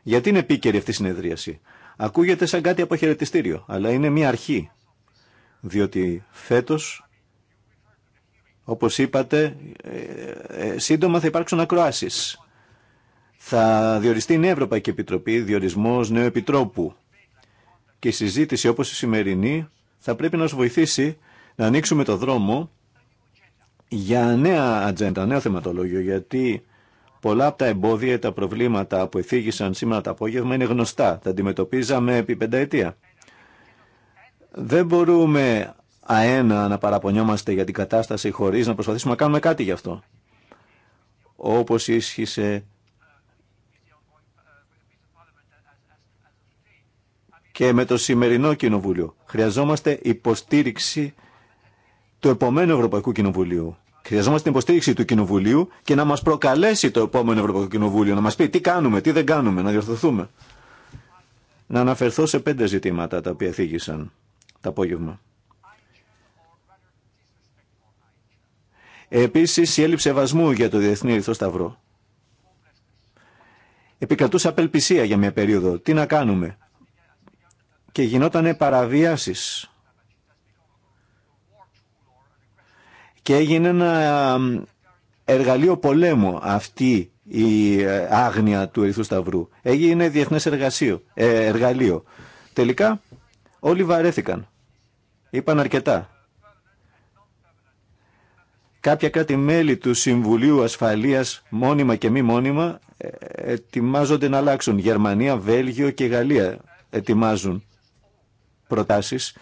Γιατί είναι επίκαιρη αυτή η συνεδρίαση. Ακούγεται σαν κάτι από αποχαιρετιστήριο, αλλά είναι μια αρχή. Διότι φέτος, όπως είπατε, ε, ε, σύντομα θα υπάρξουν ακροάσεις. Θα διοριστεί η Νέα Ευρωπαϊκή Επιτροπή, διορισμός νέου επιτρόπου και η συζήτηση όπως η σημερινή θα πρέπει να μας βοηθήσει να ανοίξουμε το δρόμο για νέα ατζέντα, νέο θεματολόγιο, γιατί πολλά από τα εμπόδια, τα προβλήματα που εφήγησαν σήμερα το απόγευμα είναι γνωστά. Τα αντιμετωπίζαμε επί πενταετία. Δεν μπορούμε αένα να παραπονιόμαστε για την κατάσταση χωρίς να προσπαθήσουμε να κάνουμε κάτι γι' αυτό. Όπως ίσχυσε και με το σημερινό Κοινοβούλιο. Χρειαζόμαστε υποστήριξη του επόμενου Ευρωπαϊκού Κοινοβουλίου. Χρειαζόμαστε την υποστήριξη του Κοινοβουλίου και να μας προκαλέσει το επόμενο Ευρωπαϊκό Κοινοβούλιο, να μας πει τι κάνουμε, τι δεν κάνουμε, να διορθωθούμε. Να αναφερθώ σε πέντε ζητήματα τα οποία θίγησαν το απόγευμα. Επίση, η έλλειψη σεβασμού για το Διεθνή Ερυθρό Σταυρό. Επικρατούσε απελπισία για μια περίοδο. Τι να κάνουμε και γινόταν παραβίασεις και έγινε ένα εργαλείο πολέμου αυτή η ε, άγνοια του Ερυθρού Σταυρού. Έγινε διεθνές ε, εργαλείο. Τελικά όλοι βαρέθηκαν. Είπαν αρκετά. Κάποια κάτι μέλη του Συμβουλίου Ασφαλείας, μόνιμα και μη μόνιμα, ε, ετοιμάζονται να αλλάξουν. Γερμανία, Βέλγιο και Γαλλία ετοιμάζουν προτάσεις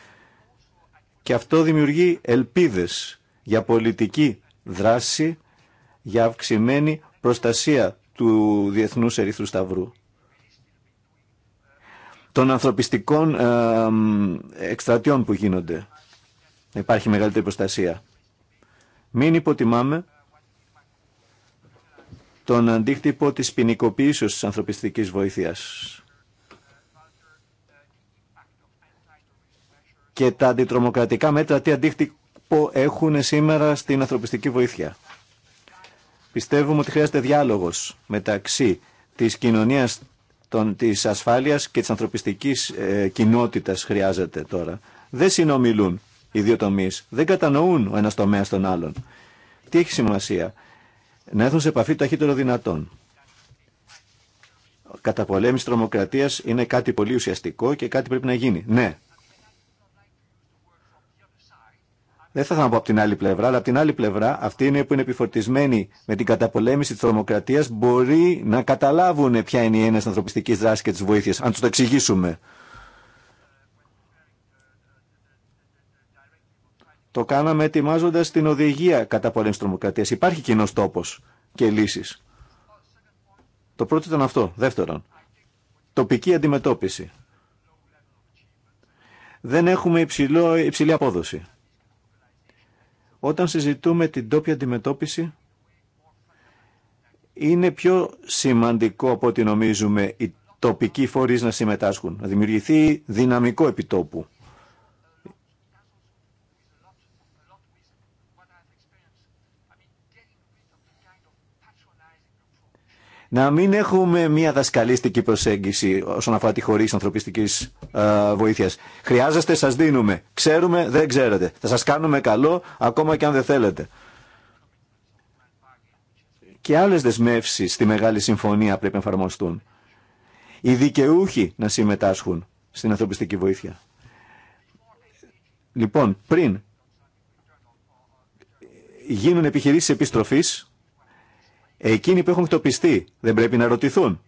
και αυτό δημιουργεί ελπίδες για πολιτική δράση, για αυξημένη προστασία του Διεθνούς Ερυθρού Σταυρού των ανθρωπιστικών ε, εκστρατιών που γίνονται. Υπάρχει μεγαλύτερη προστασία. Μην υποτιμάμε τον αντίκτυπο της ποινικοποίησης της ανθρωπιστικής βοήθειας. και τα αντιτρομοκρατικά μέτρα τι αντίκτυπο έχουν σήμερα στην ανθρωπιστική βοήθεια. Πιστεύουμε ότι χρειάζεται διάλογος μεταξύ της κοινωνίας των, της ασφάλειας και της ανθρωπιστικής ε, κοινότητας χρειάζεται τώρα. Δεν συνομιλούν οι δύο τομείς, δεν κατανοούν ο ένας τομέα τον άλλον. Τι έχει σημασία, να έρθουν σε επαφή ταχύτερο δυνατόν. Καταπολέμηση τρομοκρατίας είναι κάτι πολύ ουσιαστικό και κάτι πρέπει να γίνει. Ναι, δεν θα ήθελα να πω από την άλλη πλευρά, αλλά από την άλλη πλευρά αυτή είναι που είναι επιφορτισμένοι με την καταπολέμηση τη τρομοκρατία μπορεί να καταλάβουν ποια είναι η έννοια τη ανθρωπιστική δράση και τη βοήθεια, αν του το εξηγήσουμε. Το κάναμε ετοιμάζοντα την οδηγία καταπολέμηση τρομοκρατία. Υπάρχει κοινό τόπο και λύσει. Το πρώτο ήταν αυτό. Δεύτερον, τοπική αντιμετώπιση. Δεν έχουμε υψηλό, υψηλή απόδοση. Όταν συζητούμε την τόπια αντιμετώπιση, είναι πιο σημαντικό από ό,τι νομίζουμε οι τοπικοί φορείς να συμμετάσχουν, να δημιουργηθεί δυναμικό επιτόπου. να μην έχουμε μια δασκαλίστικη προσέγγιση όσον αφορά τη χωρίς ανθρωπιστικής ε, βοήθειας. Χρειάζεστε, σας δίνουμε. Ξέρουμε, δεν ξέρετε. Θα σας κάνουμε καλό, ακόμα και αν δεν θέλετε. Και άλλες δεσμεύσεις στη Μεγάλη Συμφωνία πρέπει να εφαρμοστούν. Οι δικαιούχοι να συμμετάσχουν στην ανθρωπιστική βοήθεια. Λοιπόν, πριν γίνουν επιχειρήσεις επιστροφής, Εκείνοι που έχουν χτοπιστεί δεν πρέπει να ρωτηθούν.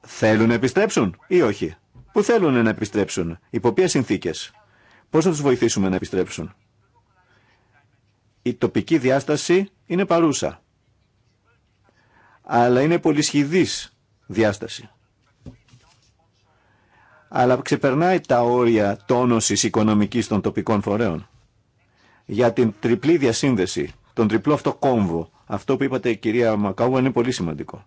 Θέλουν να επιστρέψουν ή όχι. Πού θέλουν να επιστρέψουν, υπό ποιε συνθήκε. Πώ θα του βοηθήσουμε να επιστρέψουν. Η τοπική διάσταση είναι παρούσα. Αλλά είναι πολυσχηδή διάσταση. Αλλά ξεπερνάει τα όρια τόνωση οικονομική των τοπικών φορέων. Για την τριπλή διασύνδεση, τον τριπλό αυτό κόμβο αυτό που είπατε κυρία Μακάου, είναι πολύ σημαντικό.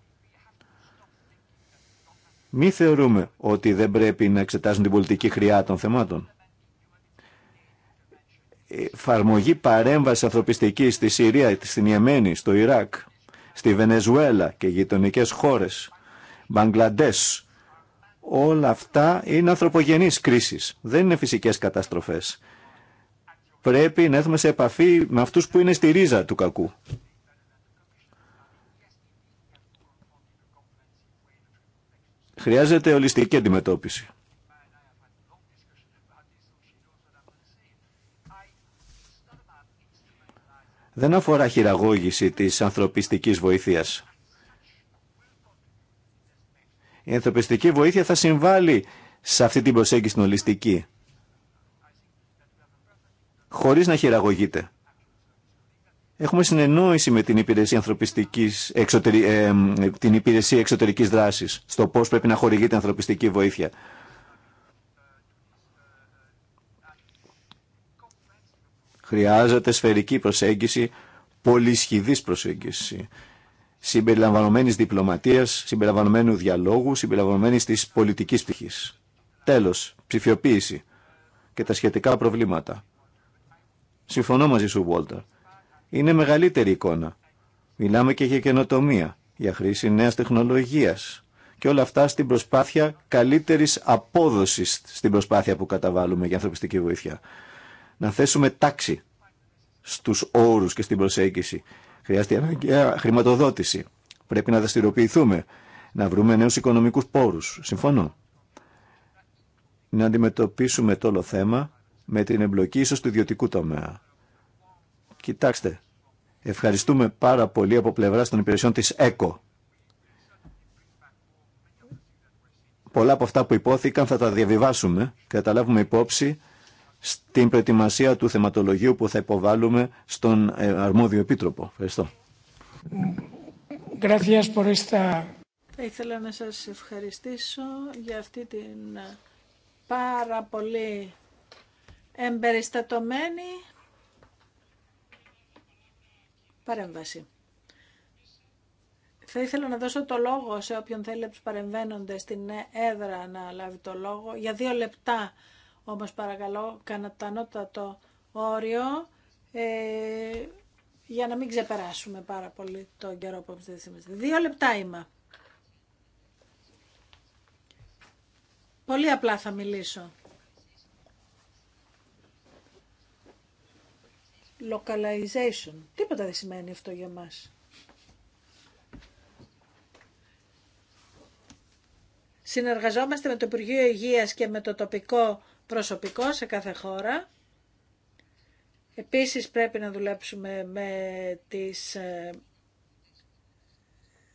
Μη θεωρούμε ότι δεν πρέπει να εξετάζουν την πολιτική χρειά των θεμάτων. Φαρμογή εφαρμογή παρέμβαση ανθρωπιστική στη Συρία, στην Ιεμένη, στο Ιράκ, στη Βενεζουέλα και γειτονικέ χώρε, Μπαγκλαντέ, όλα αυτά είναι ανθρωπογενείς κρίσεις. Δεν είναι φυσικέ καταστροφές. Πρέπει να έρθουμε σε επαφή με αυτού που είναι στη ρίζα του κακού. Χρειάζεται ολιστική αντιμετώπιση. Δεν αφορά χειραγώγηση της ανθρωπιστικής βοήθειας. Η ανθρωπιστική βοήθεια θα συμβάλλει σε αυτή την προσέγγιση την ολιστική, χωρίς να χειραγωγείται. Έχουμε συνεννόηση με την υπηρεσία ανθρωπιστικής, εξωτερι, ε, την υπηρεσία εξωτερικής δράσης στο πώς πρέπει να χορηγείται ανθρωπιστική βοήθεια. Χρειάζεται σφαιρική προσέγγιση, πολυσχηδής προσέγγιση, συμπεριλαμβανομένης διπλωματίας, συμπεριλαμβανομένου διαλόγου, συμπεριλαμβανομένης της πολιτικής πτυχής. Τέλος, ψηφιοποίηση και τα σχετικά προβλήματα. Συμφωνώ μαζί σου, Βόλτερ είναι μεγαλύτερη εικόνα. Μιλάμε και για καινοτομία, για χρήση νέας τεχνολογίας και όλα αυτά στην προσπάθεια καλύτερης απόδοσης στην προσπάθεια που καταβάλουμε για ανθρωπιστική βοήθεια. Να θέσουμε τάξη στους όρους και στην προσέγγιση. Χρειάζεται χρηματοδότηση. Πρέπει να δραστηριοποιηθούμε, να βρούμε νέους οικονομικούς πόρους. Συμφωνώ. Να αντιμετωπίσουμε το όλο θέμα με την εμπλοκή ίσως του ιδιωτικού τομέα. Κοιτάξτε, ευχαριστούμε πάρα πολύ από πλευράς των υπηρεσιών της ΕΚΟ. Πολλά από αυτά που υπόθηκαν θα τα διαβιβάσουμε και θα τα υπόψη στην προετοιμασία του θεματολογίου που θα υποβάλουμε στον ε, αρμόδιο επίτροπο. Ευχαριστώ. Θα ήθελα να σας ευχαριστήσω για αυτή την πάρα πολύ εμπεριστατωμένη παρέμβαση. Θα ήθελα να δώσω το λόγο σε όποιον θέλει από τους παρεμβαίνοντες στην έδρα να λάβει το λόγο. Για δύο λεπτά όμως παρακαλώ κανατανότατο όριο ε, για να μην ξεπεράσουμε πάρα πολύ τον καιρό που είμαστε. Δύο λεπτά είμαι. Πολύ απλά θα μιλήσω. localization. Τίποτα δεν σημαίνει αυτό για μας. Συνεργαζόμαστε με το Υπουργείο Υγείας και με το τοπικό προσωπικό σε κάθε χώρα. Επίσης πρέπει να δουλέψουμε με τις ε,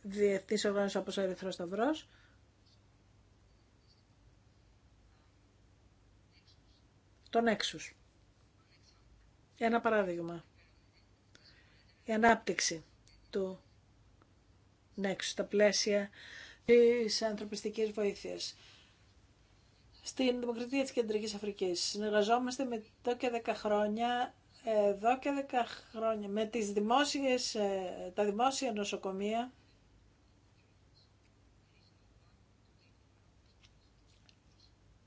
διεθνείς οργάνωσες όπως ο Ερυθρός Σταυρός. Τον Nexus. Ένα παράδειγμα. Η ανάπτυξη του νέξου στα πλαίσια της ανθρωπιστικής βοήθειας. Στην Δημοκρατία της Κεντρικής Αφρικής συνεργαζόμαστε με εδώ και 10 χρόνια εδώ και χρόνια με τις δημόσιες, ε, τα δημόσια νοσοκομεία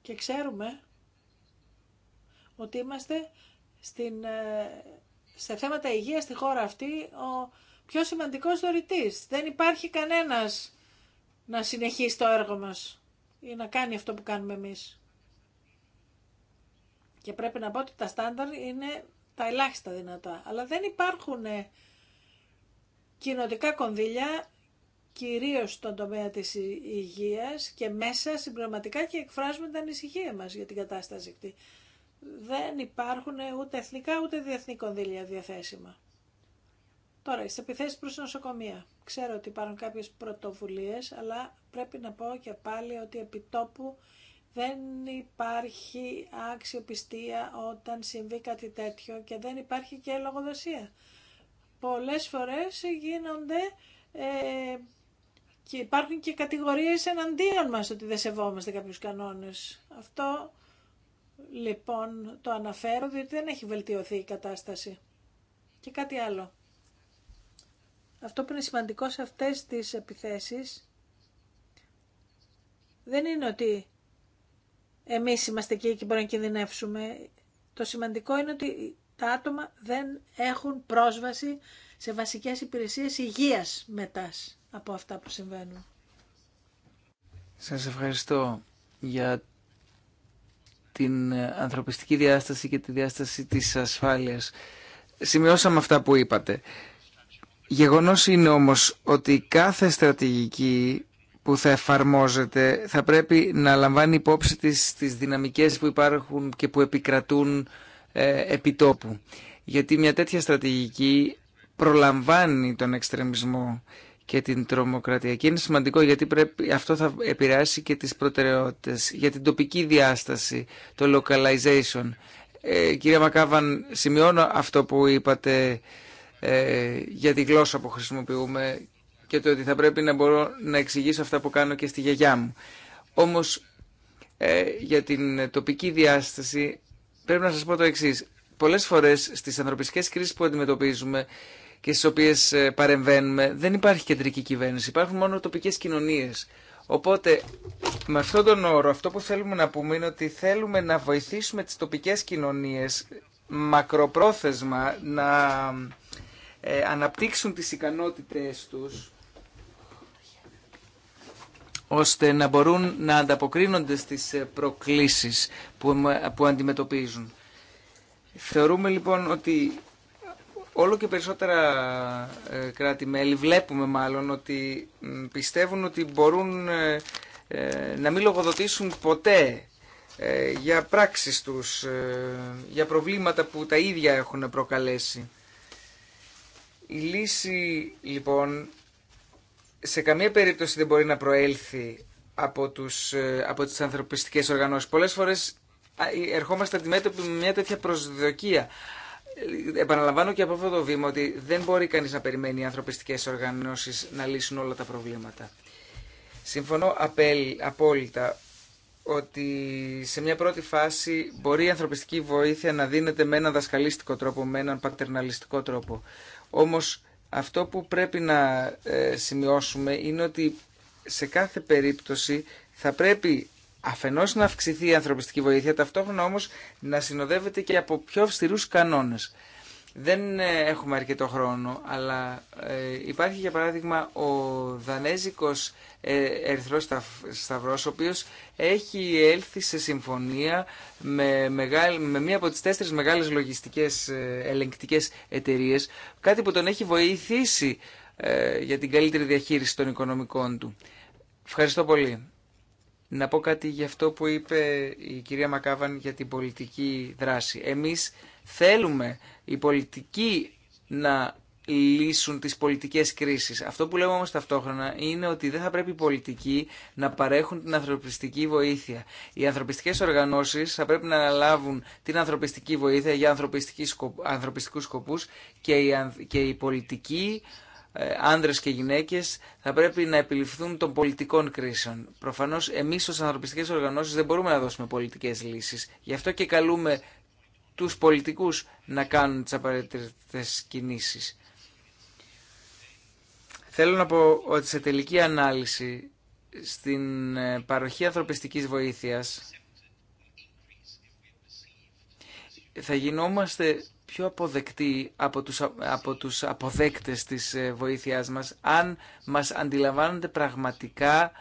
και ξέρουμε ότι είμαστε στην, ε, σε θέματα υγείας στη χώρα αυτή ο πιο σημαντικός δωρητής. Δεν υπάρχει κανένας να συνεχίσει το έργο μας ή να κάνει αυτό που κάνουμε εμείς. Και πρέπει να πω ότι τα στάνταρ είναι τα ελάχιστα δυνατά. Αλλά δεν υπάρχουν ε, κοινοτικά κονδύλια, κυρίως στον τομέα της υγείας και μέσα συμπληρωματικά και εκφράζουμε την ανησυχία μας για την κατάσταση αυτή δεν υπάρχουν ούτε εθνικά ούτε διεθνή κονδύλια διαθέσιμα. Τώρα, στι επιθέσει προ νοσοκομεία. Ξέρω ότι υπάρχουν κάποιε πρωτοβουλίε, αλλά πρέπει να πω και πάλι ότι επιτόπου δεν υπάρχει αξιοπιστία όταν συμβεί κάτι τέτοιο και δεν υπάρχει και λογοδοσία. Πολλές φορές γίνονται ε, και υπάρχουν και κατηγορίες εναντίον μας ότι δεν σεβόμαστε κάποιους κανόνες. Αυτό λοιπόν το αναφέρω διότι δεν έχει βελτιωθεί η κατάσταση. Και κάτι άλλο. Αυτό που είναι σημαντικό σε αυτές τις επιθέσεις δεν είναι ότι εμείς είμαστε εκεί και μπορούμε να κινδυνεύσουμε. Το σημαντικό είναι ότι τα άτομα δεν έχουν πρόσβαση σε βασικές υπηρεσίες υγείας μετά από αυτά που συμβαίνουν. Σας ευχαριστώ για την ε, ανθρωπιστική διάσταση και τη διάσταση της ασφάλειας. Σημειώσαμε αυτά που είπατε. Γεγονός είναι όμως ότι κάθε στρατηγική που θα εφαρμόζεται θα πρέπει να λαμβάνει υπόψη της τις δυναμικές που υπάρχουν και που επικρατούν ε, επιτόπου. Γιατί μια τέτοια στρατηγική προλαμβάνει τον εξτρεμισμό και την τρομοκρατία. Και είναι σημαντικό γιατί πρέπει, αυτό θα επηρεάσει και τις προτεραιότητες για την τοπική διάσταση, το localization. Ε, κυρία Μακάβαν, σημειώνω αυτό που είπατε ε, για τη γλώσσα που χρησιμοποιούμε και το ότι θα πρέπει να μπορώ να εξηγήσω αυτά που κάνω και στη γιαγιά μου. Όμως ε, για την τοπική διάσταση πρέπει να σας πω το εξής. Πολλές φορές στις ανθρωπιστικές κρίσεις που αντιμετωπίζουμε και στις οποίες ε, παρεμβαίνουμε δεν υπάρχει κεντρική κυβέρνηση, υπάρχουν μόνο τοπικές κοινωνίες. Οπότε με αυτόν τον όρο αυτό που θέλουμε να πούμε είναι ότι θέλουμε να βοηθήσουμε τις τοπικές κοινωνίες μακροπρόθεσμα να ε, αναπτύξουν τις ικανότητες τους ώστε να μπορούν να ανταποκρίνονται στις ε, προκλήσεις που, που αντιμετωπίζουν. Θεωρούμε λοιπόν ότι όλο και περισσότερα ε, κράτη-μέλη βλέπουμε μάλλον ότι πιστεύουν ότι μπορούν ε, ε, να μην λογοδοτήσουν ποτέ για πράξεις τους, για προβλήματα που τα ίδια έχουν προκαλέσει. Η λύση λοιπόν σε καμία περίπτωση δεν μπορεί να προέλθει από, τους, από τις ανθρωπιστικές οργανώσεις. Πολλές φορές ερχόμαστε αντιμέτωποι με μια τέτοια προσδοκία επαναλαμβάνω και από αυτό το βήμα ότι δεν μπορεί κανείς να περιμένει οι ανθρωπιστικές οργανώσεις να λύσουν όλα τα προβλήματα. Συμφωνώ απόλυτα ότι σε μια πρώτη φάση μπορεί η ανθρωπιστική βοήθεια να δίνεται με έναν δασκαλίστικο τρόπο, με έναν πατερναλιστικό τρόπο. Όμως αυτό που πρέπει να ε, σημειώσουμε είναι ότι σε κάθε περίπτωση θα πρέπει Αφενό να αυξηθεί η ανθρωπιστική βοήθεια, ταυτόχρονα όμω να συνοδεύεται και από πιο αυστηρού κανόνες. Δεν ε, έχουμε αρκετό χρόνο, αλλά ε, υπάρχει για παράδειγμα ο Δανέζικος ε, Ερυθρός Σταυρός, ο οποίος έχει έλθει σε συμφωνία με, με μία από τις τέσσερις μεγάλες λογιστικές ελεγκτικές εταιρείες, κάτι που τον έχει βοηθήσει για την καλύτερη διαχείριση των οικονομικών του. Ευχαριστώ πολύ. Να πω κάτι για αυτό που είπε η κυρία Μακάβαν για την πολιτική δράση. Εμείς θέλουμε οι πολιτικοί να λύσουν τις πολιτικές κρίσεις. Αυτό που λέμε όμως ταυτόχρονα είναι ότι δεν θα πρέπει οι πολιτικοί να παρέχουν την ανθρωπιστική βοήθεια. Οι ανθρωπιστικές οργανώσεις θα πρέπει να αναλάβουν την ανθρωπιστική βοήθεια για ανθρωπιστικούς σκοπούς και οι πολιτικοί ε, άνδρες και γυναίκες θα πρέπει να επιληφθούν των πολιτικών κρίσεων. Προφανώς εμείς ως ανθρωπιστικές οργανώσεις δεν μπορούμε να δώσουμε πολιτικές λύσεις. Γι' αυτό και καλούμε τους πολιτικούς να κάνουν τις απαραίτητες κινήσεις. Θέλω να πω ότι σε τελική ανάλυση στην ε, παροχή ανθρωπιστικής βοήθειας θα γινόμαστε πιο αποδεκτοί από τους, από τους αποδέκτες της ε, βοήθειάς μας αν μας αντιλαμβάνονται πραγματικά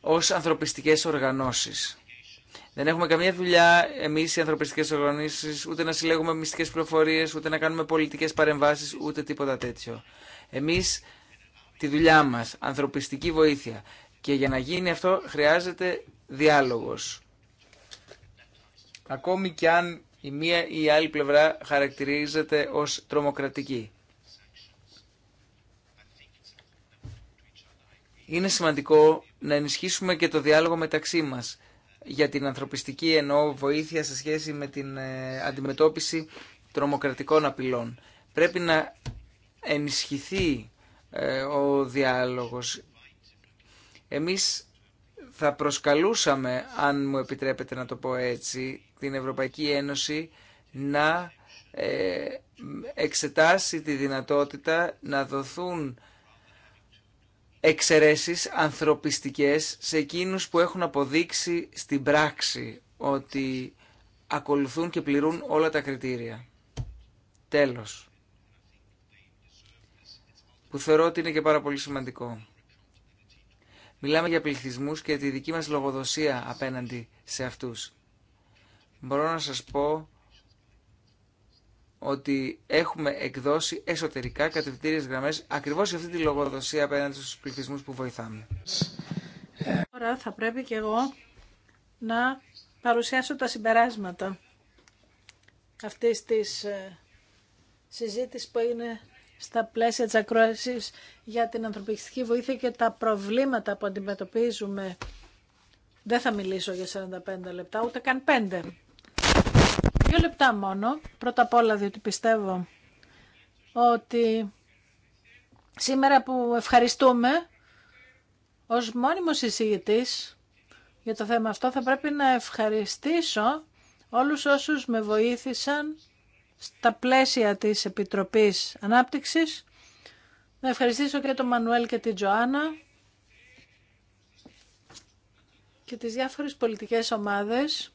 ως ανθρωπιστικές οργανώσεις. Δεν έχουμε καμία δουλειά εμείς οι ανθρωπιστικές οργανώσεις ούτε να συλλέγουμε μυστικές πληροφορίες, ούτε να κάνουμε πολιτικές παρεμβάσεις, ούτε τίποτα τέτοιο. Εμείς, τη δουλειά μας, ανθρωπιστική βοήθεια. Και για να γίνει αυτό χρειάζεται διάλογος. Ακόμη και αν η μία ή η άλλη πλευρά χαρακτηρίζεται ως τρομοκρατική. Είναι σημαντικό να ενισχύσουμε και το διάλογο μεταξύ μας για την ανθρωπιστική ενώ βοήθεια σε σχέση με την ε, αντιμετώπιση τρομοκρατικών απειλών. Πρέπει να ενισχυθεί ε, ο διάλογος. Εμείς θα προσκαλούσαμε, αν μου επιτρέπετε να το πω έτσι, την Ευρωπαϊκή Ένωση να ε, εξετάσει τη δυνατότητα να δοθούν εξαιρέσεις ανθρωπιστικές σε εκείνους που έχουν αποδείξει στην πράξη ότι ακολουθούν και πληρούν όλα τα κριτήρια. Τέλος. Που θεωρώ ότι είναι και πάρα πολύ σημαντικό. Μιλάμε για πληθυσμούς και τη δική μας λογοδοσία απέναντι σε αυτούς μπορώ να σας πω ότι έχουμε εκδώσει εσωτερικά κατευθυντήριες γραμμές ακριβώς για αυτή τη λογοδοσία απέναντι στους πληθυσμούς που βοηθάμε. Τώρα θα πρέπει και εγώ να παρουσιάσω τα συμπεράσματα αυτής της ε, συζήτησης που είναι στα πλαίσια της ακρόασης για την ανθρωπιστική βοήθεια και τα προβλήματα που αντιμετωπίζουμε. Δεν θα μιλήσω για 45 λεπτά, ούτε καν 5. Δύο λεπτά μόνο. Πρώτα απ' όλα διότι πιστεύω ότι σήμερα που ευχαριστούμε ως μόνιμος εισηγητής για το θέμα αυτό θα πρέπει να ευχαριστήσω όλους όσους με βοήθησαν στα πλαίσια της Επιτροπής Ανάπτυξης. Να ευχαριστήσω και τον Μανουέλ και την Τζοάνα και τις διάφορες πολιτικές ομάδες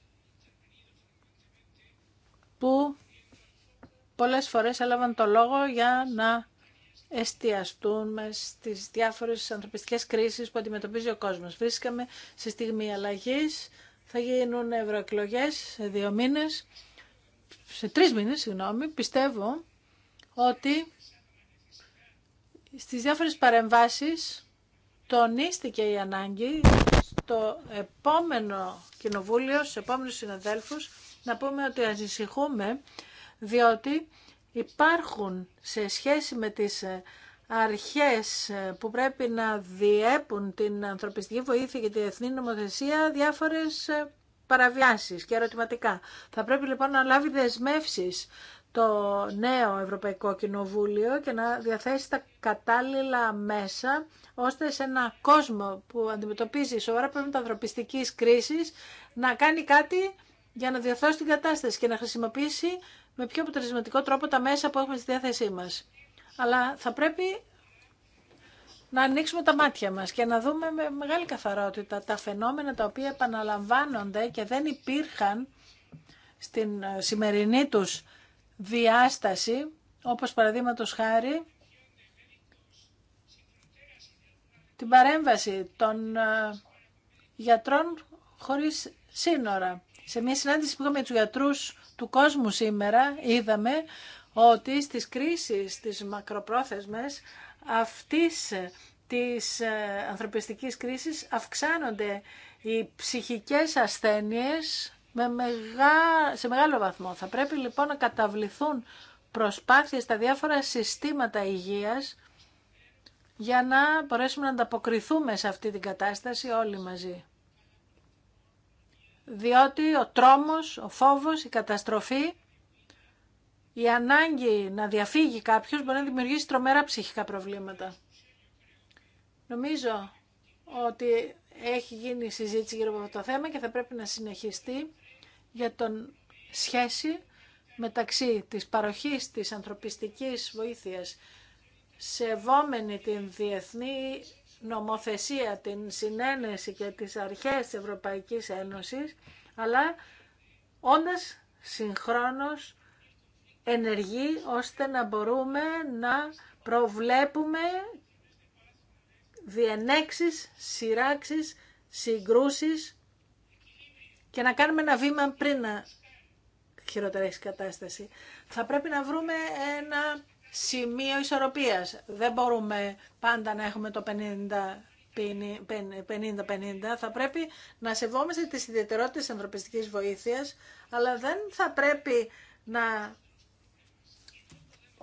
που πολλές φορές έλαβαν το λόγο για να εστιαστούμε στις διάφορες ανθρωπιστικές κρίσεις που αντιμετωπίζει ο κόσμος. Βρίσκαμε σε στιγμή αλλαγή. θα γίνουν ευρωεκλογέ σε δύο μήνες, σε τρεις μήνες, συγγνώμη, πιστεύω ότι στις διάφορες παρεμβάσεις τονίστηκε η ανάγκη στο επόμενο κοινοβούλιο, στους επόμενους συναδέλφους, να πούμε ότι ανησυχούμε διότι υπάρχουν σε σχέση με τις ε, αρχές ε, που πρέπει να διέπουν την ανθρωπιστική βοήθεια και τη διεθνή νομοθεσία διάφορες ε, παραβιάσεις και ερωτηματικά. Θα πρέπει λοιπόν να λάβει δεσμεύσεις το νέο Ευρωπαϊκό Κοινοβούλιο και να διαθέσει τα κατάλληλα μέσα ώστε σε ένα κόσμο που αντιμετωπίζει σοβαρά προβλήματα ανθρωπιστικής κρίσης να κάνει κάτι για να διορθώσει την κατάσταση και να χρησιμοποιήσει με πιο αποτελεσματικό τρόπο τα μέσα που έχουμε στη διάθεσή μας. Αλλά θα πρέπει να ανοίξουμε τα μάτια μας και να δούμε με μεγάλη καθαρότητα τα φαινόμενα τα οποία επαναλαμβάνονται και δεν υπήρχαν στην ε, σημερινή τους διάσταση, όπως παραδείγματο χάρη την παρέμβαση των ε, γιατρών χωρίς σύνορα. Σε μια συνάντηση που είχαμε με τους γιατρούς του κόσμου σήμερα, είδαμε ότι στις κρίσεις, στις μακροπρόθεσμες, αυτής της ε, ανθρωπιστικής κρίσης αυξάνονται οι ψυχικές ασθένειες με μεγά... σε μεγάλο βαθμό. Θα πρέπει λοιπόν να καταβληθούν προσπάθειες στα διάφορα συστήματα υγείας για να μπορέσουμε να ανταποκριθούμε σε αυτή την κατάσταση όλοι μαζί διότι ο τρόμος, ο φόβος, η καταστροφή, η ανάγκη να διαφύγει κάποιος μπορεί να δημιουργήσει τρομερά ψυχικά προβλήματα. Νομίζω ότι έχει γίνει συζήτηση γύρω από αυτό το θέμα και θα πρέπει να συνεχιστεί για τον σχέση μεταξύ της παροχής της ανθρωπιστικής βοήθειας σεβόμενη την διεθνή νομοθεσία, την συνένεση και τις αρχές της Ευρωπαϊκής Ένωσης, αλλά όντας συγχρόνως ενεργεί ώστε να μπορούμε να προβλέπουμε διενέξεις, σειράξεις, συγκρούσεις και να κάνουμε ένα βήμα πριν να χειροτερέσει κατάσταση. Θα πρέπει να βρούμε ένα σημείο ισορροπίας. Δεν μπορούμε πάντα να έχουμε το 50 50 θα πρέπει να σεβόμαστε τις ιδιαιτερότητες της ανθρωπιστικής βοήθειας, αλλά δεν θα πρέπει να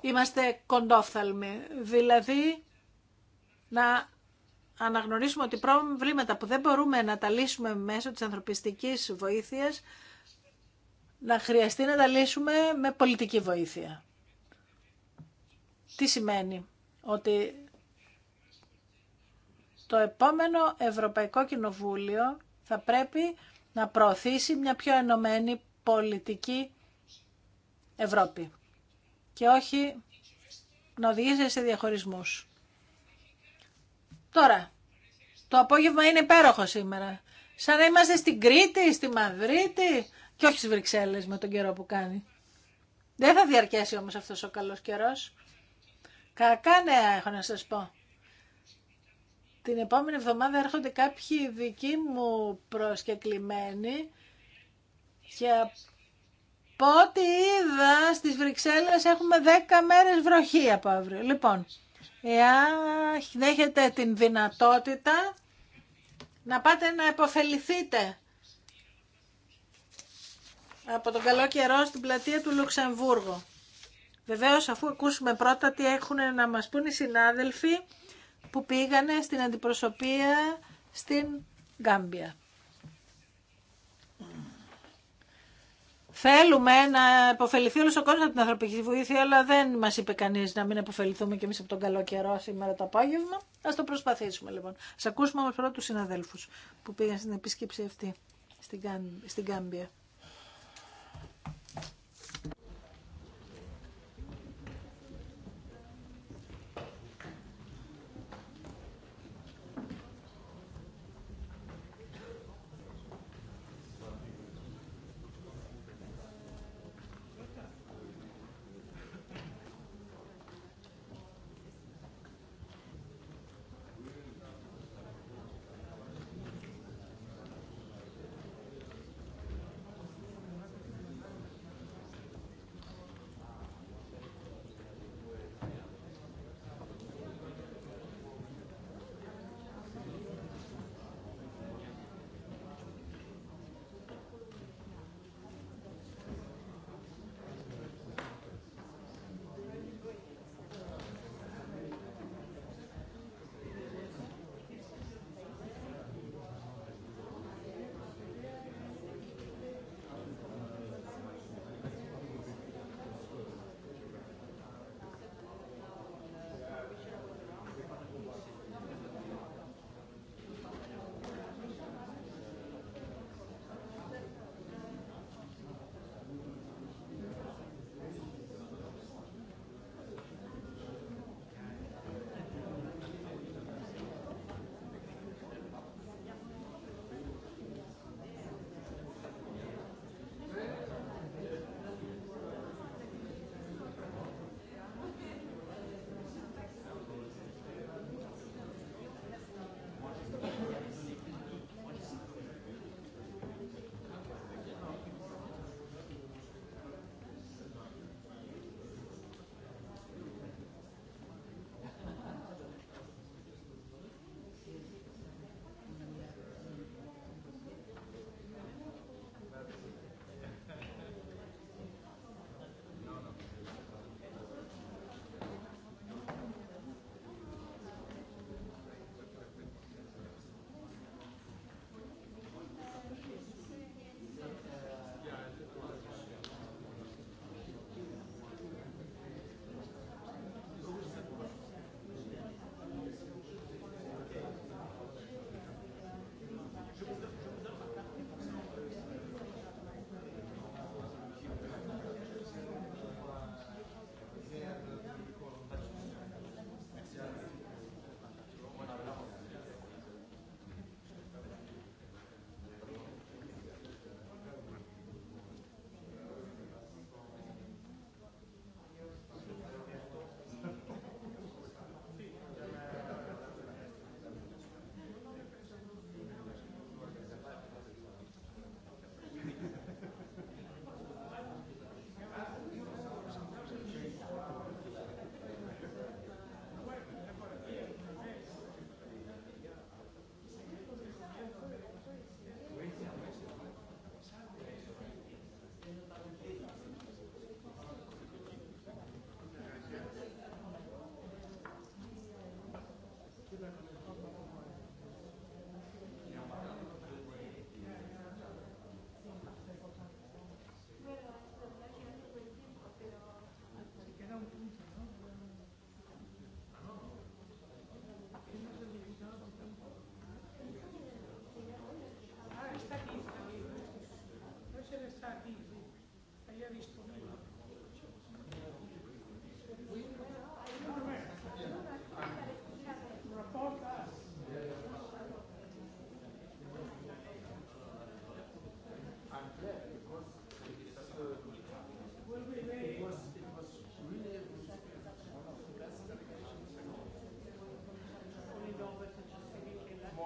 είμαστε κοντόφθαλμοι. Δηλαδή, να αναγνωρίσουμε ότι προβλήματα που δεν μπορούμε να τα λύσουμε μέσω της ανθρωπιστικής βοήθειας, να χρειαστεί να τα λύσουμε με πολιτική βοήθεια. Τι σημαίνει ότι το επόμενο Ευρωπαϊκό Κοινοβούλιο θα πρέπει να προωθήσει μια πιο ενωμένη πολιτική Ευρώπη και όχι να οδηγήσει σε διαχωρισμούς. Τώρα, το απόγευμα είναι υπέροχο σήμερα. Σαν να είμαστε στην Κρήτη, στη Μαδρίτη και όχι στις Βρυξέλλες με τον καιρό που κάνει. Δεν θα διαρκέσει όμως αυτός ο καλός καιρός. Κακά νέα έχω να σας πω. Την επόμενη εβδομάδα έρχονται κάποιοι δικοί μου προσκεκλημένοι και από ό,τι είδα στις Βρυξέλλες έχουμε 10 μέρες βροχή από αύριο. Λοιπόν, εάν έχετε την δυνατότητα να πάτε να επωφεληθείτε από τον καλό καιρό στην πλατεία του Λουξεμβούργου. Βεβαίως αφού ακούσουμε πρώτα τι έχουν να μας πούν οι συνάδελφοι που πήγανε στην αντιπροσωπεία στην Γκάμπια. Θέλουμε να υποφεληθεί όλο ο κόσμο από την ανθρωπική βοήθεια, αλλά δεν μα είπε κανεί να μην υποφεληθούμε κι εμεί από τον καλό καιρό σήμερα το απόγευμα. Α το προσπαθήσουμε λοιπόν. Α ακούσουμε όμω πρώτα του συναδέλφου που πήγαν στην επίσκεψη αυτή στην Κάμπια.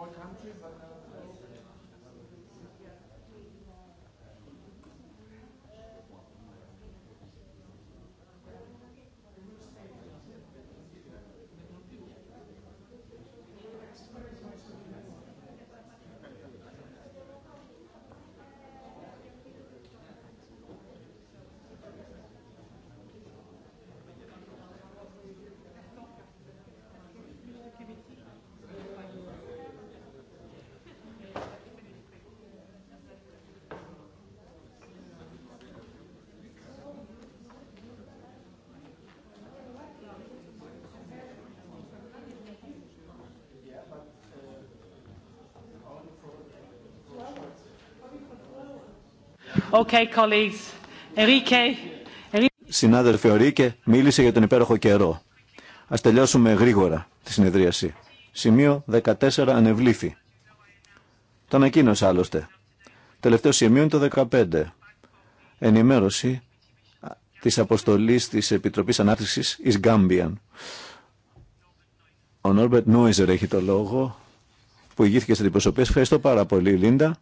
Υπότιτλοι AUTHORWAVE Okay, colleagues. Enrique. Ορίκε, μίλησε για τον υπέροχο καιρό. Α τελειώσουμε γρήγορα τη συνεδρίαση. Σημείο 14 ανεβλήθη. Το ανακοίνωσα άλλωστε. Τελευταίο σημείο είναι το 15. Ενημέρωση της αποστολής της Επιτροπής Ανάπτυξης εις Γκάμπιαν. Ο Νόρμπερτ Νόιζερ έχει το λόγο που ηγήθηκε στην αντιπροσωπεία. Ευχαριστώ πάρα πολύ, Λίντα.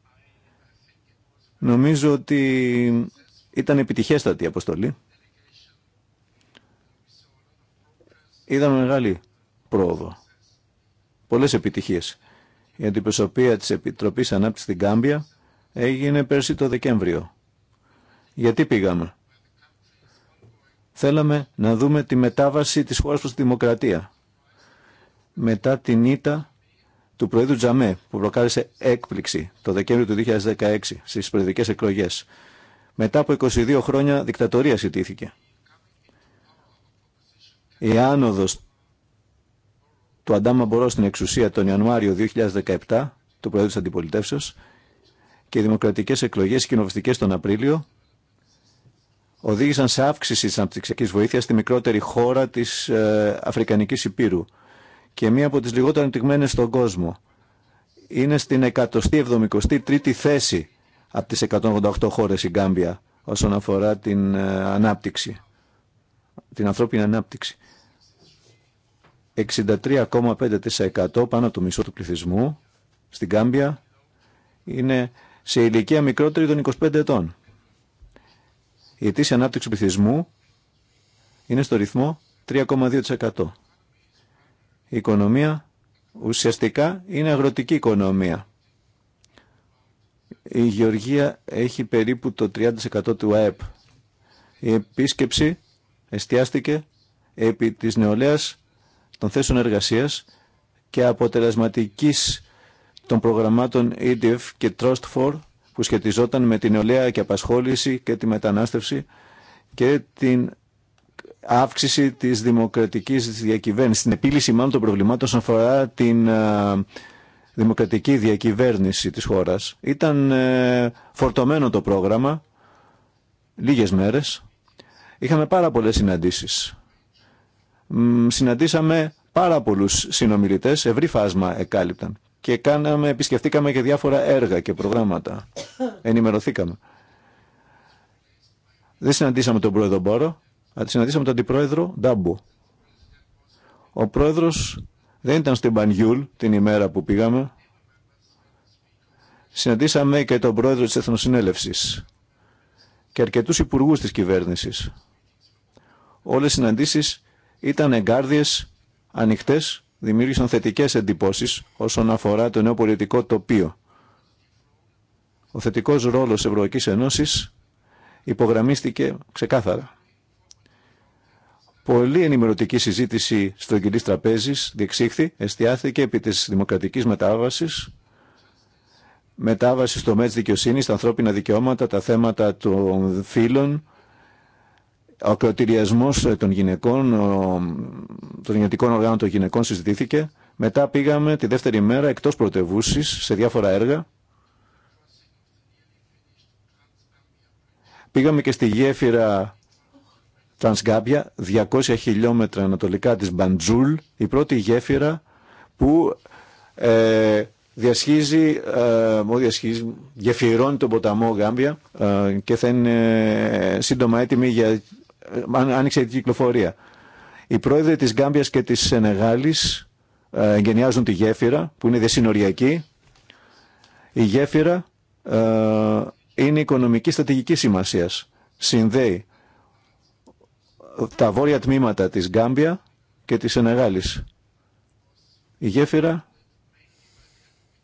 Νομίζω ότι ήταν επιτυχέστατη η αποστολή. Είδαμε μεγάλη πρόοδο. Πολλές επιτυχίες. Η αντιπροσωπεία της Επιτροπής Ανάπτυξης στην Κάμπια έγινε πέρσι το Δεκέμβριο. Γιατί πήγαμε. Θέλαμε να δούμε τη μετάβαση της χώρας προς τη δημοκρατία. Μετά την ήττα του Προέδρου Τζαμέ που προκάλεσε έκπληξη το Δεκέμβριο του 2016 στις προεδρικές εκλογές. Μετά από 22 χρόνια δικτατορία ιτήθηκε. Η άνοδος του Αντάμα Μπορώ στην εξουσία τον Ιανουάριο 2017 του Προέδρου της Αντιπολιτεύσεως και οι δημοκρατικές εκλογές και κοινοβουλευτικές τον Απρίλιο οδήγησαν σε αύξηση της αναπτυξιακής βοήθειας στη μικρότερη χώρα της ε, Αφρικανικής Υπήρου και μία από τις λιγότερο ανεπτυγμένες στον κόσμο. Είναι στην 173η θέση από τις 188 χώρες η Γκάμπια όσον αφορά την ε, ανάπτυξη, την ανθρώπινη ανάπτυξη. 63,5% πάνω από το μισό του πληθυσμού στην Γκάμπια είναι σε ηλικία μικρότερη των 25 ετών. Η αιτήσια ανάπτυξη πληθυσμού είναι στο ρυθμό 3,2% η οικονομία ουσιαστικά είναι αγροτική οικονομία. Η Γεωργία έχει περίπου το 30% του ΑΕΠ. Η επίσκεψη εστιάστηκε επί της νεολαίας των θέσεων εργασίας και αποτελεσματικής των προγραμμάτων EDF και Trust for που σχετιζόταν με την νεολαία και απασχόληση και τη μετανάστευση και την αύξηση της δημοκρατικής διακυβέρνησης, την επίλυση μάλλον των προβλημάτων όσον αφορά την ε, δημοκρατική διακυβέρνηση της χώρας. Ήταν ε, φορτωμένο το πρόγραμμα, λίγες μέρες. Είχαμε πάρα πολλέ συναντήσεις. Συναντήσαμε πάρα πολλούς συνομιλητές, ευρύ φάσμα εκάλυπταν. Και κάναμε, επισκεφτήκαμε και διάφορα έργα και προγράμματα. Ενημερωθήκαμε. Δεν συναντήσαμε τον πρόεδρο Μπόρο, συναντήσαμε τον αντιπρόεδρο Ντάμπο. Ο πρόεδρος δεν ήταν στην Πανγιούλ την ημέρα που πήγαμε. Συναντήσαμε και τον πρόεδρο της Εθνοσυνέλευσης και αρκετούς υπουργούς της κυβέρνησης. Όλες οι συναντήσεις ήταν εγκάρδιες, ανοιχτές, δημιούργησαν θετικές εντυπώσεις όσον αφορά το νέο πολιτικό τοπίο. Ο θετικός ρόλος της Ευρωπαϊκής Ενώσης υπογραμμίστηκε ξεκάθαρα. Πολύ ενημερωτική συζήτηση στο κοινή Τραπέζης διεξήχθη, εστιάθηκε επί της δημοκρατικής μετάβασης, μετάβαση στο μέτς δικαιοσύνη, τα ανθρώπινα δικαιώματα, τα θέματα των φύλων, ο ακροτηριασμό ε, των γυναικών, των γενετικών οργάνων των γυναικών συζητήθηκε. Μετά πήγαμε τη δεύτερη μέρα εκτός πρωτεύουση σε διάφορα έργα. Πήγαμε και στη γέφυρα Τρανσγκάμπια, 200 χιλιόμετρα ανατολικά της Μπαντζούλ, η πρώτη γέφυρα που ε, διασχίζει, ε, διασχίζει, γεφυρώνει τον ποταμό Γκάμπια ε, και θα είναι ε, σύντομα έτοιμη για αν, άνοιξε την κυκλοφορία. Οι πρόεδροι της Γκάμπιας και της Σενεγάλης ε, εγκαινιάζουν τη γέφυρα που είναι διασυνοριακή. Η γέφυρα ε, είναι οικονομική στρατηγική σημασίας. Συνδέει τα βόρεια τμήματα της Γκάμπια και της Σενεγάλης. Η γέφυρα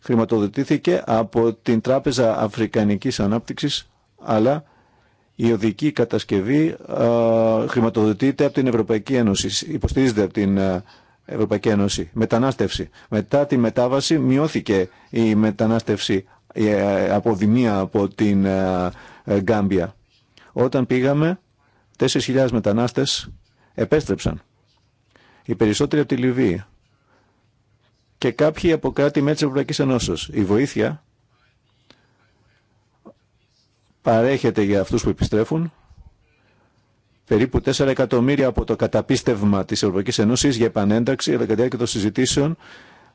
χρηματοδοτήθηκε από την Τράπεζα Αφρικανικής Ανάπτυξης, αλλά η οδική κατασκευή α, χρηματοδοτείται από την Ευρωπαϊκή Ένωση, υποστηρίζεται από την Ευρωπαϊκή Ένωση. Μετανάστευση. Μετά τη μετάβαση μειώθηκε η μετανάστευση ε, από δημία από την Γκάμπια. Όταν πήγαμε 4.000 μετανάστες επέστρεψαν. Οι περισσότεροι από τη Λιβύη και κάποιοι από κάτι μέτρη της Ευρωπαϊκής Ενώσεως. Η βοήθεια παρέχεται για αυτούς που επιστρέφουν περίπου 4 εκατομμύρια από το καταπίστευμα της Ευρωπαϊκής Ενώσης για επανένταξη αλλά κατά διάρκεια των συζητήσεων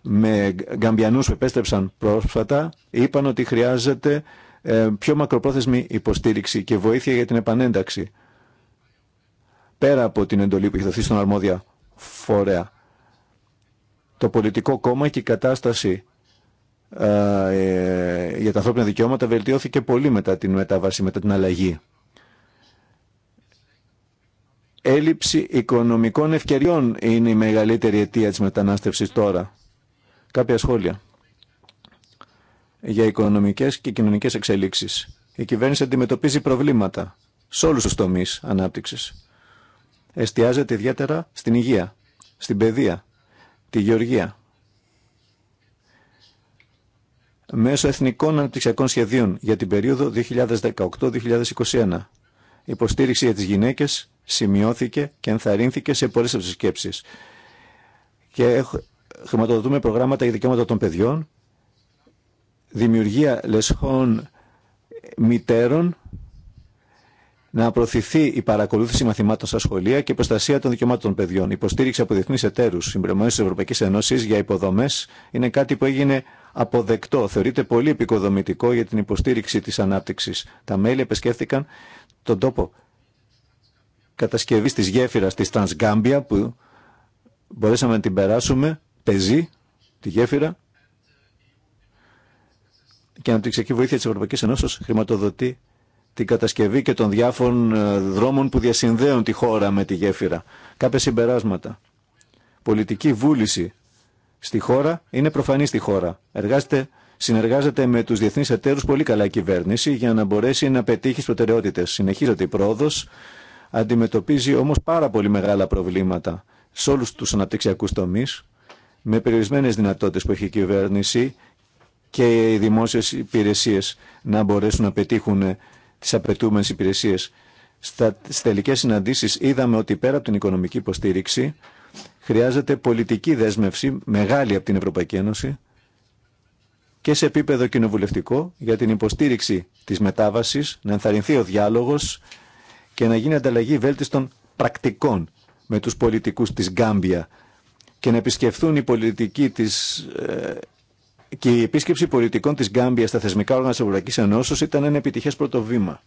με Γκαμπιανούς που επέστρεψαν πρόσφατα είπαν ότι χρειάζεται ε, πιο μακροπρόθεσμη υποστήριξη και βοήθεια για την επανένταξη πέρα από την εντολή που έχει δοθεί στον αρμόδια φορέα. Το πολιτικό κόμμα και η κατάσταση ε, ε, για τα ανθρώπινα δικαιώματα βελτιώθηκε πολύ μετά την μετάβαση, μετά την αλλαγή. Έλλειψη οικονομικών ευκαιριών είναι η μεγαλύτερη αιτία της μετανάστευσης τώρα. Κάποια σχόλια για οικονομικές και κοινωνικές εξελίξεις. Η κυβέρνηση αντιμετωπίζει προβλήματα σε όλους τους τομείς ανάπτυξης εστιάζεται ιδιαίτερα στην υγεία, στην παιδεία, τη γεωργία. Μέσω εθνικών αναπτυξιακών σχεδίων για την περίοδο 2018-2021. Η υποστήριξη για τις γυναίκες σημειώθηκε και ενθαρρύνθηκε σε πολλές από τις σκέψεις. Και χρηματοδοτούμε προγράμματα για δικαιώματα των παιδιών, δημιουργία λεσχών μητέρων να προωθηθεί η παρακολούθηση μαθημάτων στα σχολεία και η προστασία των δικαιωμάτων των παιδιών. Υποστήριξη από διεθνεί εταίρου, συμπληρωμένε τη Ευρωπαϊκή Ένωση για υποδομέ, είναι κάτι που έγινε αποδεκτό. Θεωρείται πολύ επικοδομητικό για την υποστήριξη τη ανάπτυξη. Τα μέλη επισκέφθηκαν τον τόπο κατασκευή τη γέφυρα τη Τρανσγκάμπια που μπορέσαμε να την περάσουμε πεζή, τη γέφυρα. Και αναπτυξιακή βοήθεια τη Ευρωπαϊκή Ενώση χρηματοδοτεί την κατασκευή και των διάφορων ε, δρόμων που διασυνδέουν τη χώρα με τη γέφυρα. Κάποια συμπεράσματα. Πολιτική βούληση στη χώρα είναι προφανή στη χώρα. Εργάζεται, συνεργάζεται με τους διεθνείς εταίρους πολύ καλά η κυβέρνηση για να μπορέσει να πετύχει προτεραιότητε. προτεραιότητες. Συνεχίζεται η πρόοδος, αντιμετωπίζει όμως πάρα πολύ μεγάλα προβλήματα σε όλου τους αναπτυξιακούς τομεί με περιορισμένες δυνατότητες που έχει η κυβέρνηση και οι δημόσιες υπηρεσίες να μπορέσουν να πετύχουν τις απαιτούμενες υπηρεσίες. Στα τελικέ συναντήσεις είδαμε ότι πέρα από την οικονομική υποστήριξη χρειάζεται πολιτική δέσμευση μεγάλη από την Ευρωπαϊκή Ένωση και σε επίπεδο κοινοβουλευτικό για την υποστήριξη της μετάβασης, να ενθαρρυνθεί ο διάλογος και να γίνει ανταλλαγή βέλτιστων πρακτικών με του πολιτικού τη Γκάμπια και να επισκεφθούν οι πολιτικοί της ε, και η επίσκεψη πολιτικών της Γκάμπια στα θεσμικά όργανα της Ευρωπαϊκής Ενώσεως ήταν ένα επιτυχές πρώτο βήμα.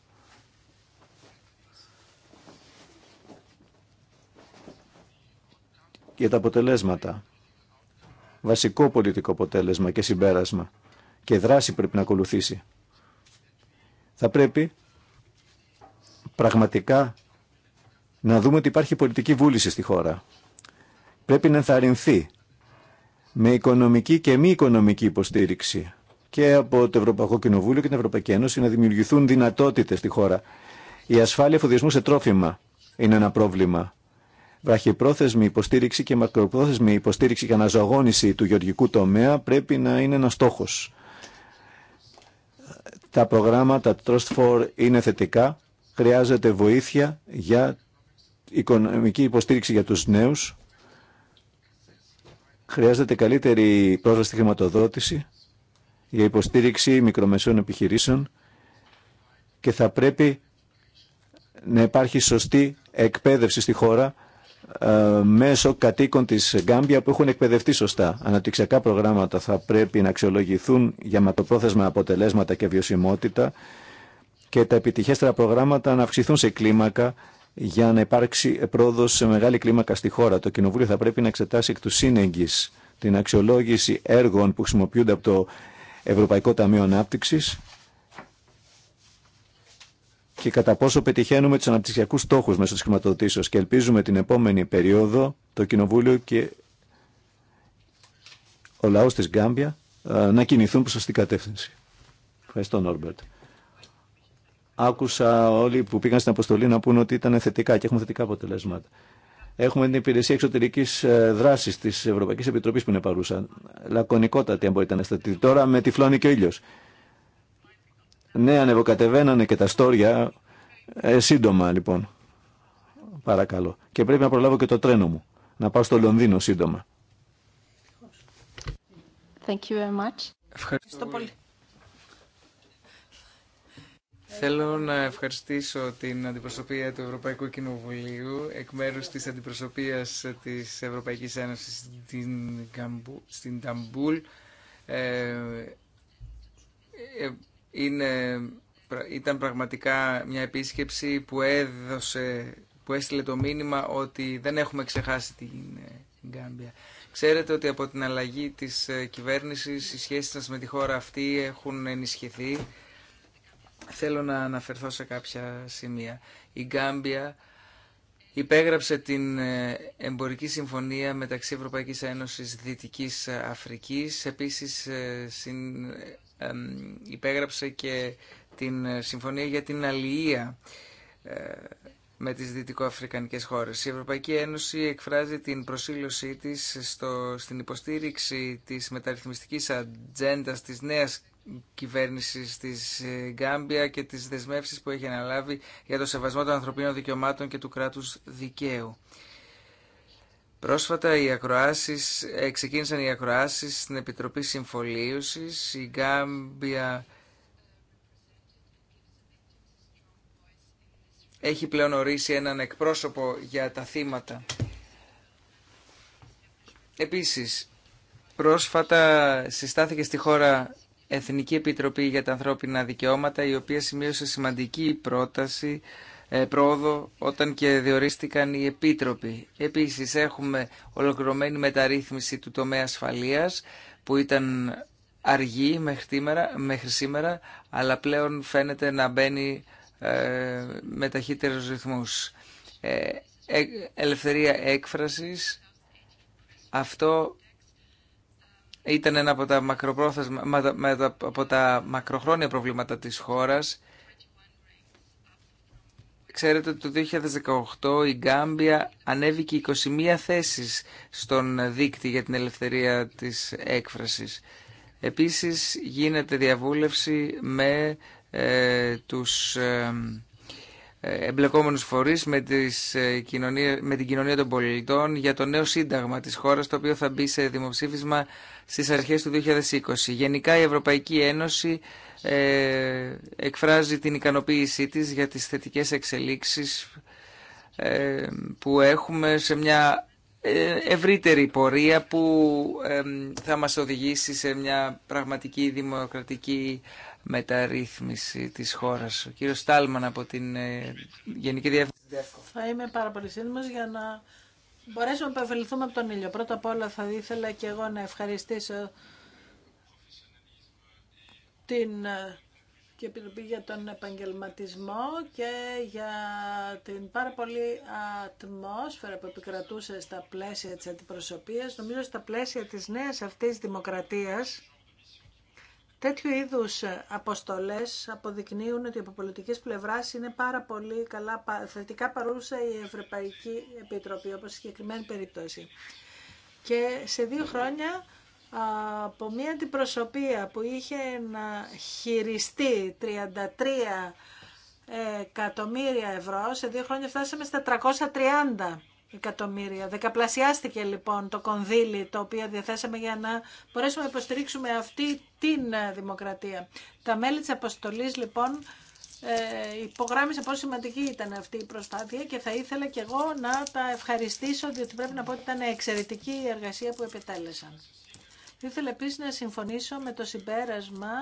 Για τα αποτελέσματα. Βασικό πολιτικό αποτέλεσμα και συμπέρασμα. Και δράση πρέπει να ακολουθήσει. Θα πρέπει πραγματικά να δούμε ότι υπάρχει πολιτική βούληση στη χώρα. Πρέπει να ενθαρρυνθεί με οικονομική και μη οικονομική υποστήριξη και από το Ευρωπαϊκό Κοινοβούλιο και την Ευρωπαϊκή Ένωση να δημιουργηθούν δυνατότητες στη χώρα. Η ασφάλεια εφοδιασμού σε τρόφιμα είναι ένα πρόβλημα. Βραχυπρόθεσμη υποστήριξη και μακροπρόθεσμη υποστήριξη για αναζωογόνηση του γεωργικού τομέα πρέπει να είναι ένα στόχος. Τα προγράμματα Trust for είναι θετικά. Χρειάζεται βοήθεια για οικονομική υποστήριξη για τους νέους Χρειάζεται καλύτερη πρόσβαση στη χρηματοδότηση για υποστήριξη μικρομεσαίων επιχειρήσεων και θα πρέπει να υπάρχει σωστή εκπαίδευση στη χώρα ε, μέσω κατοίκων της Γκάμπια που έχουν εκπαιδευτεί σωστά. Αναπτυξιακά προγράμματα θα πρέπει να αξιολογηθούν για ματοπρόθεσμα αποτελέσματα και βιωσιμότητα και τα επιτυχέστερα προγράμματα να αυξηθούν σε κλίμακα για να υπάρξει πρόοδο σε μεγάλη κλίμακα στη χώρα. Το Κοινοβούλιο θα πρέπει να εξετάσει εκ του σύνεγγυ την αξιολόγηση έργων που χρησιμοποιούνται από το Ευρωπαϊκό Ταμείο Ανάπτυξη και κατά πόσο πετυχαίνουμε του αναπτυξιακού στόχου μέσω τη χρηματοδοτήσεω. Και ελπίζουμε την επόμενη περίοδο το Κοινοβούλιο και ο λαό τη Γκάμπια ε, να κινηθούν προ αυτήν την κατεύθυνση. Ευχαριστώ, Νόρμπερτ. Άκουσα όλοι που πήγαν στην αποστολή να πούνε ότι ήταν θετικά και έχουμε θετικά αποτελέσματα. Έχουμε την υπηρεσία εξωτερική ε, δράση τη Ευρωπαϊκή Επιτροπή που είναι παρούσα. Λακωνικότατη, αν μπορείτε να αισθανθείτε. Τώρα με τυφλώνει και ο ήλιο. Ναι, ανεβοκατεβαίνανε και τα στόρια. Ε, σύντομα, λοιπόν. Παρακαλώ. Και πρέπει να προλάβω και το τρένο μου. Να πάω στο Λονδίνο σύντομα. Ευχαριστώ πολύ. Θέλω να ευχαριστήσω την αντιπροσωπεία του Ευρωπαϊκού Κοινοβουλίου εκ μέρους της αντιπροσωπείας της Ευρωπαϊκής Ένωσης στην, στην Ταμπούλ. Ε, ε, είναι, ήταν πραγματικά μια επίσκεψη που έδωσε, που έστειλε το μήνυμα ότι δεν έχουμε ξεχάσει την ε, Γκάμπια. Ξέρετε ότι από την αλλαγή της κυβέρνησης οι σχέσεις μας με τη χώρα αυτή έχουν ενισχυθεί Θέλω να αναφερθώ σε κάποια σημεία. Η Γκάμπια υπέγραψε την ε, εμπορική συμφωνία μεταξύ Ευρωπαϊκής Ένωσης Δυτικής Αφρικής. Επίσης ε, ε, υπέγραψε και την συμφωνία για την αλληλεία με τις δυτικοαφρικανικές χώρες. Η Ευρωπαϊκή Ένωση εκφράζει την προσήλωσή της στο, στην υποστήριξη της μεταρρυθμιστικής ατζέντα της νέας κυβέρνησης της ε, Γκάμπια και τις δεσμεύσεις που έχει αναλάβει για το σεβασμό των ανθρωπίνων δικαιωμάτων και του κράτους δικαίου. Πρόσφατα οι ακροάσεις, ε, ξεκίνησαν οι ακροάσεις στην Επιτροπή Συμφωλίωσης. Η Γκάμπια έχει πλέον ορίσει έναν εκπρόσωπο για τα θύματα. Επίσης, πρόσφατα συστάθηκε στη χώρα Εθνική Επιτροπή για τα Ανθρώπινα Δικαιώματα, η οποία σημείωσε σημαντική πρόταση ε, πρόοδο όταν και διορίστηκαν οι επίτροποι. Επίσης έχουμε ολοκληρωμένη μεταρρύθμιση του τομέα ασφαλείας που ήταν αργή μέχρι σήμερα, αλλά πλέον φαίνεται να μπαίνει ε, με ταχύτερους ρυθμούς. Ε, ελευθερία έκφρασης, αυτό ήταν ένα από τα, μακροπρόθεσμα, από τα μακροχρόνια προβλήματα της χώρας. Ξέρετε ότι το 2018 η Γκάμπια ανέβηκε 21 θέσεις στον δίκτυο για την ελευθερία της έκφρασης. Επίσης γίνεται διαβούλευση με ε, τους... Ε, εμπλεκόμενους φορείς με, τις, ε, κοινωνία, με την κοινωνία των πολιτών για το νέο σύνταγμα της χώρας το οποίο θα μπει σε δημοψήφισμα στις αρχές του 2020. Γενικά η Ευρωπαϊκή Ένωση ε, εκφράζει την ικανοποίησή της για τις θετικές εξελίξεις ε, που έχουμε σε μια ε, ευρύτερη πορεία που ε, θα μας οδηγήσει σε μια πραγματική δημοκρατική μεταρρύθμιση της χώρας. Ο κύριο Στάλμαν από την ε, Γενική Διεύθυνση. Θα είμαι πάρα πολύ σύντομο για να μπορέσουμε να επαφεληθούμε από τον ήλιο. Πρώτα απ' όλα θα ήθελα και εγώ να ευχαριστήσω την ε, και Επιτροπή για τον Επαγγελματισμό και για την πάρα πολύ ατμόσφαιρα που επικρατούσε στα πλαίσια της αντιπροσωπείας. Νομίζω στα πλαίσια της νέας αυτής δημοκρατίας Τέτοιου είδους αποστολές αποδεικνύουν ότι από πολιτικής πλευράς είναι πάρα πολύ καλά, θετικά παρούσα η Ευρωπαϊκή Επιτροπή, όπως συγκεκριμένη περίπτωση. Και σε δύο χρόνια από μια αντιπροσωπεία που είχε να χειριστεί 33 ε, εκατομμύρια ευρώ, σε δύο χρόνια φτάσαμε στα 330 εκατομμύρια. Δεκαπλασιάστηκε λοιπόν το κονδύλι το οποίο διαθέσαμε για να μπορέσουμε να υποστηρίξουμε αυτή την ε, δημοκρατία. Τα μέλη της αποστολής λοιπόν ε, υπογράμμισε πόσο σημαντική ήταν αυτή η προσπάθεια και θα ήθελα και εγώ να τα ευχαριστήσω διότι πρέπει να πω ότι ήταν εξαιρετική η εργασία που επιτέλεσαν. Ήθελα επίσης να συμφωνήσω με το συμπέρασμα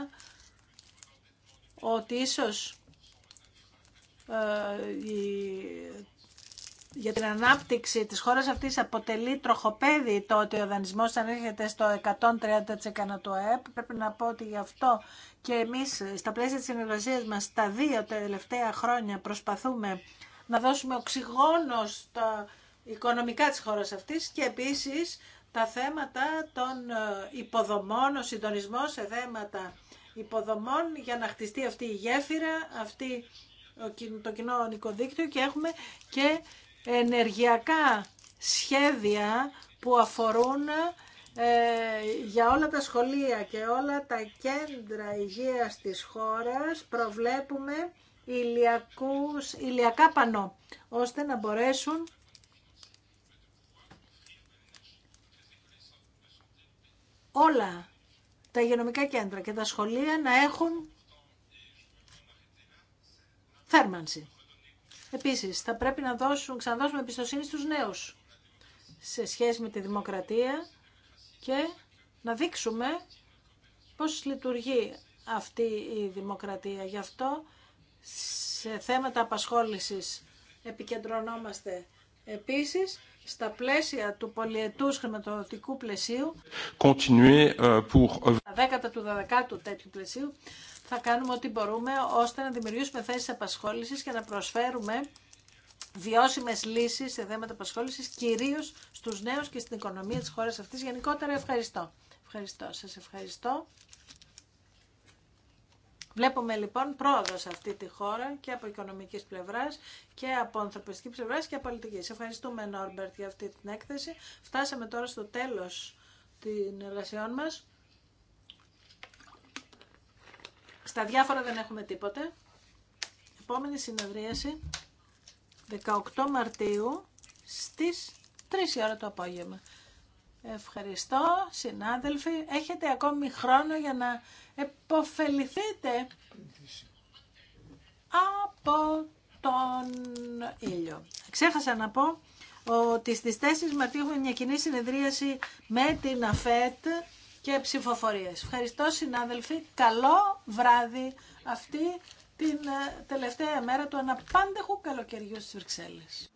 ότι ίσως ε, η, για την ανάπτυξη της χώρας αυτής αποτελεί τροχοπέδι το ότι ο δανεισμός ανέρχεται στο 130% του ΑΕΠ. Πρέπει να πω ότι γι' αυτό και εμείς στα πλαίσια της συνεργασίας μας τα δύο τελευταία χρόνια προσπαθούμε να δώσουμε οξυγόνο στα οικονομικά της χώρας αυτής και επίσης τα θέματα των ε, υποδομών, ο συντονισμό, σε θέματα υποδομών για να χτιστεί αυτή η γέφυρα, αυτή το κοινό δίκτυο και έχουμε και ενεργειακά σχέδια που αφορούν ε, για όλα τα σχολεία και όλα τα κέντρα υγείας της χώρας προβλέπουμε ηλιακούς, ηλιακά πανό, ώστε να μπορέσουν όλα τα υγειονομικά κέντρα και τα σχολεία να έχουν θέρμανση. Επίσης, θα πρέπει να δώσουν, ξαναδώσουμε εμπιστοσύνη στους νέους σε σχέση με τη δημοκρατία και να δείξουμε πώς λειτουργεί αυτή η δημοκρατία. Γι' αυτό σε θέματα απασχόλησης επικεντρωνόμαστε επίσης στα πλαίσια του πολιετούς χρηματοδοτικού πλαισίου, Continuer, euh, pour... τα δέκατα του τέτοιου πλαισίου, θα κάνουμε ό,τι μπορούμε ώστε να δημιουργήσουμε θέσεις απασχόλησης και να προσφέρουμε βιώσιμες λύσεις σε θέματα απασχόλησης, κυρίως στους νέους και στην οικονομία της χώρας αυτής. Γενικότερα ευχαριστώ. Ευχαριστώ. Σας ευχαριστώ. Βλέπουμε λοιπόν πρόοδο σε αυτή τη χώρα και από οικονομική πλευρά και από ανθρωπιστική πλευρά και από πολιτική. Ευχαριστούμε, Νόρμπερτ, για αυτή την έκθεση. Φτάσαμε τώρα στο τέλο των εργασιών μας. Στα διάφορα δεν έχουμε τίποτε. Επόμενη συνεδρίαση 18 Μαρτίου στις 3 η ώρα το απόγευμα. Ευχαριστώ συνάδελφοι. Έχετε ακόμη χρόνο για να επωφεληθείτε από τον ήλιο. Ξέχασα να πω ότι στις 4 Μαρτίου έχουμε μια κοινή συνεδρίαση με την ΑΦΕΤ και ψηφοφορίες. Ευχαριστώ συνάδελφοι. Καλό βράδυ αυτή την ε, τελευταία μέρα του αναπάντεχου καλοκαιριού στις Βρυξέλλες.